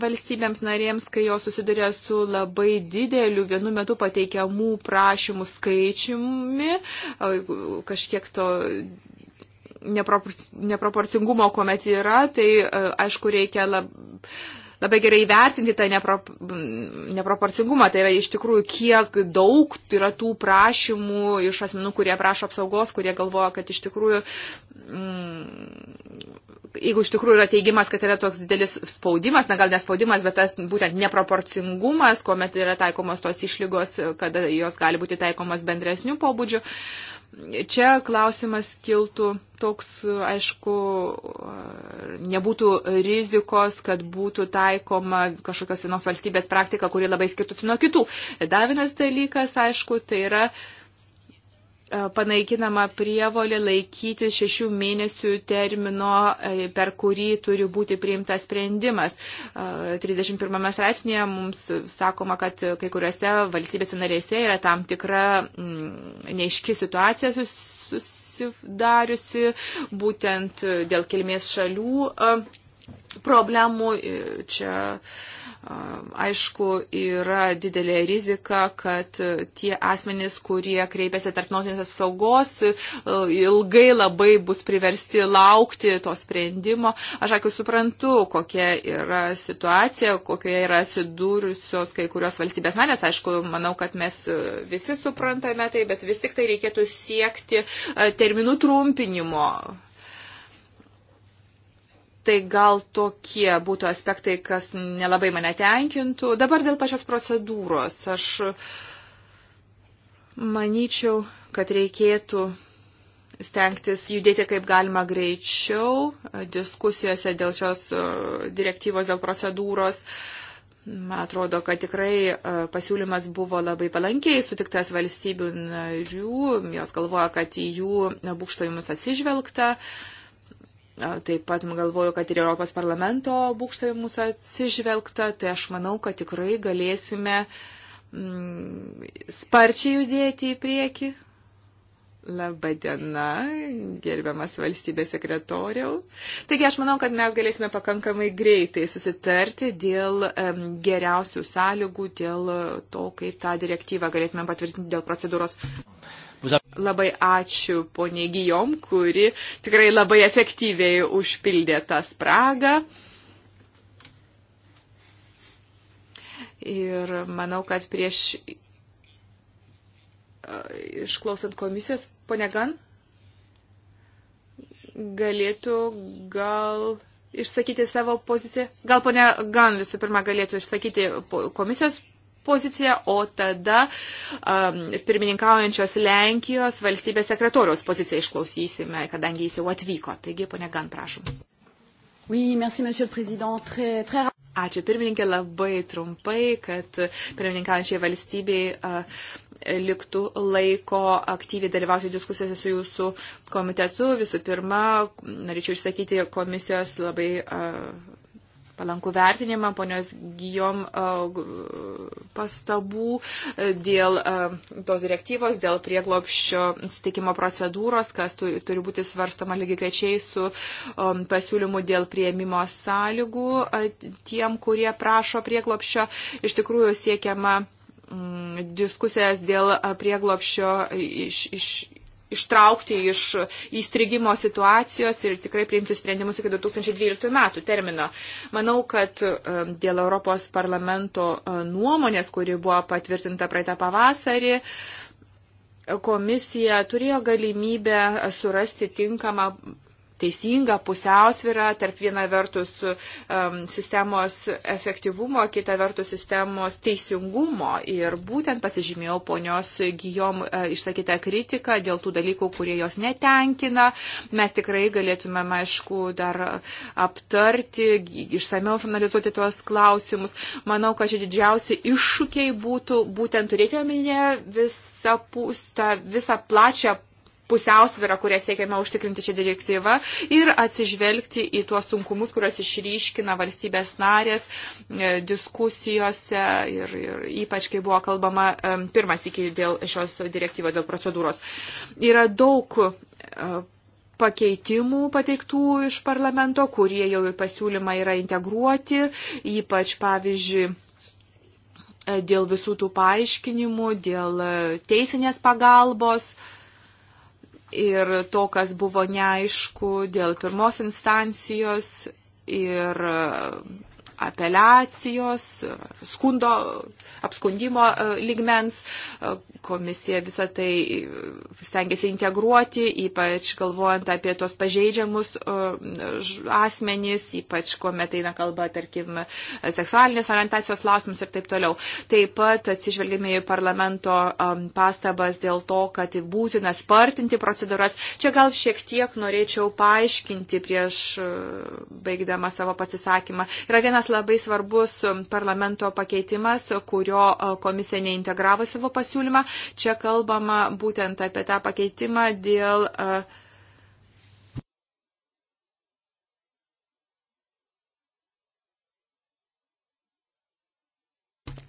valstybėms narėms, kai jos susiduria su labai dideliu vienu metu pateikiamų prašymų skaičiumi, kažkiek to neproporcingumo, kuomet yra, tai e, aišku reikia lab, labai gerai vertinti tą neprop, neproporcingumą. Tai yra iš tikrųjų, kiek daug yra tų prašymų iš asmenų, kurie prašo apsaugos, kurie galvoja, kad iš tikrųjų. Mm, jeigu iš tikrųjų yra teigimas, kad yra toks didelis spaudimas, na gal nespaudimas, bet tas būtent neproporcingumas, kuomet yra taikomos tos išlygos, kada jos gali būti taikomas bendresnių pobūdžių, Čia klausimas kiltų toks, aišku, nebūtų rizikos, kad būtų taikoma kažkokios vienos valstybės praktika, kuri labai skirtųsi nuo kitų. Dar vienas dalykas, aišku, tai yra uh, E, panaikinama prievolė laikyti šešių mėnesių termino, e, per kurį turi būti priimtas sprendimas. 31 e, straipsnėje mums sakoma, kad kai kuriuose valstybėse narėse yra tam tikra mm, neiški situacija susidariusi, būtent dėl kilmės šalių problemų. Čia uh, Aišku, yra didelė rizika, kad tie asmenys, kurie kreipiasi tarptautinės apsaugos, ilgai labai bus priversti laukti to sprendimo. Aš, aišku, suprantu, kokia yra situacija, kokioje yra atsidūrusios kai kurios valstybės narės. Aišku, manau, kad mes visi suprantame tai, bet vis tik tai reikėtų siekti e, terminų trumpinimo Tai gal tokie būtų aspektai, kas nelabai mane tenkintų. Dabar dėl pačios procedūros. Aš manyčiau, kad reikėtų stengtis judėti kaip galima greičiau diskusijose dėl šios e, direktyvos, dėl procedūros. Man atrodo, kad tikrai e, pasiūlymas buvo labai palankiai sutiktas valstybių narių, jos galvoja, kad į jų būkštojimus atsižvelgta. Uh, Taip pat galvoju, kad ir Europos parlamento būkštavimus atsižvelgta, tai aš manau, kad tikrai galėsime mm, sparčiai judėti į priekį. Labai diena, gerbiamas valstybės sekretoriau. Taigi aš manau, kad mes galėsime pakankamai greitai susitarti dėl um, geriausių sąlygų, dėl to, kaip tą direktyvą galėtume patvirtinti dėl procedūros. Labai ačiū poniai Gijom, kuri tikrai labai efektyviai užpildė tą spragą. Ir manau, kad prieš išklausant komisijos, ponia Gan galėtų gal išsakyti savo poziciją. Gal ponia Gan visų pirma galėtų išsakyti komisijos poziciją, o tada um, pirmininkaujančios Lenkijos valstybės sekretoriaus poziciją išklausysime, kadangi jis jau atvyko. Taigi, ponia Gan, prašom. Oui, merci, très, très... Ačiū pirmininkė labai trumpai, kad pirmininkaujančiai valstybei uh, liktų laiko aktyviai dalyvauti diskusijose su jūsų komitetu. Visų pirma, norėčiau išsakyti komisijos labai uh, palankų vertinimą, ponios gyjom pastabų e, dėl tos direktyvos, dėl prieglopščio sutikimo procedūros, kas turi būti svarstama lygiai grečiai su pasiūlymu dėl prieimimo sąlygų tiem, kurie prašo prieglopščio. Iš tikrųjų siekiama diskusijas dėl prieglopščio iš, iš, ištraukti iš įstrigimo situacijos ir tikrai priimti sprendimus iki 2012 metų termino. Manau, kad dėl Europos parlamento e, nuomonės, kuri buvo patvirtinta praeitą pavasarį, komisija turėjo galimybę surasti tinkamą teisingą pusiausvyrą tarp viena vertus um, sistemos efektyvumo, kita vertus sistemos teisingumo. Ir būtent pasižymėjau ponios gyjom uh, e, išsakytą kritiką dėl tų dalykų, kurie jos netenkina. Mes tikrai galėtume, aišku, dar aptarti, išsameu išanalizuoti tuos klausimus. Manau, kad čia didžiausi iššūkiai būtų būtent turėti omenyje visą, pūstą, visą plačią pusiausvyrą, kurią siekiame užtikrinti šią direktyvą ir atsižvelgti į tuos sunkumus, kuriuos išryškina valstybės narės e, diskusijose ir, ir ypač, kai buvo kalbama e, pirmas iki dėl šios direktyvos, dėl procedūros. Yra daug e, pakeitimų pateiktų iš parlamento, kurie jau į pasiūlymą yra integruoti, ypač pavyzdžiui dėl visų tų paaiškinimų, dėl teisinės pagalbos. Uh, ir to, kas buvo neaišku dėl pirmos instancijos ir apeliacijos, skundo, apskundimo e, ligmens. E, komisija visą tai stengiasi integruoti, ypač galvojant apie tos pažeidžiamus e, asmenys, ypač kuomet eina kalba, tarkim, seksualinės orientacijos klausimus ir taip toliau. Taip pat atsižvelgėme į parlamento pastabas dėl to, kad būtina spartinti procedūras. Čia gal šiek tiek norėčiau paaiškinti prieš baigdama savo pasisakymą. Yra vienas labai svarbus um, parlamento pakeitimas, kurio uh, komisija neintegravo savo pasiūlymą. Čia kalbama būtent apie tą pakeitimą dėl uh,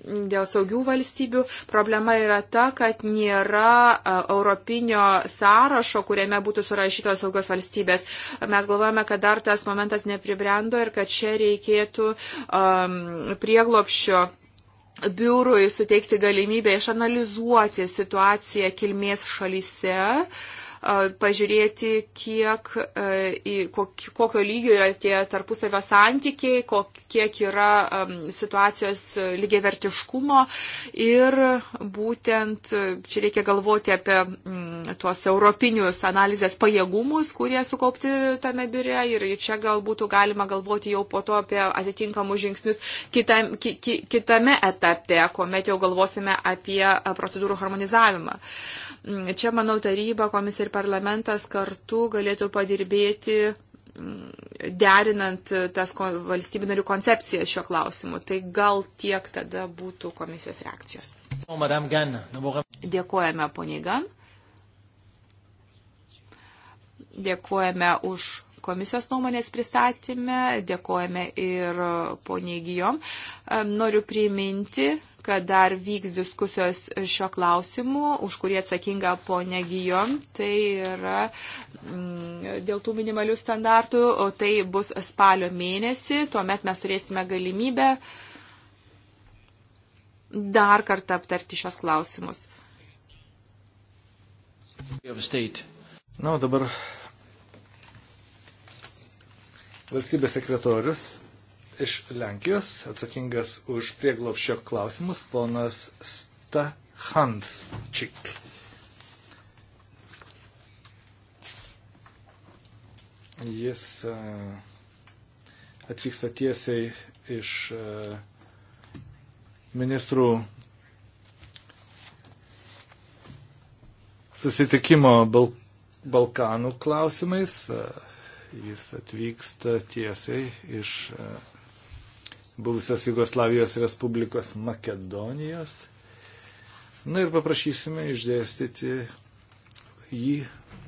dėl saugių valstybių. Problema yra ta, kad nėra e, europinio sąrašo, kuriame būtų surašytos saugios valstybės. Mes galvojame, kad dar tas momentas nepribrendo ir kad čia reikėtų um, prieglopščio biurui suteikti galimybę išanalizuoti situaciją kilmės šalyse. Uh, pažiūrėti, kiek, kokio lygio yra tie tarpusavio santykiai, kiek yra situacijos lygiai vertiškumo ir būtent čia reikia galvoti apie mm, tuos europinius analizės pajėgumus, kurie sukaupti tame biure ir čia gal būtų galima galvoti jau po to apie atitinkamus žingsnius kitam, ki, ki, kitame etape, kuomet jau galvosime apie procedūrų harmonizavimą. Uh, Mm, čia, manau, taryba, komisija ir parlamentas kartu galėtų padirbėti mm, derinant tas valstybių narių koncepcijas šio klausimu. Tai gal tiek tada būtų komisijos reakcijos. Dėkojame poniai Gan. Dėkojame už komisijos nuomonės pristatymę, dėkojame ir e, poniai Gijom. Noriu priminti, kad dar vyks diskusijos šio klausimu, už kurį atsakinga ponė Gijom, tai yra m, mm, dėl tų minimalių standartų, tai bus spalio mėnesį, tuomet mes turėsime galimybę dar kartą aptarti šios klausimus. Na, o dabar valstybės sekretorius iš Lenkijos, atsakingas už prieglopščio klausimus, ponas Stahančik. Jis e, atvyksta tiesiai iš e, ministrų susitikimo Bal Balkanų klausimais. E, jis atvyksta tiesiai iš buvusios Jugoslavijos Respublikos Makedonijos. Na ir paprašysime išdėstyti jį,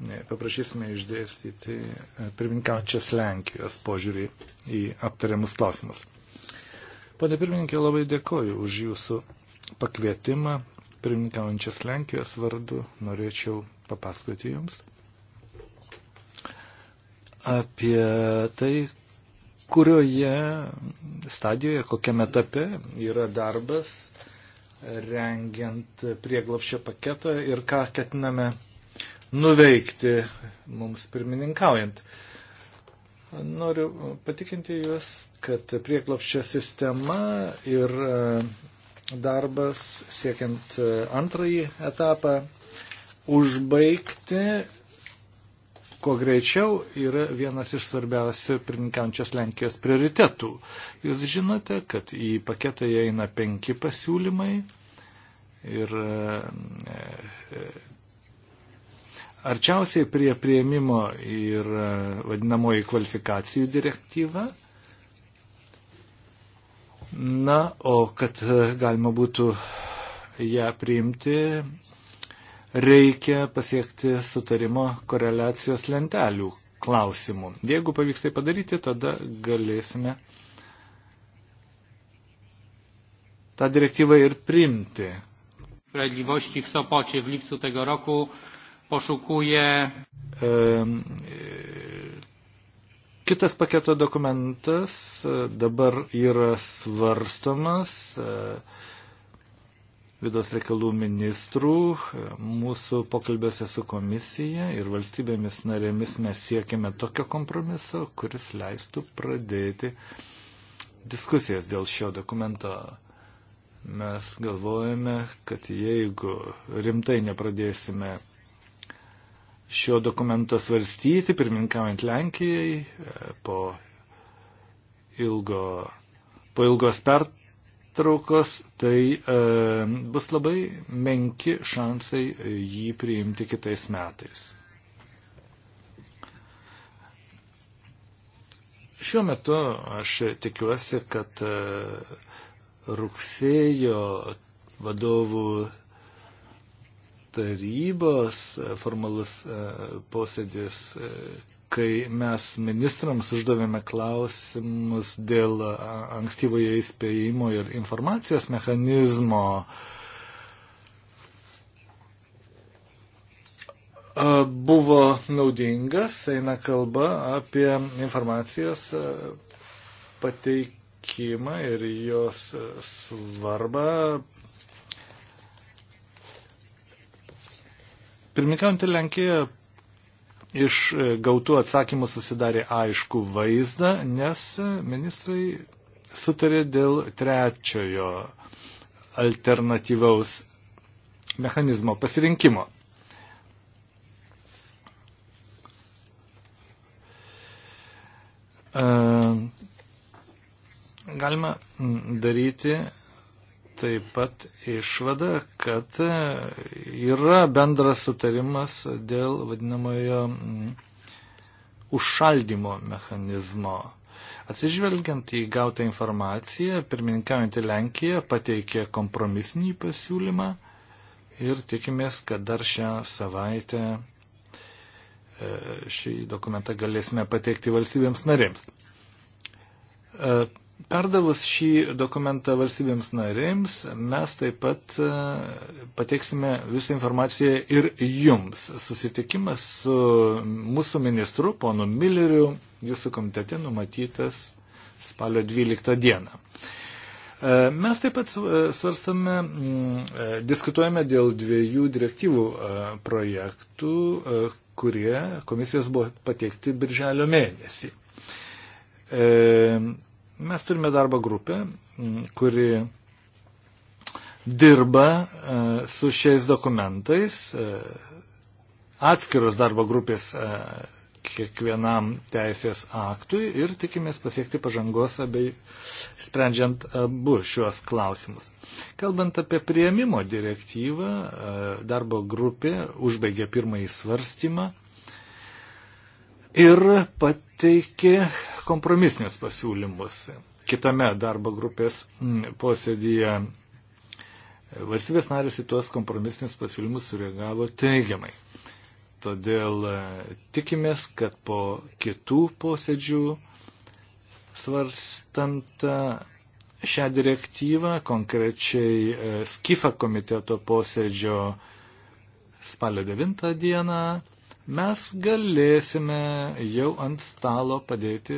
ne, paprašysime išdėstyti e, pirmininkaučias Lenkijos požiūrį į aptariamus klausimus. Pane pirmininkė, labai dėkoju už jūsų pakvietimą. Pirmininkaujančias Lenkijos vardu norėčiau papasakoti jums apie tai, kurioje stadijoje, kokiame etape yra darbas rengiant prieglopščio paketą ir ką ketiname nuveikti mums pirmininkaujant. Noriu patikinti Jūs, kad prieglopščio sistema ir e, darbas siekiant e, antrąjį etapą užbaigti kuo greičiau yra vienas iš svarbiausių pirmininkiančios Lenkijos prioritetų. Jūs žinote, kad į paketą įeina penki pasiūlymai ir e, e, arčiausiai prie prieimimo ir e, vadinamoji kvalifikacijų direktyva. Na, o kad galima būtų ją priimti, reikia pasiekti sutarimo koreliacijos lentelių klausimų. Jeigu pavyks tai padaryti, tada galėsime tą dyrektywę ir priimti. Sprawiedliwości w Sopocie w lipcu tego roku poszukuje. Kitas paketo dokumentas e, dabar yra svarstomas. E, vidaus reikalų ministrų. Mūsų pokalbėse su komisija ir valstybėmis narėmis mes siekime tokio kompromiso, kuris leistų pradėti diskusijas dėl šio dokumento. Mes galvojame, kad jeigu rimtai nepradėsime šio dokumento svarstyti, pirmininkaujant Lenkijai, po, ilgo, po ilgos pertraukos, netrukus, tai e, bus labai menki šansai e, jį priimti kitais metais. Šiuo metu aš tikiuosi, kad e, rugsėjo vadovų tarybos formalus e, posėdis kai mes ministrams uždavėme klausimus dėl ankstyvoje įspėjimo ir informacijos mechanizmo, buvo naudingas, eina kalba apie informacijos pateikimą ir jos svarbą Pirmininkaujantį Lenkiją iš e, gautų atsakymų susidarė aišku vaizdą, nes ministrai sutarė dėl trečiojo alternatyvaus mechanizmo pasirinkimo. E, galima daryti taip pat išvada, kad yra bendras sutarimas dėl vadinamojo mm, užšaldimo mechanizmo. Atsižvelgiant į gautą informaciją, pirmininkaujantį Lenkiją pateikė kompromisinį pasiūlymą ir tikimės, kad dar šią savaitę e, šį dokumentą galėsime pateikti valstybėms narėms. E, Perdavus šį dokumentą valstybėms narėms, mes taip pat e, pateiksime visą informaciją ir jums. Susitikimas su mūsų ministru, ponu Milleriu, jūsų komitete numatytas spalio 12 dieną. E, mes taip pat e, svarstame, mm, diskutuojame dėl dviejų direktyvų projektų, kurie komisijos buvo pateikti birželio mėnesį. Mes turime darbo grupę, kuri dirba e, su šiais dokumentais. E, atskiros darbo grupės e, kiekvienam teisės aktui ir tikimės pasiekti pažangos abiej sprendžiant abu šiuos klausimus. Kalbant apie prieimimo direktyvą, darbo grupė užbaigė pirmąjį svarstymą ir pateikė kompromisinius pasiūlymus. Kitame darbo grupės mm, posėdėje valstybės narės į tuos kompromisinius pasiūlymus sureagavo teigiamai. Todėl e, tikimės, kad po kitų posėdžių svarstant e, šią direktyvą, konkrečiai e, Skifa komiteto posėdžio spalio 9 dieną, mes galėsime jau ant stalo padėti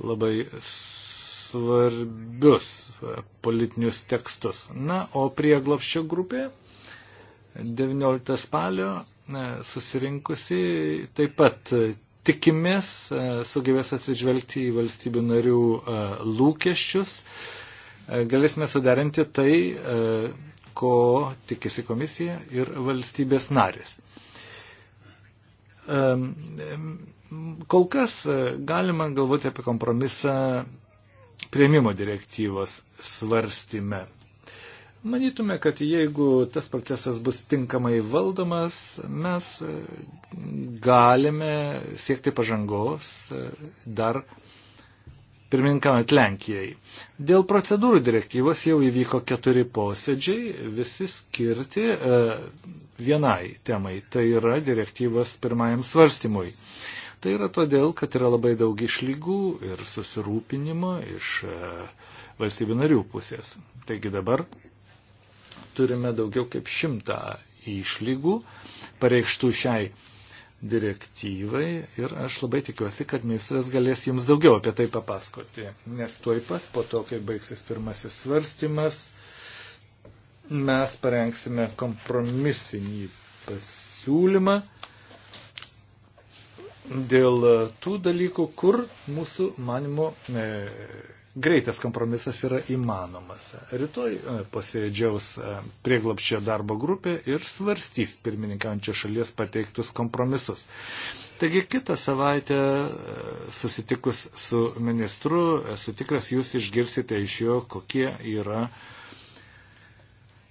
labai svarbius politinius tekstus. Na, o prieglopščio grupė 19 spalio e, susirinkusi taip pat tikimės e, sugebės atsižvelgti į valstybių narių e, lūkesčius. Galėsime suderinti tai, ko tikisi komisija ir valstybės narės. Kol kas e, galima galvoti apie kompromisą prieimimo direktyvos svarstyme. Manytume, kad jeigu tas procesas bus tinkamai valdomas, mes e, galime siekti pažangos e, dar pirmininkavant Lenkijai. Dėl procedūrų direktyvos jau įvyko keturi posėdžiai, visi skirti vienai temai, tai yra direktyvas pirmajam svarstymui. Tai yra todėl, kad yra labai daug išlygų ir susirūpinimo iš e, valstybių narių pusės. Taigi dabar turime daugiau kaip šimtą išlygų pareikštų šiai direktyvai ir aš labai tikiuosi, kad ministras galės jums daugiau apie tai papasakoti, nes tuoj pat po to, kai baigsis pirmasis svarstymas, mes parengsime kompromisinį pasiūlymą dėl tų dalykų, kur mūsų manimo e, greitas kompromisas yra įmanomas. Rytoj e, posėdžiaus e, prieglapščio darbo grupė ir svarstys pirmininkaujančio šalies pateiktus kompromisus. Taigi kitą savaitę e, susitikus su ministru, esu tikras, jūs išgirsite iš jo, kokie yra e,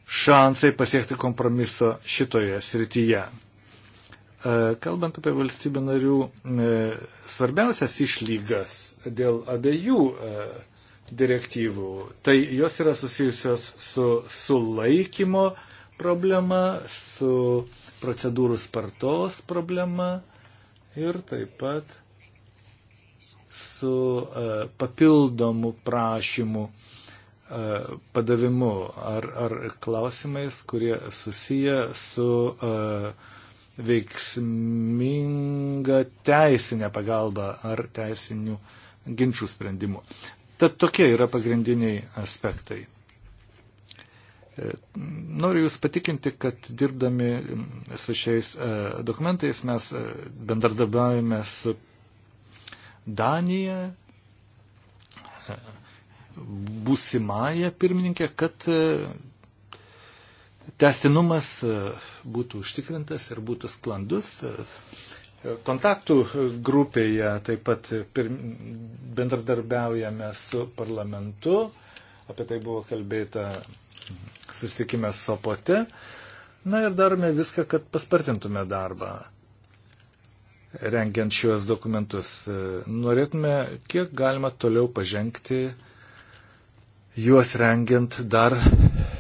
šansai pasiekti kompromiso šitoje srityje. E, kalbant apie valstybių narių e, svarbiausias išlygas dėl abiejų e, direktyvų, tai jos yra susijusios su sulaikymo problema, su procedūrų spartos problema ir taip pat su papildomu prašymu uh, E, padavimu ar, ar klausimais, kurie susiję su e, veiksminga teisinė pagalba ar teisinių ginčių sprendimu. Tad tokie yra pagrindiniai aspektai. E, noriu Jūs patikinti, kad dirbdami su šiais dokumentais mes bendradarbiavime su Danija, būsimąją pirmininkę, kad e, testinumas e, būtų užtikrintas ir būtų sklandus. E, kontaktų grupėje taip pat bendradarbiaujame su parlamentu, apie tai buvo kalbėta susitikime Sopote. Na ir darome viską, kad paspartintume darbą, rengiant šiuos dokumentus. Norėtume kiek galima toliau pažengti juos rengiant dar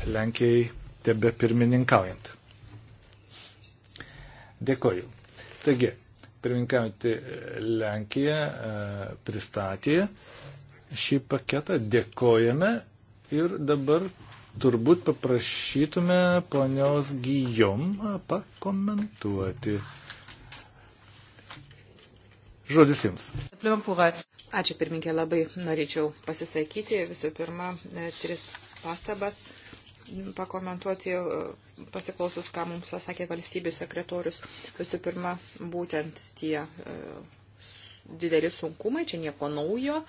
Lenkijai tebe pirmininkaujant. Dėkoju. Taigi, pirmininkaujantį Lenkiją e, pristatė šį paketą, dėkojame ir dabar turbūt paprašytume ponios Gijom pakomentuoti. Žodis Jums. Ačiū pirminkė, labai norėčiau pasisakyti. Visų pirma, e, tris pastabas pakomentuoti, e, pasiklausus, ką mums pasakė valstybės sekretorius. Visų pirma, būtent tie e, dideli sunkumai, čia nieko naujo.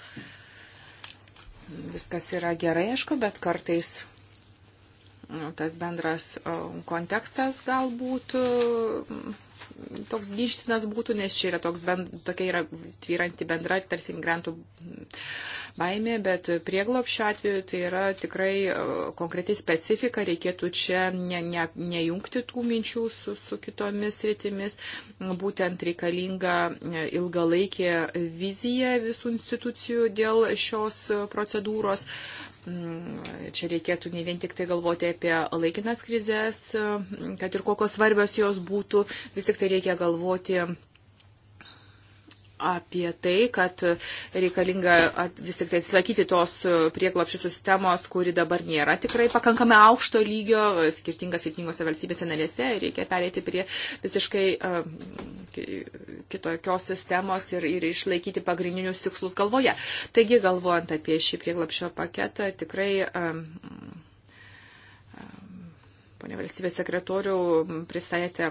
Viskas yra gerai, aišku, bet kartais tas bendras kontekstas galbūt toks gyštinas būtų, nes čia yra toks bend, tokia yra tvyranti bendra, tarsi migrantų baimė, bet prieglopščio atveju tai yra tikrai e, konkretiai specifika, reikėtų čia ne, ne, nejungti tų minčių su, su kitomis rytimis, būtent reikalinga e, ilgalaikė vizija visų institucijų dėl šios procedūros. Uh, Mm, čia reikėtų ne vien tik tai galvoti apie laikinas krizės, mm, kad ir kokios svarbios jos būtų, vis tik tai reikia galvoti apie tai, kad reikalinga vis tik tai atsisakyti tos prieklapšių sistemos, kuri dabar nėra tikrai pakankamai aukšto lygio, skirtingas skirtingose valstybėse narėse, reikia perėti prie visiškai kitokios sistemos ir, ir išlaikyti pagrindinius tikslus galvoje. Taigi, galvojant apie šį prieglapšio paketą, tikrai. Pone valstybės sekretoriau, pristatėte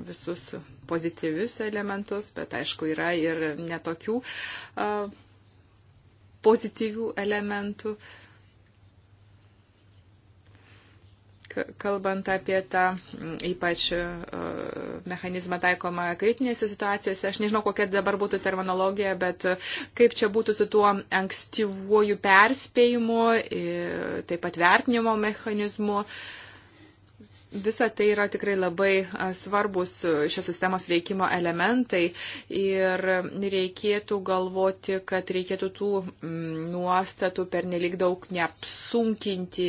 visus pozityvius elementus, bet aišku yra ir netokių pozityvių elementų. kalbant apie tą ypač mechanizmą taikomą kritinėse situacijose, aš nežinau, kokia dabar būtų terminologija, bet kaip čia būtų su tuo ankstyvuoju perspėjimu, taip pat vertinimo mechanizmu. Uh, Visa tai yra tikrai labai svarbus šios sistemos veikimo elementai ir reikėtų galvoti, kad reikėtų tų nuostatų per nelik daug neapsunkinti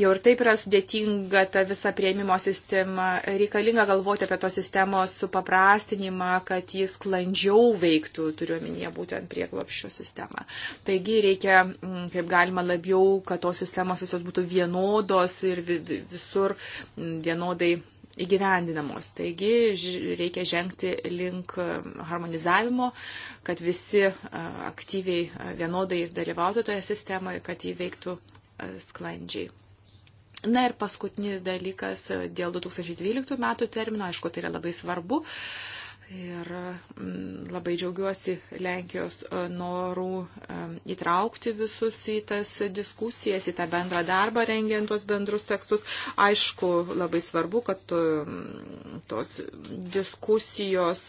jau ir taip yra sudėtinga ta visa prieimimo sistema. Reikalinga galvoti apie tos sistemos supaprastinimą, kad jis klandžiau veiktų, turiuomenėje būtent prieglopščio sistemą. Taigi reikia, mm, kaip galima labiau, kad tos sistemos visos būtų vienodos ir visur mm, vienodai įgyvendinamos. Taigi reikia žengti link mm, harmonizavimo, kad visi aktyviai vienodai dalyvautų toje sistemoje, kad jį veiktų sklandžiai. Na ir paskutinis dalykas e, dėl 2012 metų termino, aišku, tai yra labai svarbu. Ir mm, labai džiaugiuosi Lenkijos e, norų e, įtraukti visus į tas diskusijas, į tą bendrą darbą rengiant tos bendrus tekstus. Aišku, labai svarbu, kad mm, tos diskusijos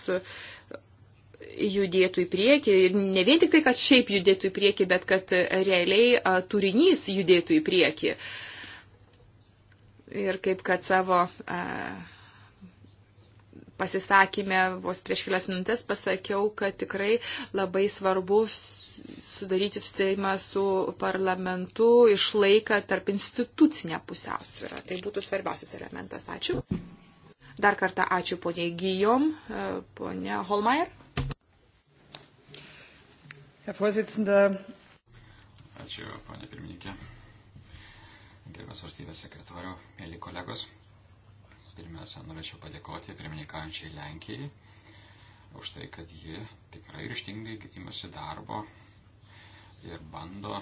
judėtų į priekį ir ne vien tik tai, kad šiaip judėtų į priekį, bet kad realiai turinys judėtų į priekį. Uh, ir kaip kad savo a, pasisakymę vos prieš kelias minutės pasakiau, kad tikrai labai svarbu sudaryti sustarimą su parlamentu, išlaiką tarp institucinę pusiausvyrą. Tai būtų svarbiausias elementas. Ačiū. Dar kartą ačiū poniai Gijom, ponia Holmeier. Herr Vorsitzender. Ačiū, ponia pirmininkė. Gerbės valstybės sekretoriau, mėly kolegos, pirmiausia, norėčiau padėkoti pirmininkaujančiai Lenkijai už tai, kad ji tikrai ryštingai imasi darbo ir bando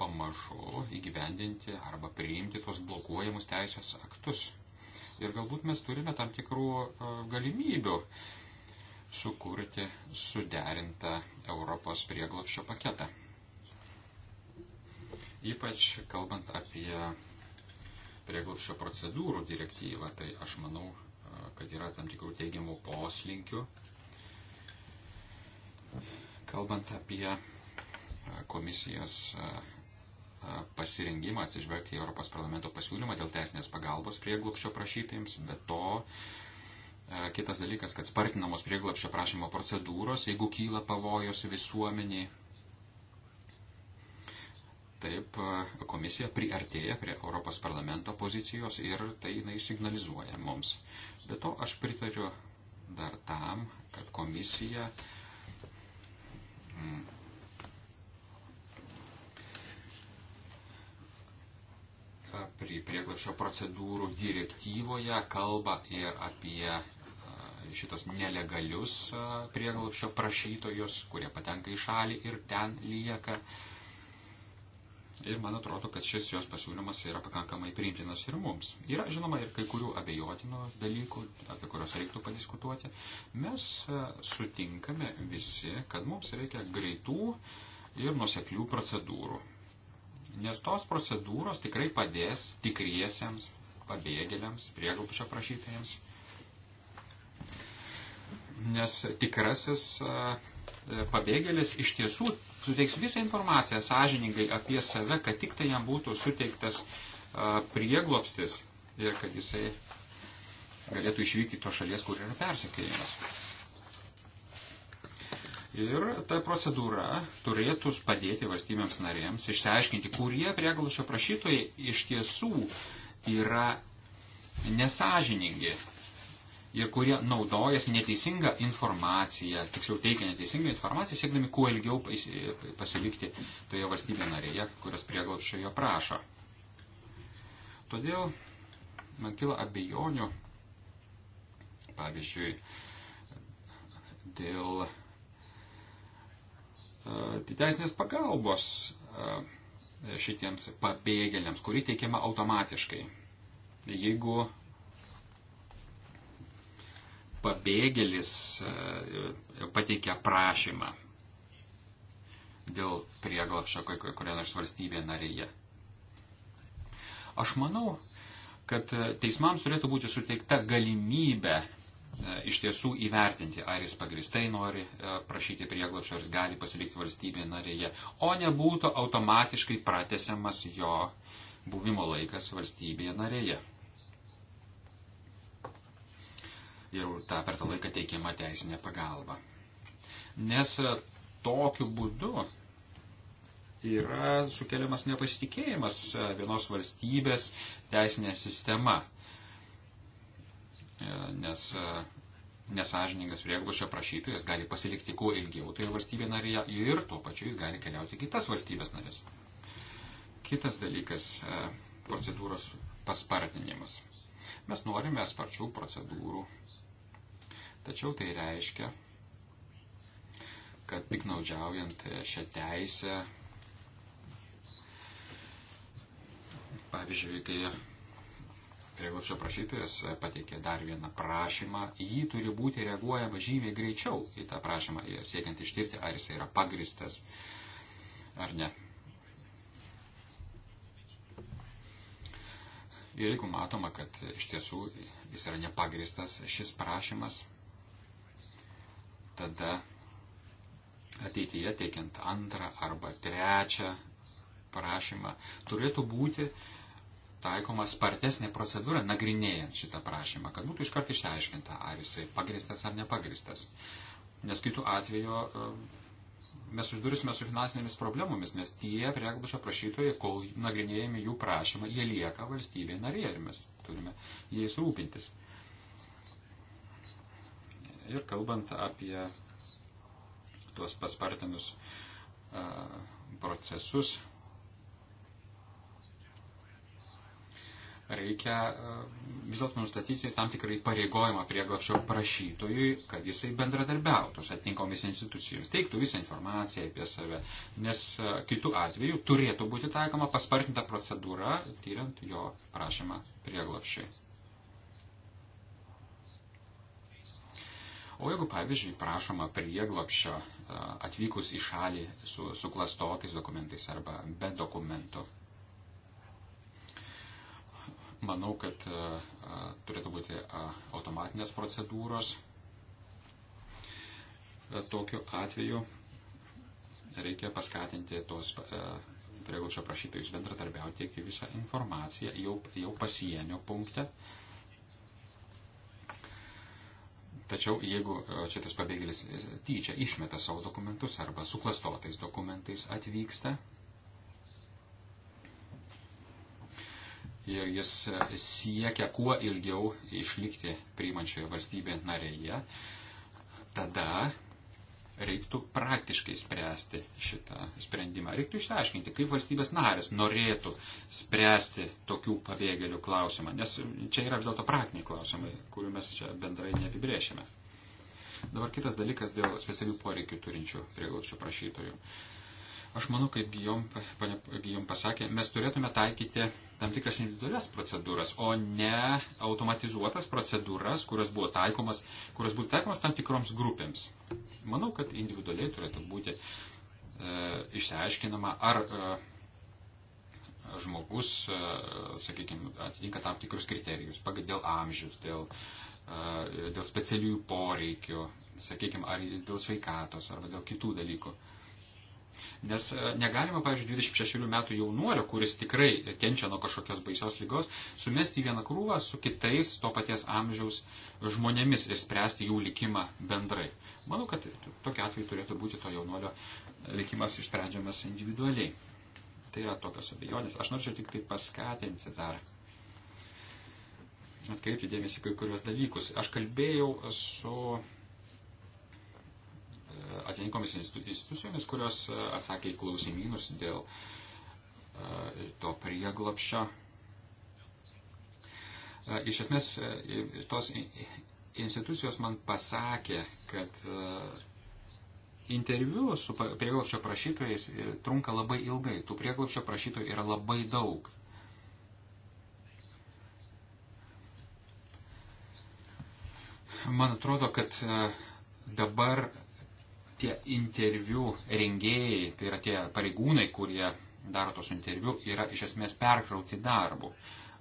pamažu įgyvendinti arba priimti tuos blokuojamus teisės aktus. Ir galbūt mes turime tam tikrų e, galimybių sukurti suderintą Europos prieglopščio paketą. Ypač kalbant apie prieglopščio procedūrų direktyvą, tai aš manau, e, kad yra tam tikrų teigiamų poslinkių. Kalbant apie e, komisijos e, pasirengimą atsižvelgti į Europos parlamento pasiūlymą dėl teisinės pagalbos prieglopščio prašytėms, bet to kitas dalykas, kad spartinamos prieglopščio prašymo procedūros, jeigu kyla pavojos visuomeniai, Taip komisija priartėja prie Europos parlamento pozicijos ir tai jinai signalizuoja mums. Be to aš pritariu dar tam, kad komisija mm, prie prieglašio procedūrų direktyvoje kalba ir apie šitas nelegalius prieglapšio prašytojus, kurie patenka į šalį ir ten lieka. Uh, Ir man atrodo, kad šis jos pasiūlymas yra pakankamai priimtinas ir mums. Yra, žinoma, ir kai kurių abejotinų dalykų, apie kuriuos reiktų padiskutuoti. Mes e, sutinkame visi, kad mums reikia greitų ir nuseklių procedūrų. Nes tos procedūros tikrai padės tikriesiems pabėgėliams, prieglupščio prašytojams. Nes tikrasis e, E, pabėgėlis iš tiesų suteiks visą informaciją sąžiningai apie save, kad tik tai jam būtų suteiktas e, prieglopstis ir kad jisai galėtų išvykti to šalies, kur yra persekėjimas. Ir ta procedūra turėtų padėti valstybėms narėms išsiaiškinti, kurie prieglušio prašytojai iš tiesų yra nesažiningi kurie naudojas neteisingą informaciją, tiksliau teikia neteisingą informaciją, siekdami kuo ilgiau pasilikti toje valstybėje narėje, kurios prieglapščio jo prašo. Todėl man kila abejonių, pavyzdžiui, dėl didesnės e, pagalbos e, šitiems pabėgėliams, kuri teikiama automatiškai. Jeigu pabėgėlis e, e, pateikia prašymą dėl prieglapšio kurioje nors valstybėje narėje. Aš manau, kad e, teismams turėtų būti suteikta galimybė iš tiesų įvertinti, ar jis pagristai nori prašyti prieglapšio, ar jis gali pasilikti valstybėje narėje, o nebūtų automatiškai pratesiamas jo buvimo laikas valstybėje narėje. jau tą per tą laiką teikiama teisinė pagalba. Nes e, tokiu būdu yra sukeliamas nepasitikėjimas e, vienos valstybės teisinė sistema. E, nes nesažiningas prieglušio prašytojas gali pasilikti kuo ilgiau toje tai valstybėje narėje ir tuo pačiu jis gali keliauti kitas valstybės narės. Kitas dalykas - procedūros paspartinimas. Mes norime sparčių procedūrų, Tačiau tai reiškia, kad piknaudžiaujant šią teisę, pavyzdžiui, kai prieglobščio prašytojas pateikė dar vieną prašymą, jį turi būti reaguojama žymiai greičiau į tą prašymą, siekiant ištirti, ar jis yra pagristas ar ne. Ir jeigu matoma, kad iš tiesų jis yra nepagristas šis prašymas, tada ateityje teikiant antrą arba trečią prašymą turėtų būti taikoma spartesnė procedūra nagrinėjant šitą prašymą, kad būtų iškart išsiaiškinta, ar jisai pagristas ar nepagristas. Nes kitų atveju e, mes susidursime su finansinėmis problemomis, nes tie prieglobšio prašytojai, kol nagrinėjami jų prašymą, jie lieka valstybėje narėjomis. Turime jais rūpintis. Ir kalbant apie tuos paspartinus procesus, reikia vis dėlto nustatyti tam tikrai pareigojimą prieglapščio prašytojui, kad jisai bendradarbiautų su atinkomis institucijomis, teiktų visą informaciją apie save, nes kitų atveju turėtų būti taikoma paspartinta procedūra, tyriant jo prašymą prieglapščiai. O jeigu, pavyzdžiui, prašoma prieglopščio e, atvykus į šalį su, su klastotais dokumentais arba be dokumentų, manau, kad e, e, turėtų būti automatinės procedūros. Tokiu atveju reikia paskatinti tos prieglopščio prašytojus bendradarbiauti, teikti visą informaciją jau, jau pasienio punkte Tačiau jeigu šitas e, pabėgėlis e, tyčia išmeta savo dokumentus arba suklastotais dokumentais atvyksta ir jis e, siekia kuo ilgiau išlikti priimančioje valstybėje narėje, tada reiktų praktiškai spręsti šitą sprendimą. Reiktų išsiaiškinti, kaip valstybės narės norėtų spręsti tokių pabėgėlių klausimą, nes čia yra vis dėlto praktiniai klausimai, kurių mes čia bendrai neapibrėšime. Dabar kitas dalykas dėl specialių poreikių turinčių prieglobčio prašytojų. Aš manau, kaip Gijom pasakė, mes turėtume taikyti tam tikras individualias procedūras, o ne automatizuotas procedūras, kurios buvo taikomas, kurios būtų taikomas tam tikroms grupėms. Manau, kad individualiai turėtų būti e, išsiaiškinama, ar e, žmogus, e, sakykime, atitinka tam tikrus kriterijus dėl amžiaus, dėl, e, dėl specialiųjų poreikių, sakykime, ar dėl sveikatos, ar dėl kitų dalykų. E, Nes e, negalima, pavyzdžiui, 26 metų jaunuolio, kuris tikrai kenčia nuo kažkokios baisios lygos, sumesti į vieną krūvą su kitais to paties amžiaus žmonėmis ir spręsti jų likimą bendrai. Manau, kad tokia atveju turėtų būti to jaunuolio likimas išsprendžiamas individualiai. Tai yra tokios abejonės. Aš norėčiau tik tai paskatinti dar atkreipti dėmesį kai kurios dalykus. Aš kalbėjau su atitinkomis institucijomis, kurios e, atsakė į klausimynus dėl e, to prieglapščio. E, iš esmės, tos institucijos man pasakė, kad interviu su prieglapščio prašytojais trunka labai ilgai. Tų prieglapščio prašytojų yra labai daug. Man atrodo, kad dabar tie interviu rengėjai, tai yra tie pareigūnai, kurie daro tos interviu, yra iš esmės perkrauti darbu.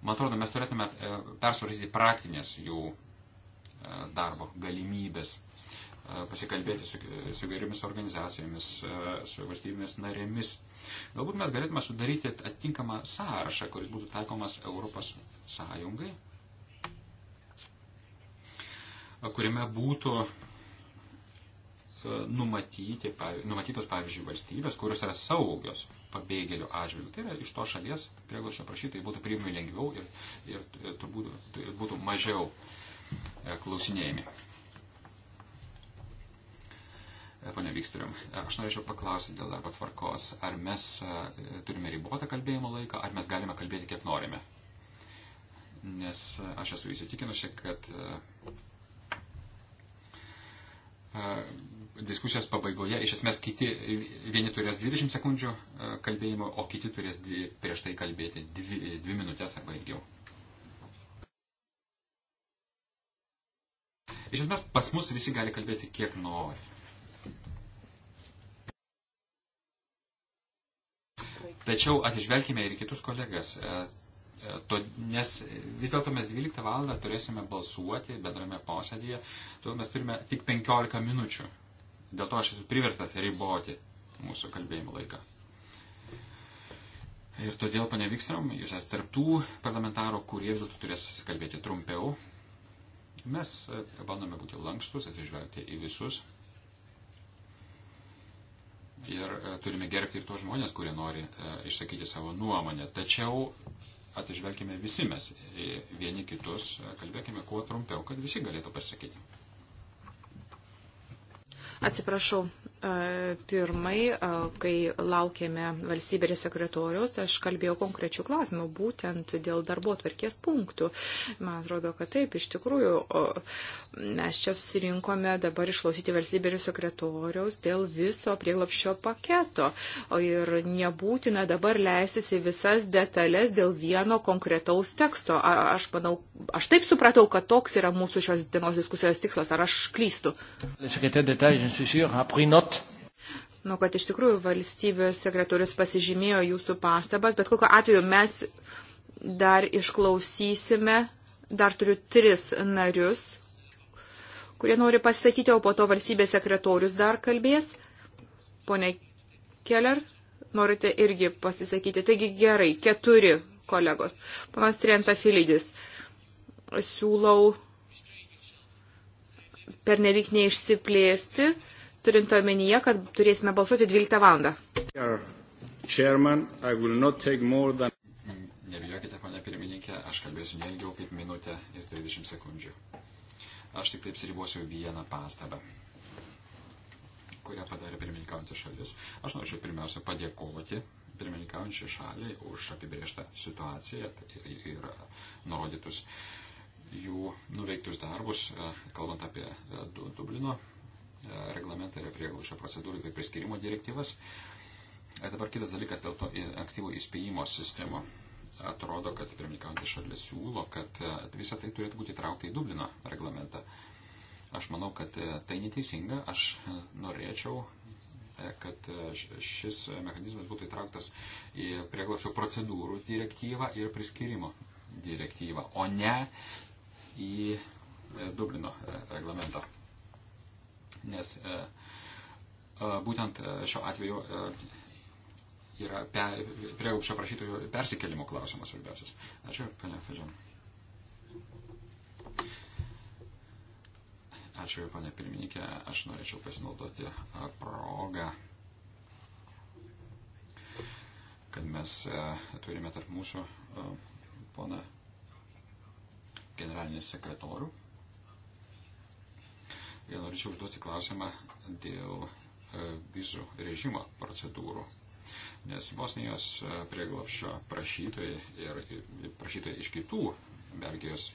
Man atrodo, mes turėtume e, persvarstyti praktinės jų e, darbo galimybės, e, pasikalbėti su, su gerimis organizacijomis, su valstybėmis narėmis. Galbūt mes galėtume sudaryti atitinkamą sąrašą, kuris būtų taikomas Europos Sąjungai, kuriame būtų numatyti, numatytos, pavyzdžiui, valstybės, kurios yra saugios pabėgėlių atžvilgių. Tai yra iš to šalies prieglošio prašytai būtų priimami lengviau ir, ir, ir turbūt ir būtų mažiau e, klausinėjami. E, pone Vyksturiam, e, aš norėčiau paklausyti dėl darbo tvarkos, ar mes turime ribotą kalbėjimo laiką, ar mes galime kalbėti kiek norime. Nes aš esu įsitikinusi, kad diskusijos pabaigoje iš esmės kiti, vieni turės 20 sekundžių e, kalbėjimo, o kiti turės dvi, prieš tai kalbėti 2 minutės arba ilgiau. Iš esmės pas mus visi gali kalbėti kiek nori. Tačiau atsižvelgime ir kitus kolegas, e, e, to, nes vis dėlto mes 12 valandą turėsime balsuoti bendrame posėdėje, todėl mes turime tik 15 minučių Dėl to aš esu priverstas riboti mūsų kalbėjimo laiką. Ir todėl, pane Vikstrom, jūs esate tarptų parlamentarų, kurie vis dėlto turės kalbėti trumpiau. Mes e, bandome būti lankstus, atsižvelgti į visus. Ir e, turime gerbti ir tos žmonės, kurie nori e, išsakyti savo nuomonę. Tačiau atsižvelgime visi mes vieni kitus, kalbėkime kuo trumpiau, kad visi galėtų pasakyti. Atsiprašau, pirmai, kai laukėme valstybės sekretoriaus, aš kalbėjau konkrečių klausimų, būtent dėl darbo tvarkės punktų. Man atrodo, kad taip, iš tikrųjų, mes čia susirinkome dabar išklausyti valstybės sekretoriaus dėl viso prieglapščio paketo. Ir nebūtina dabar leistis į visas detalės dėl vieno konkretaus teksto. Aš, manau, aš taip supratau, kad toks yra mūsų šios dienos diskusijos tikslas. Ar aš klystu? Le secrétaire d'État, je suis sûr, a pris note Nu, kad iš tikrųjų valstybės sekretorius pasižymėjo jūsų pastabas, bet kokiu atveju mes dar išklausysime, dar turiu tris narius, kurie nori pasisakyti, o po to valstybės sekretorius dar kalbės. Pone Keller, norite irgi pasisakyti. Taigi gerai, keturi kolegos. Panas Trienta Filidis, siūlau pernelyg neišsiplėsti turint omenyje, kad turėsime balsuoti 12 valandą. Nebijokite, ponia pirmininkė, aš kalbėsiu neilgiau kaip minutę ir 30 sekundžių. Aš tik taip siribosiu vieną pastabą, kurią padarė pirmininkaujantį šalis. Aš norėčiau pirmiausia padėkoti pirmininkaujančiai šaliai už apibrėžtą situaciją ir, ir nurodytus jų nuveiktus darbus, kalbant apie e, Dublino reglamentą ir prieglušio procedūrų bei priskirimo direktyvas. E, dabar kitas dalykas dėl to ankstyvo įspėjimo sistemo. Atrodo, kad pirmininkaujantis šalis siūlo, kad e, visą tai turėtų būti traukta į Dublino reglamentą. Aš manau, kad e, tai neteisinga. Aš norėčiau, kad šis mechanizmas būtų įtrauktas į prieglašio procedūrų direktyvą ir priskirimo direktyvą, o ne į Dublino reglamentą nes e, e, būtent e, šiuo atveju yra pe, prieaukščio prašytojų persikelimo klausimas svarbiausias. Ačiū, ponia Fedžian. Ačiū, ponia pirmininkė. Aš norėčiau pasinaudoti progą, kad mes turime tarp mūsų poną generalinį sekretorių ir norėčiau užduoti klausimą dėl e, vizų režimo procedūrų. Nes Bosnijos e, prieglapščio prašytojai ir prašytojai iš kitų Belgijos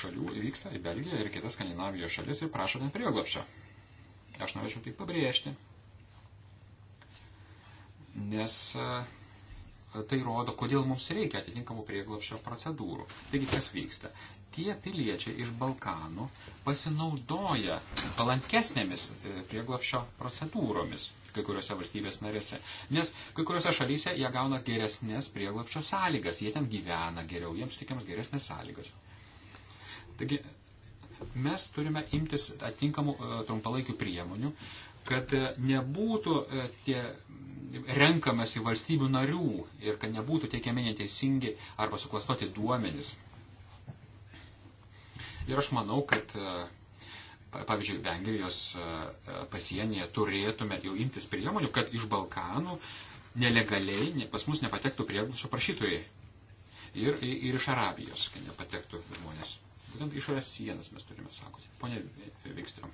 šalių vyksta į Belgiją ir kitas Skandinavijos šalis ir prašo ten prieglapščio. Aš norėčiau tai pabrėžti, nes e, tai rodo, kodėl mums reikia atitinkamų prieglapščio procedūrų. Taigi, kas vyksta? tie piliečiai iš Balkanų pasinaudoja palankesnėmis e, prieglapšio procedūromis kai kuriuose valstybės narėse. Nes kai kuriuose šalyse jie gauna geresnės prieglapščio sąlygas, jie ten gyvena geriau, jiems tikiams geresnės sąlygas. Taigi mes turime imtis atinkamų e, trumpalaikių priemonių, kad e, nebūtų tie renkamasi valstybių narių ir kad nebūtų tiekiami neteisingi arba suklastoti duomenys Ir aš manau, kad e, pavyzdžiui, Vengrijos e, e, pasienyje turėtume jau imtis priemonių, kad iš Balkanų nelegaliai pas mus nepatektų prieglūšio prašytojai. Ir, ir iš Arabijos, kad nepatektų žmonės. Būtent išorės sienas mes turime saugoti. Pone Vikstrom.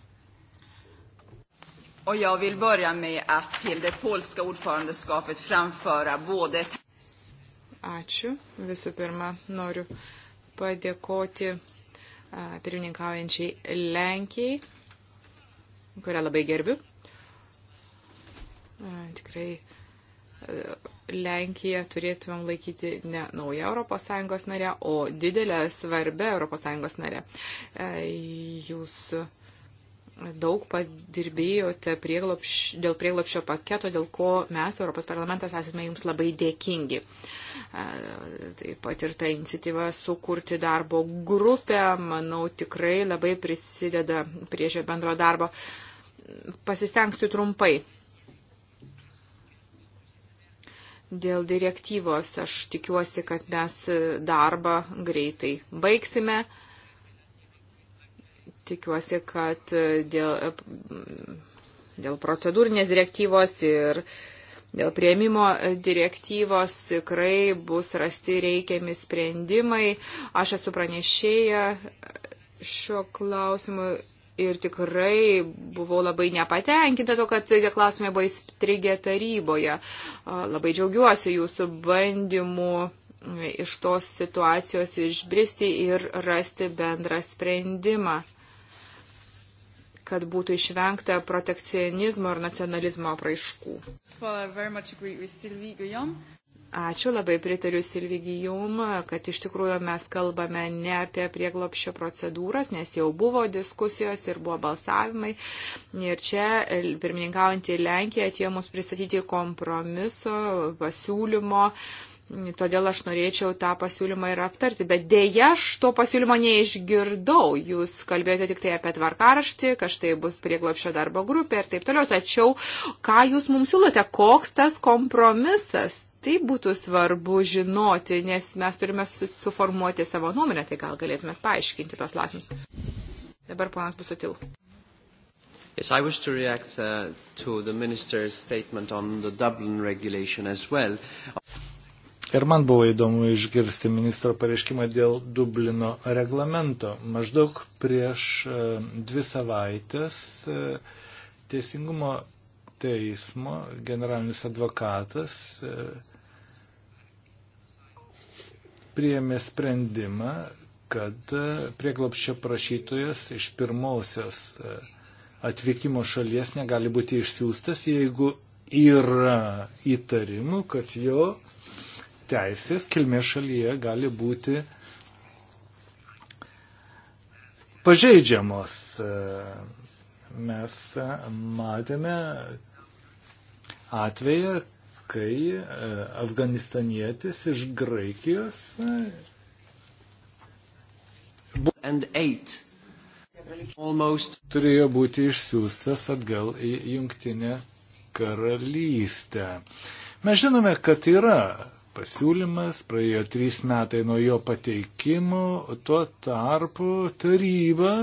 Och jag vill börja med att till det polska ordförandeskapet framföra både... Ačiū. Visų pirma, noriu padėkoti pirmininkaujančiai Lenkijai, kurią labai gerbiu. Tikrai Lenkiją turėtumėm laikyti ne nauja ES narė, o didelė svarbia ES narė. Jūs daug padirbėjote prieglopš, dėl prieglopščio paketo, dėl ko mes, Europos parlamentas, esame jums labai dėkingi. Taip pat ir ta iniciatyva sukurti darbo grupę, manau, tikrai labai prisideda prie šio bendro darbo. Pasistengsiu trumpai. Dėl direktyvos aš tikiuosi, kad mes darbą greitai baigsime. Tikiuosi, kad e, dėl, e, dėl procedūrinės direktyvos ir dėl prieimimo e, direktyvos tikrai bus rasti reikiami sprendimai. Aš esu pranešėja šio klausimu ir tikrai buvau labai nepatenkinta to, kad tie klausimai buvo įstrigę taryboje. Labai džiaugiuosi jūsų bandymu iš tos situacijos išbristi ir rasti bendrą sprendimą kad būtų išvengta protekcionizmo ir nacionalizmo apraiškų. Ačiū labai pritariu Silvigijum, kad iš tikrųjų mes kalbame ne apie prieglopščio procedūras, nes jau buvo diskusijos ir buvo balsavimai. Ir čia pirmininkaujantį Lenkiją atėjo mums pristatyti kompromiso pasiūlymo Todėl aš norėčiau tą pasiūlymą ir aptarti. Bet dėja, aš to pasiūlymo neišgirdau. Jūs kalbėjote tik tai apie tvarkaraštį, kad štai bus prieglopšio darbo grupė ir taip toliau. Tačiau, ką jūs mums siūlote, koks tas kompromisas? Tai būtų svarbu žinoti, nes mes turime suformuoti savo nuomonę, tai gal galėtumėt paaiškinti tos klausimus. Dabar ponas Busutil. Yes, I wish to react uh, to the minister's statement on the Dublin regulation as well. Ir man buvo įdomu išgirsti ministro pareiškimą dėl Dublino reglamento. Maždaug prieš e, dvi savaitės e, Teisingumo teismo generalinis advokatas e, priėmė sprendimą, kad prieglopščio prašytojas iš pirmausias atvykimo šalies negali būti išsiųstas, jeigu yra įtarimų, kad jo teisės kilmės šalyje gali būti pažeidžiamos. Mes matėme atveją, kai afganistanietis iš Graikijos. Turėjo būti išsiųstas atgal į jungtinę karalystę. Mes žinome, kad yra pasiūlymas, praėjo trys metai nuo jo pateikimo, tuo tarpu taryba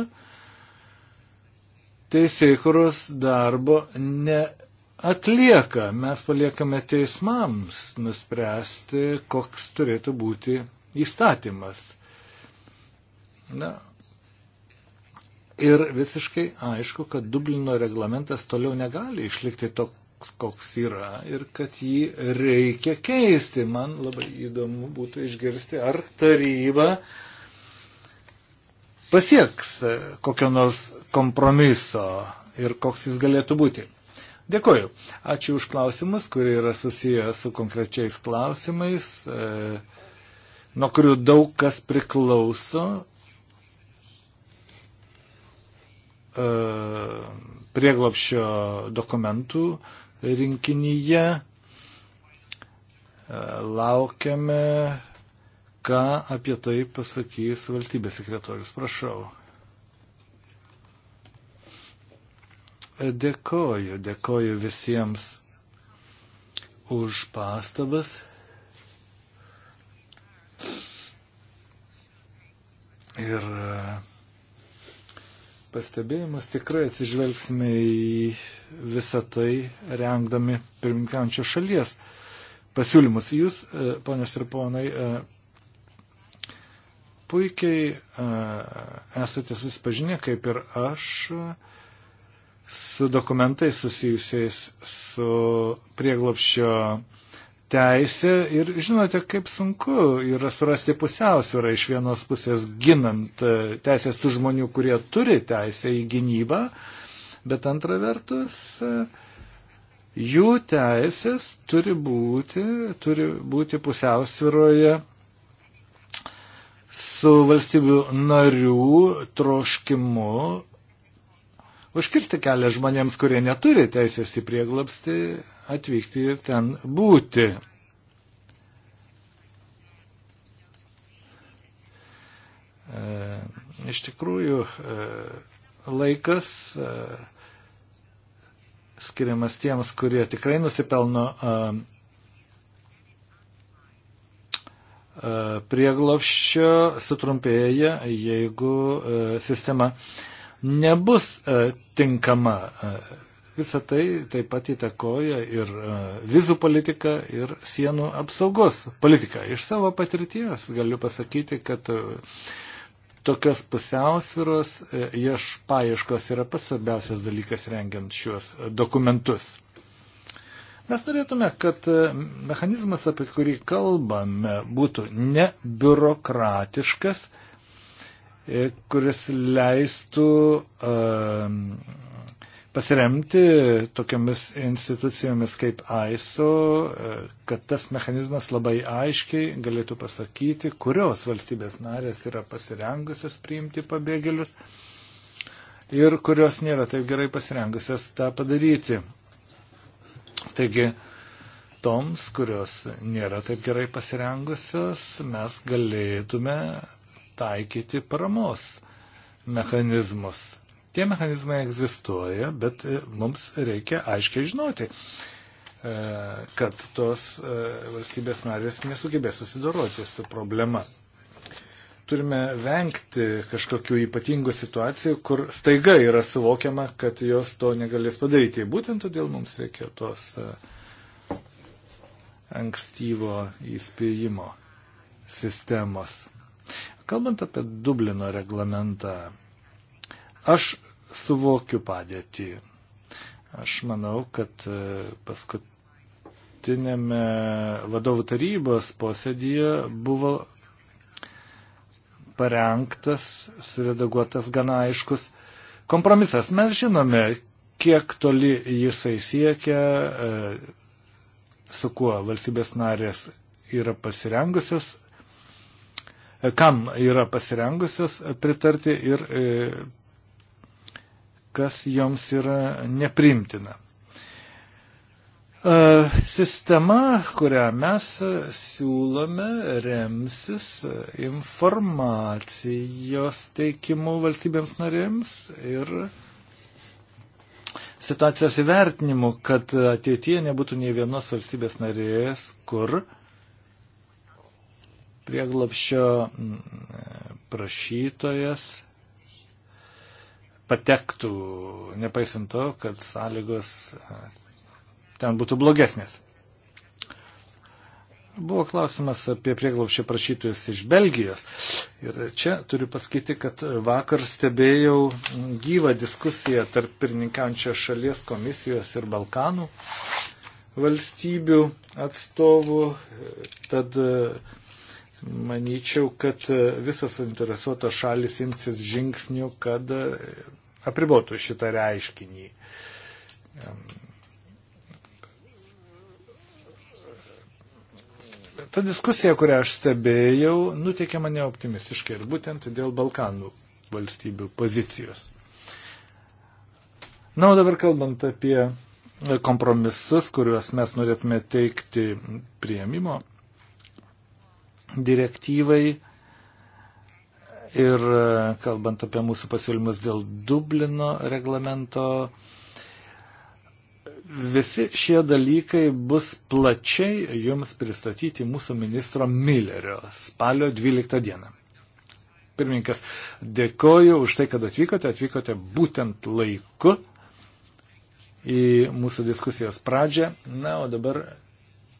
teisėkuros darbo neatlieka. Mes paliekame teismams nuspręsti, koks turėtų būti įstatymas. Na, Ir visiškai aišku, kad Dublino reglamentas toliau negali išlikti to, toks, koks yra ir kad jį reikia keisti. Man labai įdomu būtų išgirsti, ar taryba pasieks kokio nors kompromiso ir koks jis galėtų būti. Dėkoju. Ačiū už klausimus, kurie yra susiję su konkrečiais klausimais, e, nuo kurių daug kas priklauso e, prieglopščio dokumentų rinkinyje. E, laukiame, ką apie tai pasakys valstybės sekretorius. Prašau. E, dėkoju, dėkoju visiems už pastabas. Ir e, pastebėjimus tikrai atsižvelgsime į visą tai rengdami pirmininkiančios šalies pasiūlymus. Jūs, e, ponės ir ponai, e, puikiai e, esate susipažinę, kaip ir aš, su dokumentais susijusiais su prieglopščio teisė ir žinote, kaip sunku yra surasti pusiausvyrą iš vienos pusės ginant teisės tų žmonių, kurie turi teisę į gynybą, bet antra vertus e, jų teisės turi būti, turi būti pusiausviroje su valstybių narių troškimu užkirsti kelią žmonėms, kurie neturi teisės į prieglapsti, atvykti ir ten būti. E, iš tikrųjų, e, laikas e, skiriamas tiems, kurie tikrai nusipelno prieglopščio, sutrumpėja, jeigu sistema nebus tinkama. Visą tai taip pat įtakoja ir vizų politika, ir sienų apsaugos politika. Iš savo patirties galiu pasakyti, kad tokios pusiausviros e, ieš paieškos yra pats svarbiausias dalykas rengiant šiuos e, dokumentus. Mes norėtume, kad e, mechanizmas, apie kurį kalbame, būtų ne biurokratiškas, kuris leistų uh, pasiremti tokiamis institucijomis kaip AISO, e, kad tas mechanizmas labai aiškiai galėtų pasakyti, kurios valstybės narės yra pasirengusios priimti pabėgėlius ir kurios nėra taip gerai pasirengusios tą padaryti. Taigi, toms, kurios nėra taip gerai pasirengusios, mes galėtume taikyti paramos mechanizmus. Tie mechanizmai egzistuoja, bet e, mums reikia aiškiai žinoti, e, kad tos e, valstybės narės nesugebės susidoroti su problema. Turime vengti kažkokių ypatingų situacijų, kur staiga yra suvokiama, kad jos to negalės padaryti. Būtent todėl mums reikia tos ankstyvo įspėjimo sistemos. Kalbant apie Dublino reglamentą, Aš suvokiu padėtį. Aš manau, kad e, paskutinėme vadovų tarybos posėdėje buvo parengtas, suredaguotas gana aiškus kompromisas. Mes žinome, kiek toli jisai siekia, e, su kuo valstybės narės yra pasirengusios e, kam yra pasirengusios pritarti ir kas joms yra neprimtina. E, sistema, kurią mes siūlome, remsis informacijos teikimu valstybėms narėms ir situacijos įvertinimu, kad ateityje nebūtų nei vienos valstybės narės, kur prieglapščio mm, prašytojas patektų, nepaisant to, kad sąlygos ten būtų blogesnės. Buvo klausimas apie prieglaušio prašytojus iš Belgijos. Ir čia turiu pasakyti, kad vakar stebėjau gyvą diskusiją tarp pirmininkančios šalies komisijos ir Balkanų valstybių atstovų. Tad uh, manyčiau, kad e, visas suinteresuotos šalis imsis žingsnių, kad e, apribotų šitą reiškinį. Ta diskusija, kurią aš stebėjau, nutikė mane optimistiškai ir būtent dėl Balkanų valstybių pozicijos. Na, o dabar kalbant apie kompromisus, kuriuos mes norėtume teikti prieimimo direktyvai ir e, kalbant apie mūsų pasiūlymus dėl Dublino reglamento, visi šie dalykai bus plačiai jums pristatyti mūsų ministro Millerio spalio 12 dieną. Pirmininkas, dėkoju už tai, kad atvykote, atvykote būtent laiku į mūsų diskusijos pradžią. Na, o dabar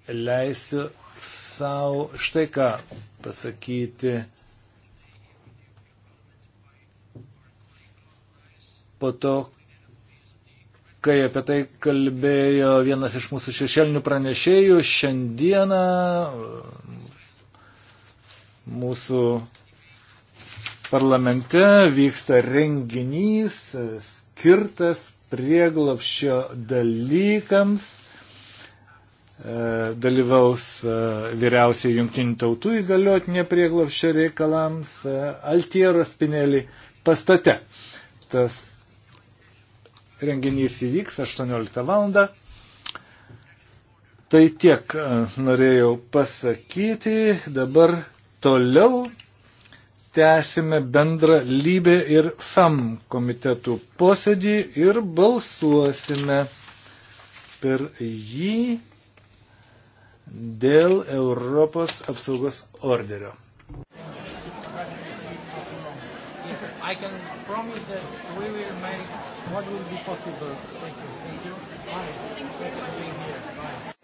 leisiu savo štai ką pasakyti. Po to, kai apie tai kalbėjo vienas iš mūsų šešėlinių pranešėjų, šiandieną mūsų parlamente vyksta renginys skirtas prieglapščio dalykams. E, dalyvaus e, vyriausiai jungtinių tautų įgaliotinė prieglavščio reikalams e, Altiero Spinelį pastate. Tas renginys įvyks 18 val. Tai tiek norėjau pasakyti. Dabar toliau tęsime bendrą lybę ir FAM komitetų posėdį ir balsuosime per jį dėl Europos apsaugos orderio. I can promise that we will make what will be possible. Thank you. Thank you. Bye. Thank you for being here. Bye.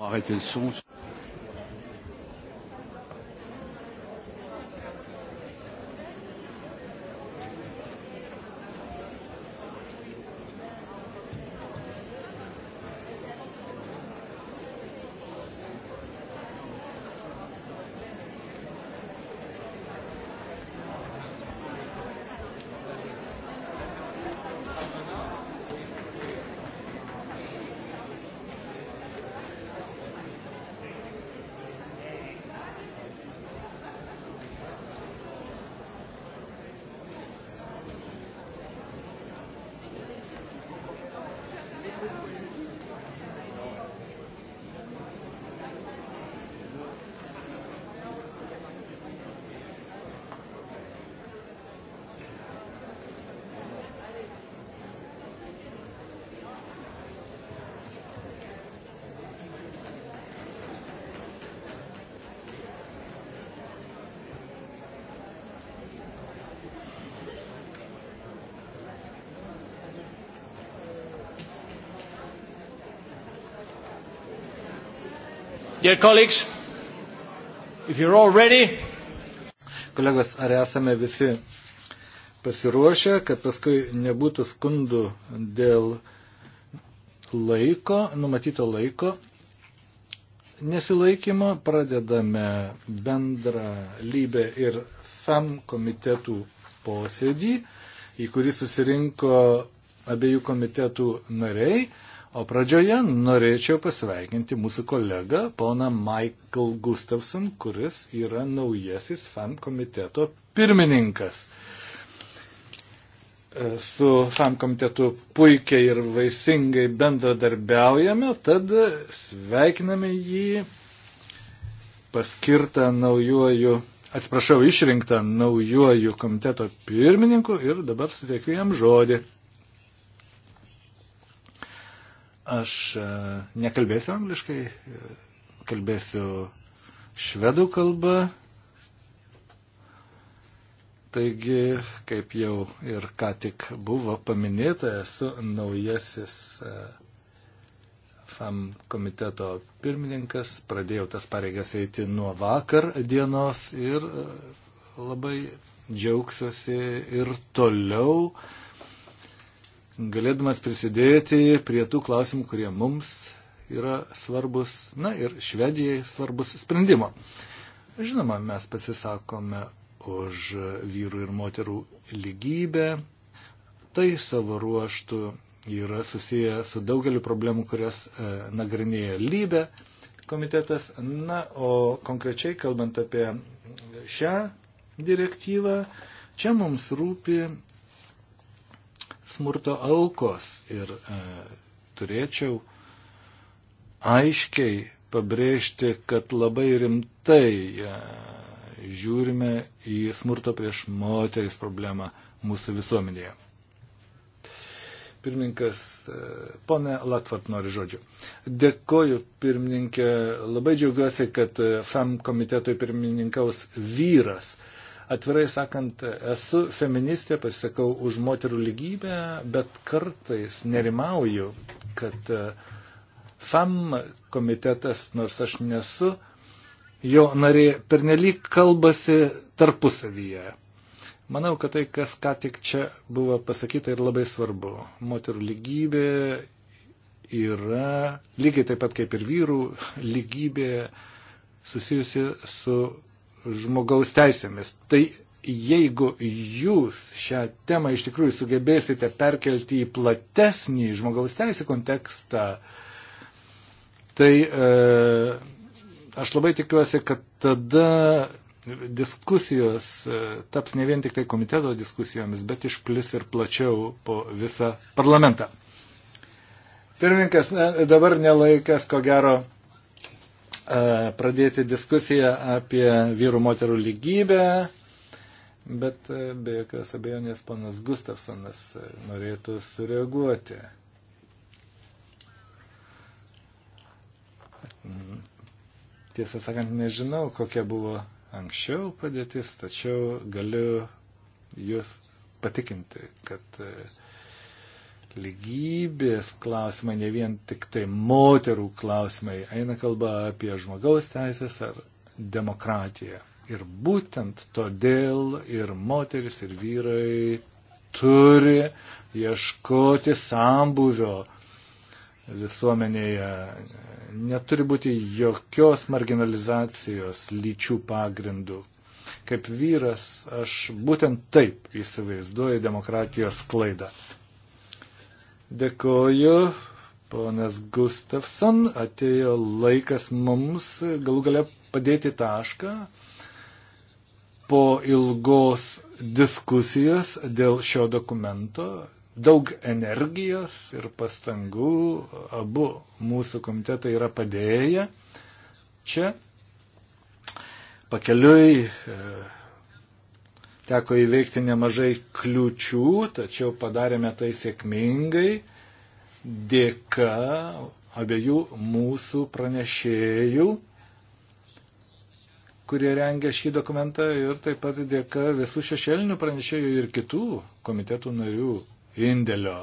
Arrêtez le son. Dear colleagues, if you're all ready. Kolegos, ar esame visi pasiruošę, kad paskui nebūtų skundų dėl laiko, numatyto laiko nesilaikymo, pradedame bendrą lybę ir FEM komitetų posėdį, į kurį susirinko abiejų komitetų nariai. O pradžioje norėčiau pasveikinti mūsų kolegą, poną Michael Gustafson, kuris yra naujasis FAM komiteto pirmininkas. Su FAM komitetu puikiai ir vaisingai bendradarbiaujame, tad sveikiname jį paskirtą naujoju, atsiprašau, išrinktą naujoju komiteto pirmininku ir dabar suteikiu jam žodį. Aš e, nekalbėsiu angliškai, e, kalbėsiu švedų kalba. Taigi, kaip jau ir ką tik buvo paminėta, esu naujasis e, FAM komiteto pirmininkas. Pradėjau tas pareigas eiti nuo vakar dienos ir labai džiaugsiuosi ir toliau uh, galėdamas prisidėti prie tų klausimų, kurie mums yra svarbus, na ir Švedijai svarbus sprendimo. Žinoma, mes pasisakome už vyrų ir moterų lygybę. Tai savo ruoštų yra susiję su daugeliu problemų, kurias e, nagrinėja lybė komitetas. Na, o konkrečiai kalbant apie šią direktyvą, čia mums rūpi smurto aukos ir e, turėčiau aiškiai pabrėžti, kad labai rimtai e, žiūrime į smurto prieš moteris problemą mūsų visuomenėje. Pirmininkas, e, ponė Latvart nori žodžių. Dėkoju, pirmininkė, labai džiaugiuosi, kad e, FEM komitetui pirmininkaus vyras. E, Atvirai sakant, esu feministė, pasisakau už moterų lygybę, bet kartais nerimauju, kad e, FAM komitetas, nors aš nesu, jo nariai pernelyg kalbasi tarpusavyje. Manau, kad tai, kas ką tik čia buvo pasakyta, yra labai svarbu. Moterų lygybė yra lygiai taip pat kaip ir vyrų lygybė susijusi su žmogaus teisėmis. Tai jeigu jūs šią temą iš tikrųjų sugebėsite perkelti į platesnį žmogaus teisų kontekstą, tai e, aš labai tikiuosi, kad tada diskusijos e, taps ne vien tik tai komiteto diskusijomis, bet išplis ir plačiau po visą parlamentą. Pirmininkas, dabar nelaikas, ko gero, pradėti diskusiją apie vyrų moterų lygybę, bet be jokios abejonės panas Gustafsonas norėtų sureaguoti. Tiesą sakant, nežinau, kokia buvo anksčiau padėtis, tačiau galiu jūs patikinti, kad uh, lygybės klausimai, ne vien tik tai moterų klausimai, eina kalba apie žmogaus teisės ar demokratiją. Ir būtent todėl ir moteris, ir vyrai turi ieškoti sambuvio visuomenėje. Neturi būti jokios marginalizacijos lyčių pagrindų. Kaip vyras aš būtent taip įsivaizduoju demokratijos klaidą. Dėkoju, ponas Gustafson, atėjo laikas mums galų gale padėti tašką po ilgos diskusijos dėl šio dokumento, daug energijos ir pastangų abu mūsų komitetai yra padėję čia. Pakeliui e, teko įveikti nemažai kliučių, tačiau padarėme tai sėkmingai dėka abiejų mūsų pranešėjų kurie rengia šį dokumentą ir taip pat dėka visų šešėlinių pranešėjų ir kitų komitetų narių indėlio.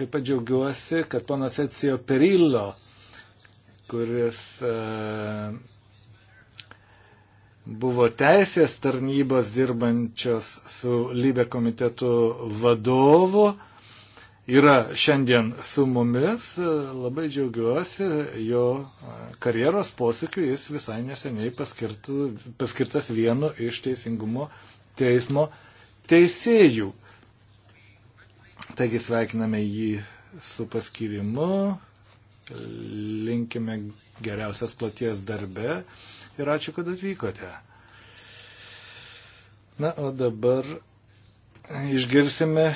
Taip pat džiaugiuosi, kad ponas Ecijo Perillo, kuris uh, buvo teisės tarnybos dirbančios su Lybe komitetu vadovu. Yra šiandien su mumis, labai džiaugiuosi, jo karjeros posūkiu jis visai neseniai paskirtų, paskirtas vienu iš teisingumo teismo teisėjų. Taigi sveikiname jį su paskirimu, linkime geriausios ploties darbe ir ačiū, kad atvykote. Na, o dabar išgirsime,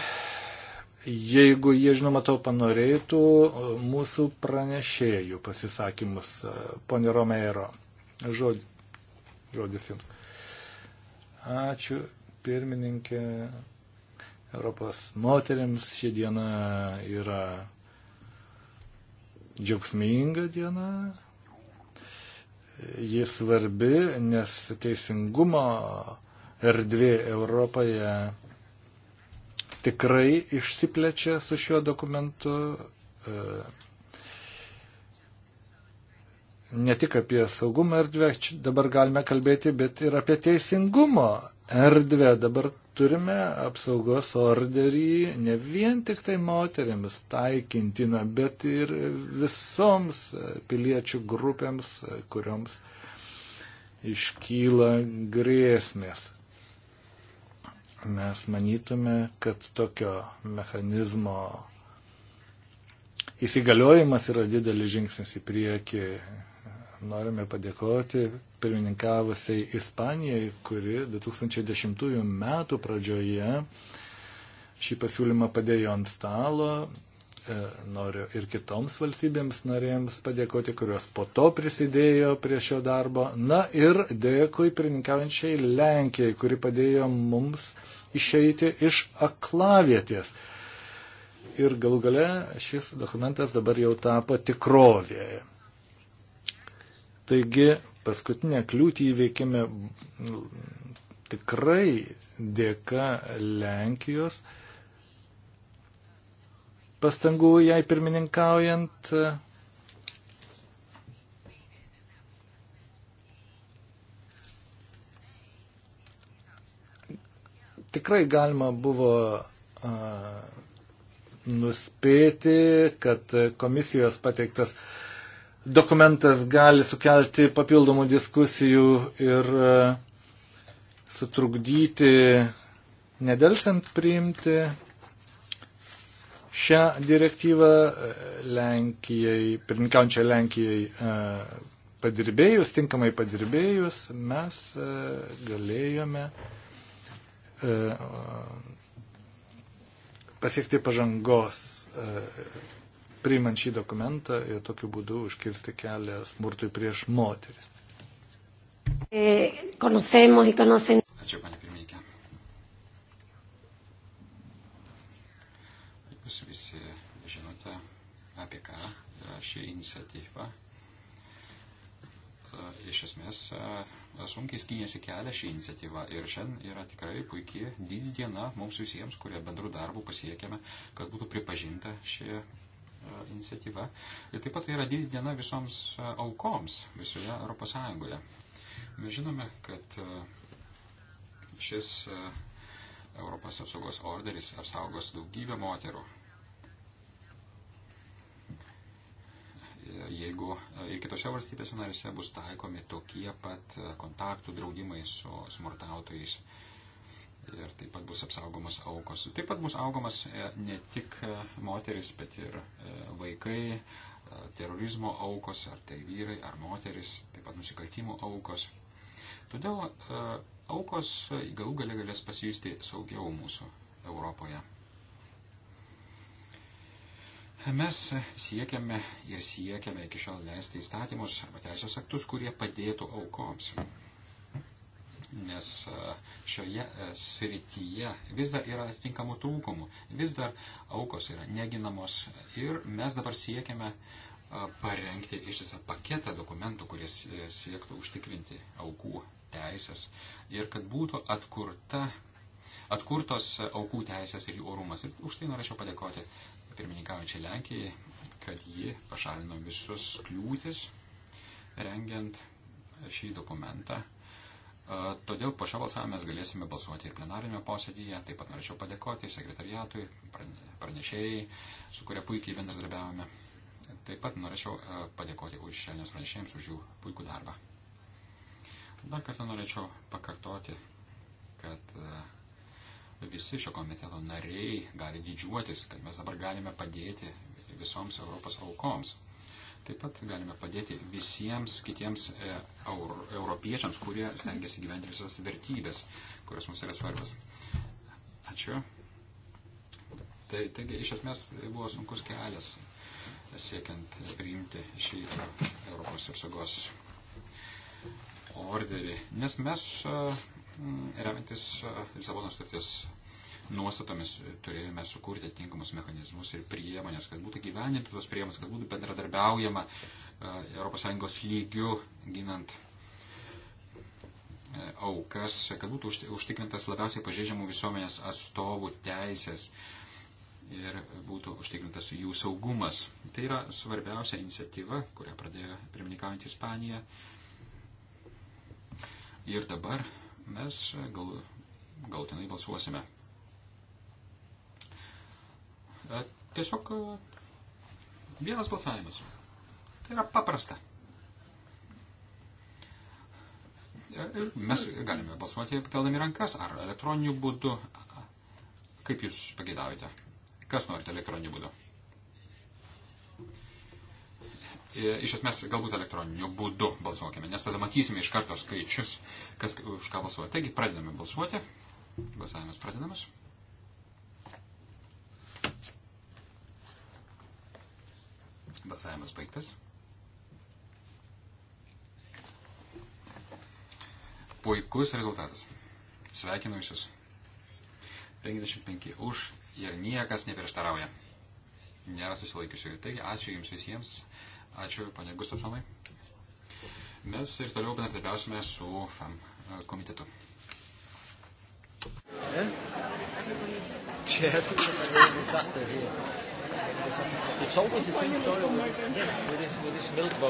jeigu jie, žinoma, to panorėtų, mūsų pranešėjų pasisakymus. Pone Romero, žodis, žodis jums. Ačiū, pirmininkė. Europos moteriams ši diena yra džiaugsminga diena ji svarbi, nes teisingumo erdvė Europoje tikrai išsiplečia su šiuo dokumentu. E, ne tik apie saugumo erdvę dabar galime kalbėti, bet ir apie teisingumo erdvę. Dabar turime apsaugos orderį ne vien tik tai moteriams taikintiną, bet ir visoms piliečių grupėms, kurioms iškyla grėsmės. Mes manytume, kad tokio mechanizmo įsigaliojimas yra didelis žingsnis į priekį norime padėkoti pirmininkavusiai Ispanijai, kuri 2010 metų pradžioje šį pasiūlymą padėjo ant stalo. E, noriu ir kitoms valstybėms narėms padėkoti, kurios po to prisidėjo prie šio darbo. Na ir dėkui pirmininkaujančiai Lenkijai, kuri padėjo mums išeiti iš aklavietės. Ir galų gale šis dokumentas dabar jau tapo tikrovėje. Taigi paskutinę kliūtį įveikėme tikrai dėka Lenkijos pastangų jai pirmininkaujant. Tikrai galima buvo a, nuspėti, kad komisijos pateiktas a, dokumentas gali sukelti papildomų diskusijų ir e, sutrukdyti nedelsiant priimti šią direktyvą e, Lenkijai, pirmininkiaujančiai Lenkijai e, padirbėjus, tinkamai padirbėjus, mes galėjome pasiekti pažangos priimant šį dokumentą ir tokiu būdu užkirsti kelią smurtui prieš moteris. E, Ačiū, panė pirmininkė. Jūs visi žinote, apie ką yra ši iniciatyva. E, iš esmės, e, sunkiai skinėsi kelią šį iniciatyvą ir šiandien yra tikrai puikiai diena mums visiems, kurie bendrų darbų pasiekėme, kad būtų pripažinta ši iniciatyva. Ir taip pat tai yra didelė diena visoms aukoms visoje Europos Sąjungoje. Mes žinome, kad šis Europos apsaugos orderis apsaugos daugybę moterų. E, jeigu ir kitose valstybėse narėse bus taikomi tokie pat kontaktų draudimai su smurtautojais, uh, ir taip pat bus apsaugomos aukos. Taip pat bus augomas e, ne tik e, moteris, bet ir e, vaikai, terorizmo aukos, ar tai vyrai, ar moteris, taip pat nusikaltimų aukos. Todėl aukos galų gale galės pasijusti saugiau mūsų Europoje. Mes siekiame ir siekiame iki šiol leisti įstatymus arba teisės aktus, kurie padėtų aukoms nes e, šioje e, srityje vis dar yra atitinkamų trūkumų, vis dar aukos yra neginamos ir mes dabar siekiame e, parengti ištisą paketą dokumentų, kuris siektų užtikrinti aukų teisės ir kad būtų atkurta, atkurtos aukų teisės ir jų orumas. Ir už tai norėčiau padėkoti pirmininkaujančiai Lenkijai, kad ji pašalino visus kliūtis rengiant šį dokumentą E, todėl po šio balsavimo mes galėsime balsuoti ir plenarinėme posėdėje. Taip pat norėčiau padėkoti sekretariatui, pranešėjai, su kuria puikiai bendradarbiavome. Taip pat norėčiau e, padėkoti už šiandienos pranešėjams, už jų puikų darbą. Dar kartą norėčiau pakartoti, kad e, visi šio komiteto nariai gali didžiuotis, kad mes dabar galime padėti visoms Europos aukoms. Taip pat galime padėti visiems kitiems e, euro, europiečiams, kurie stengiasi gyventi visas vertybės, kurios mums yra svarbios. Ačiū. Tai, taigi, iš esmės tai buvo sunkus kelias siekiant priimti šį Europos apsaugos orderį, nes mes e, remiantis e, Lisabonos sutarties nuostatomis turėjome sukurti tinkamus mechanizmus ir priemonės, kad būtų gyveninti tos priemonės, kad būtų bendradarbiaujama e, ES lygių ginant e, aukas, kad būtų užtikrintas labiausiai pažeidžiamų visuomenės atstovų teisės ir būtų užtikrintas jų saugumas. Tai yra svarbiausia iniciatyva, kurią pradėjo pirmininkaujant Ispanija. Ir dabar mes gal, galutinai balsuosime Tiesiog vienas balsavimas. Tai yra paprasta. Ir mes galime balsuoti keldami rankas ar elektroniniu būdu, kaip jūs pageidavote. Kas norite elektroniniu būdu? E, iš esmės, galbūt elektroniniu būdu balsuokime, nes tada matysime iš karto skaičius, kas už ką balsuoja. Taigi, pradedame balsuoti. Balsavimas pradedamas. Balsavimas baigtas. Puikus rezultatas. Sveikinu visus. 55 už ir niekas neprieštarauja. Nėra susilaikiusiųjų. Taigi, ačiū Jums visiems. Ačiū, pane Gustafsonai. Mes ir toliau bendradarbiausime su FAM e, komitetu. Eh? Cioè, è un disastro. It's always the same story with this, with this milk boat.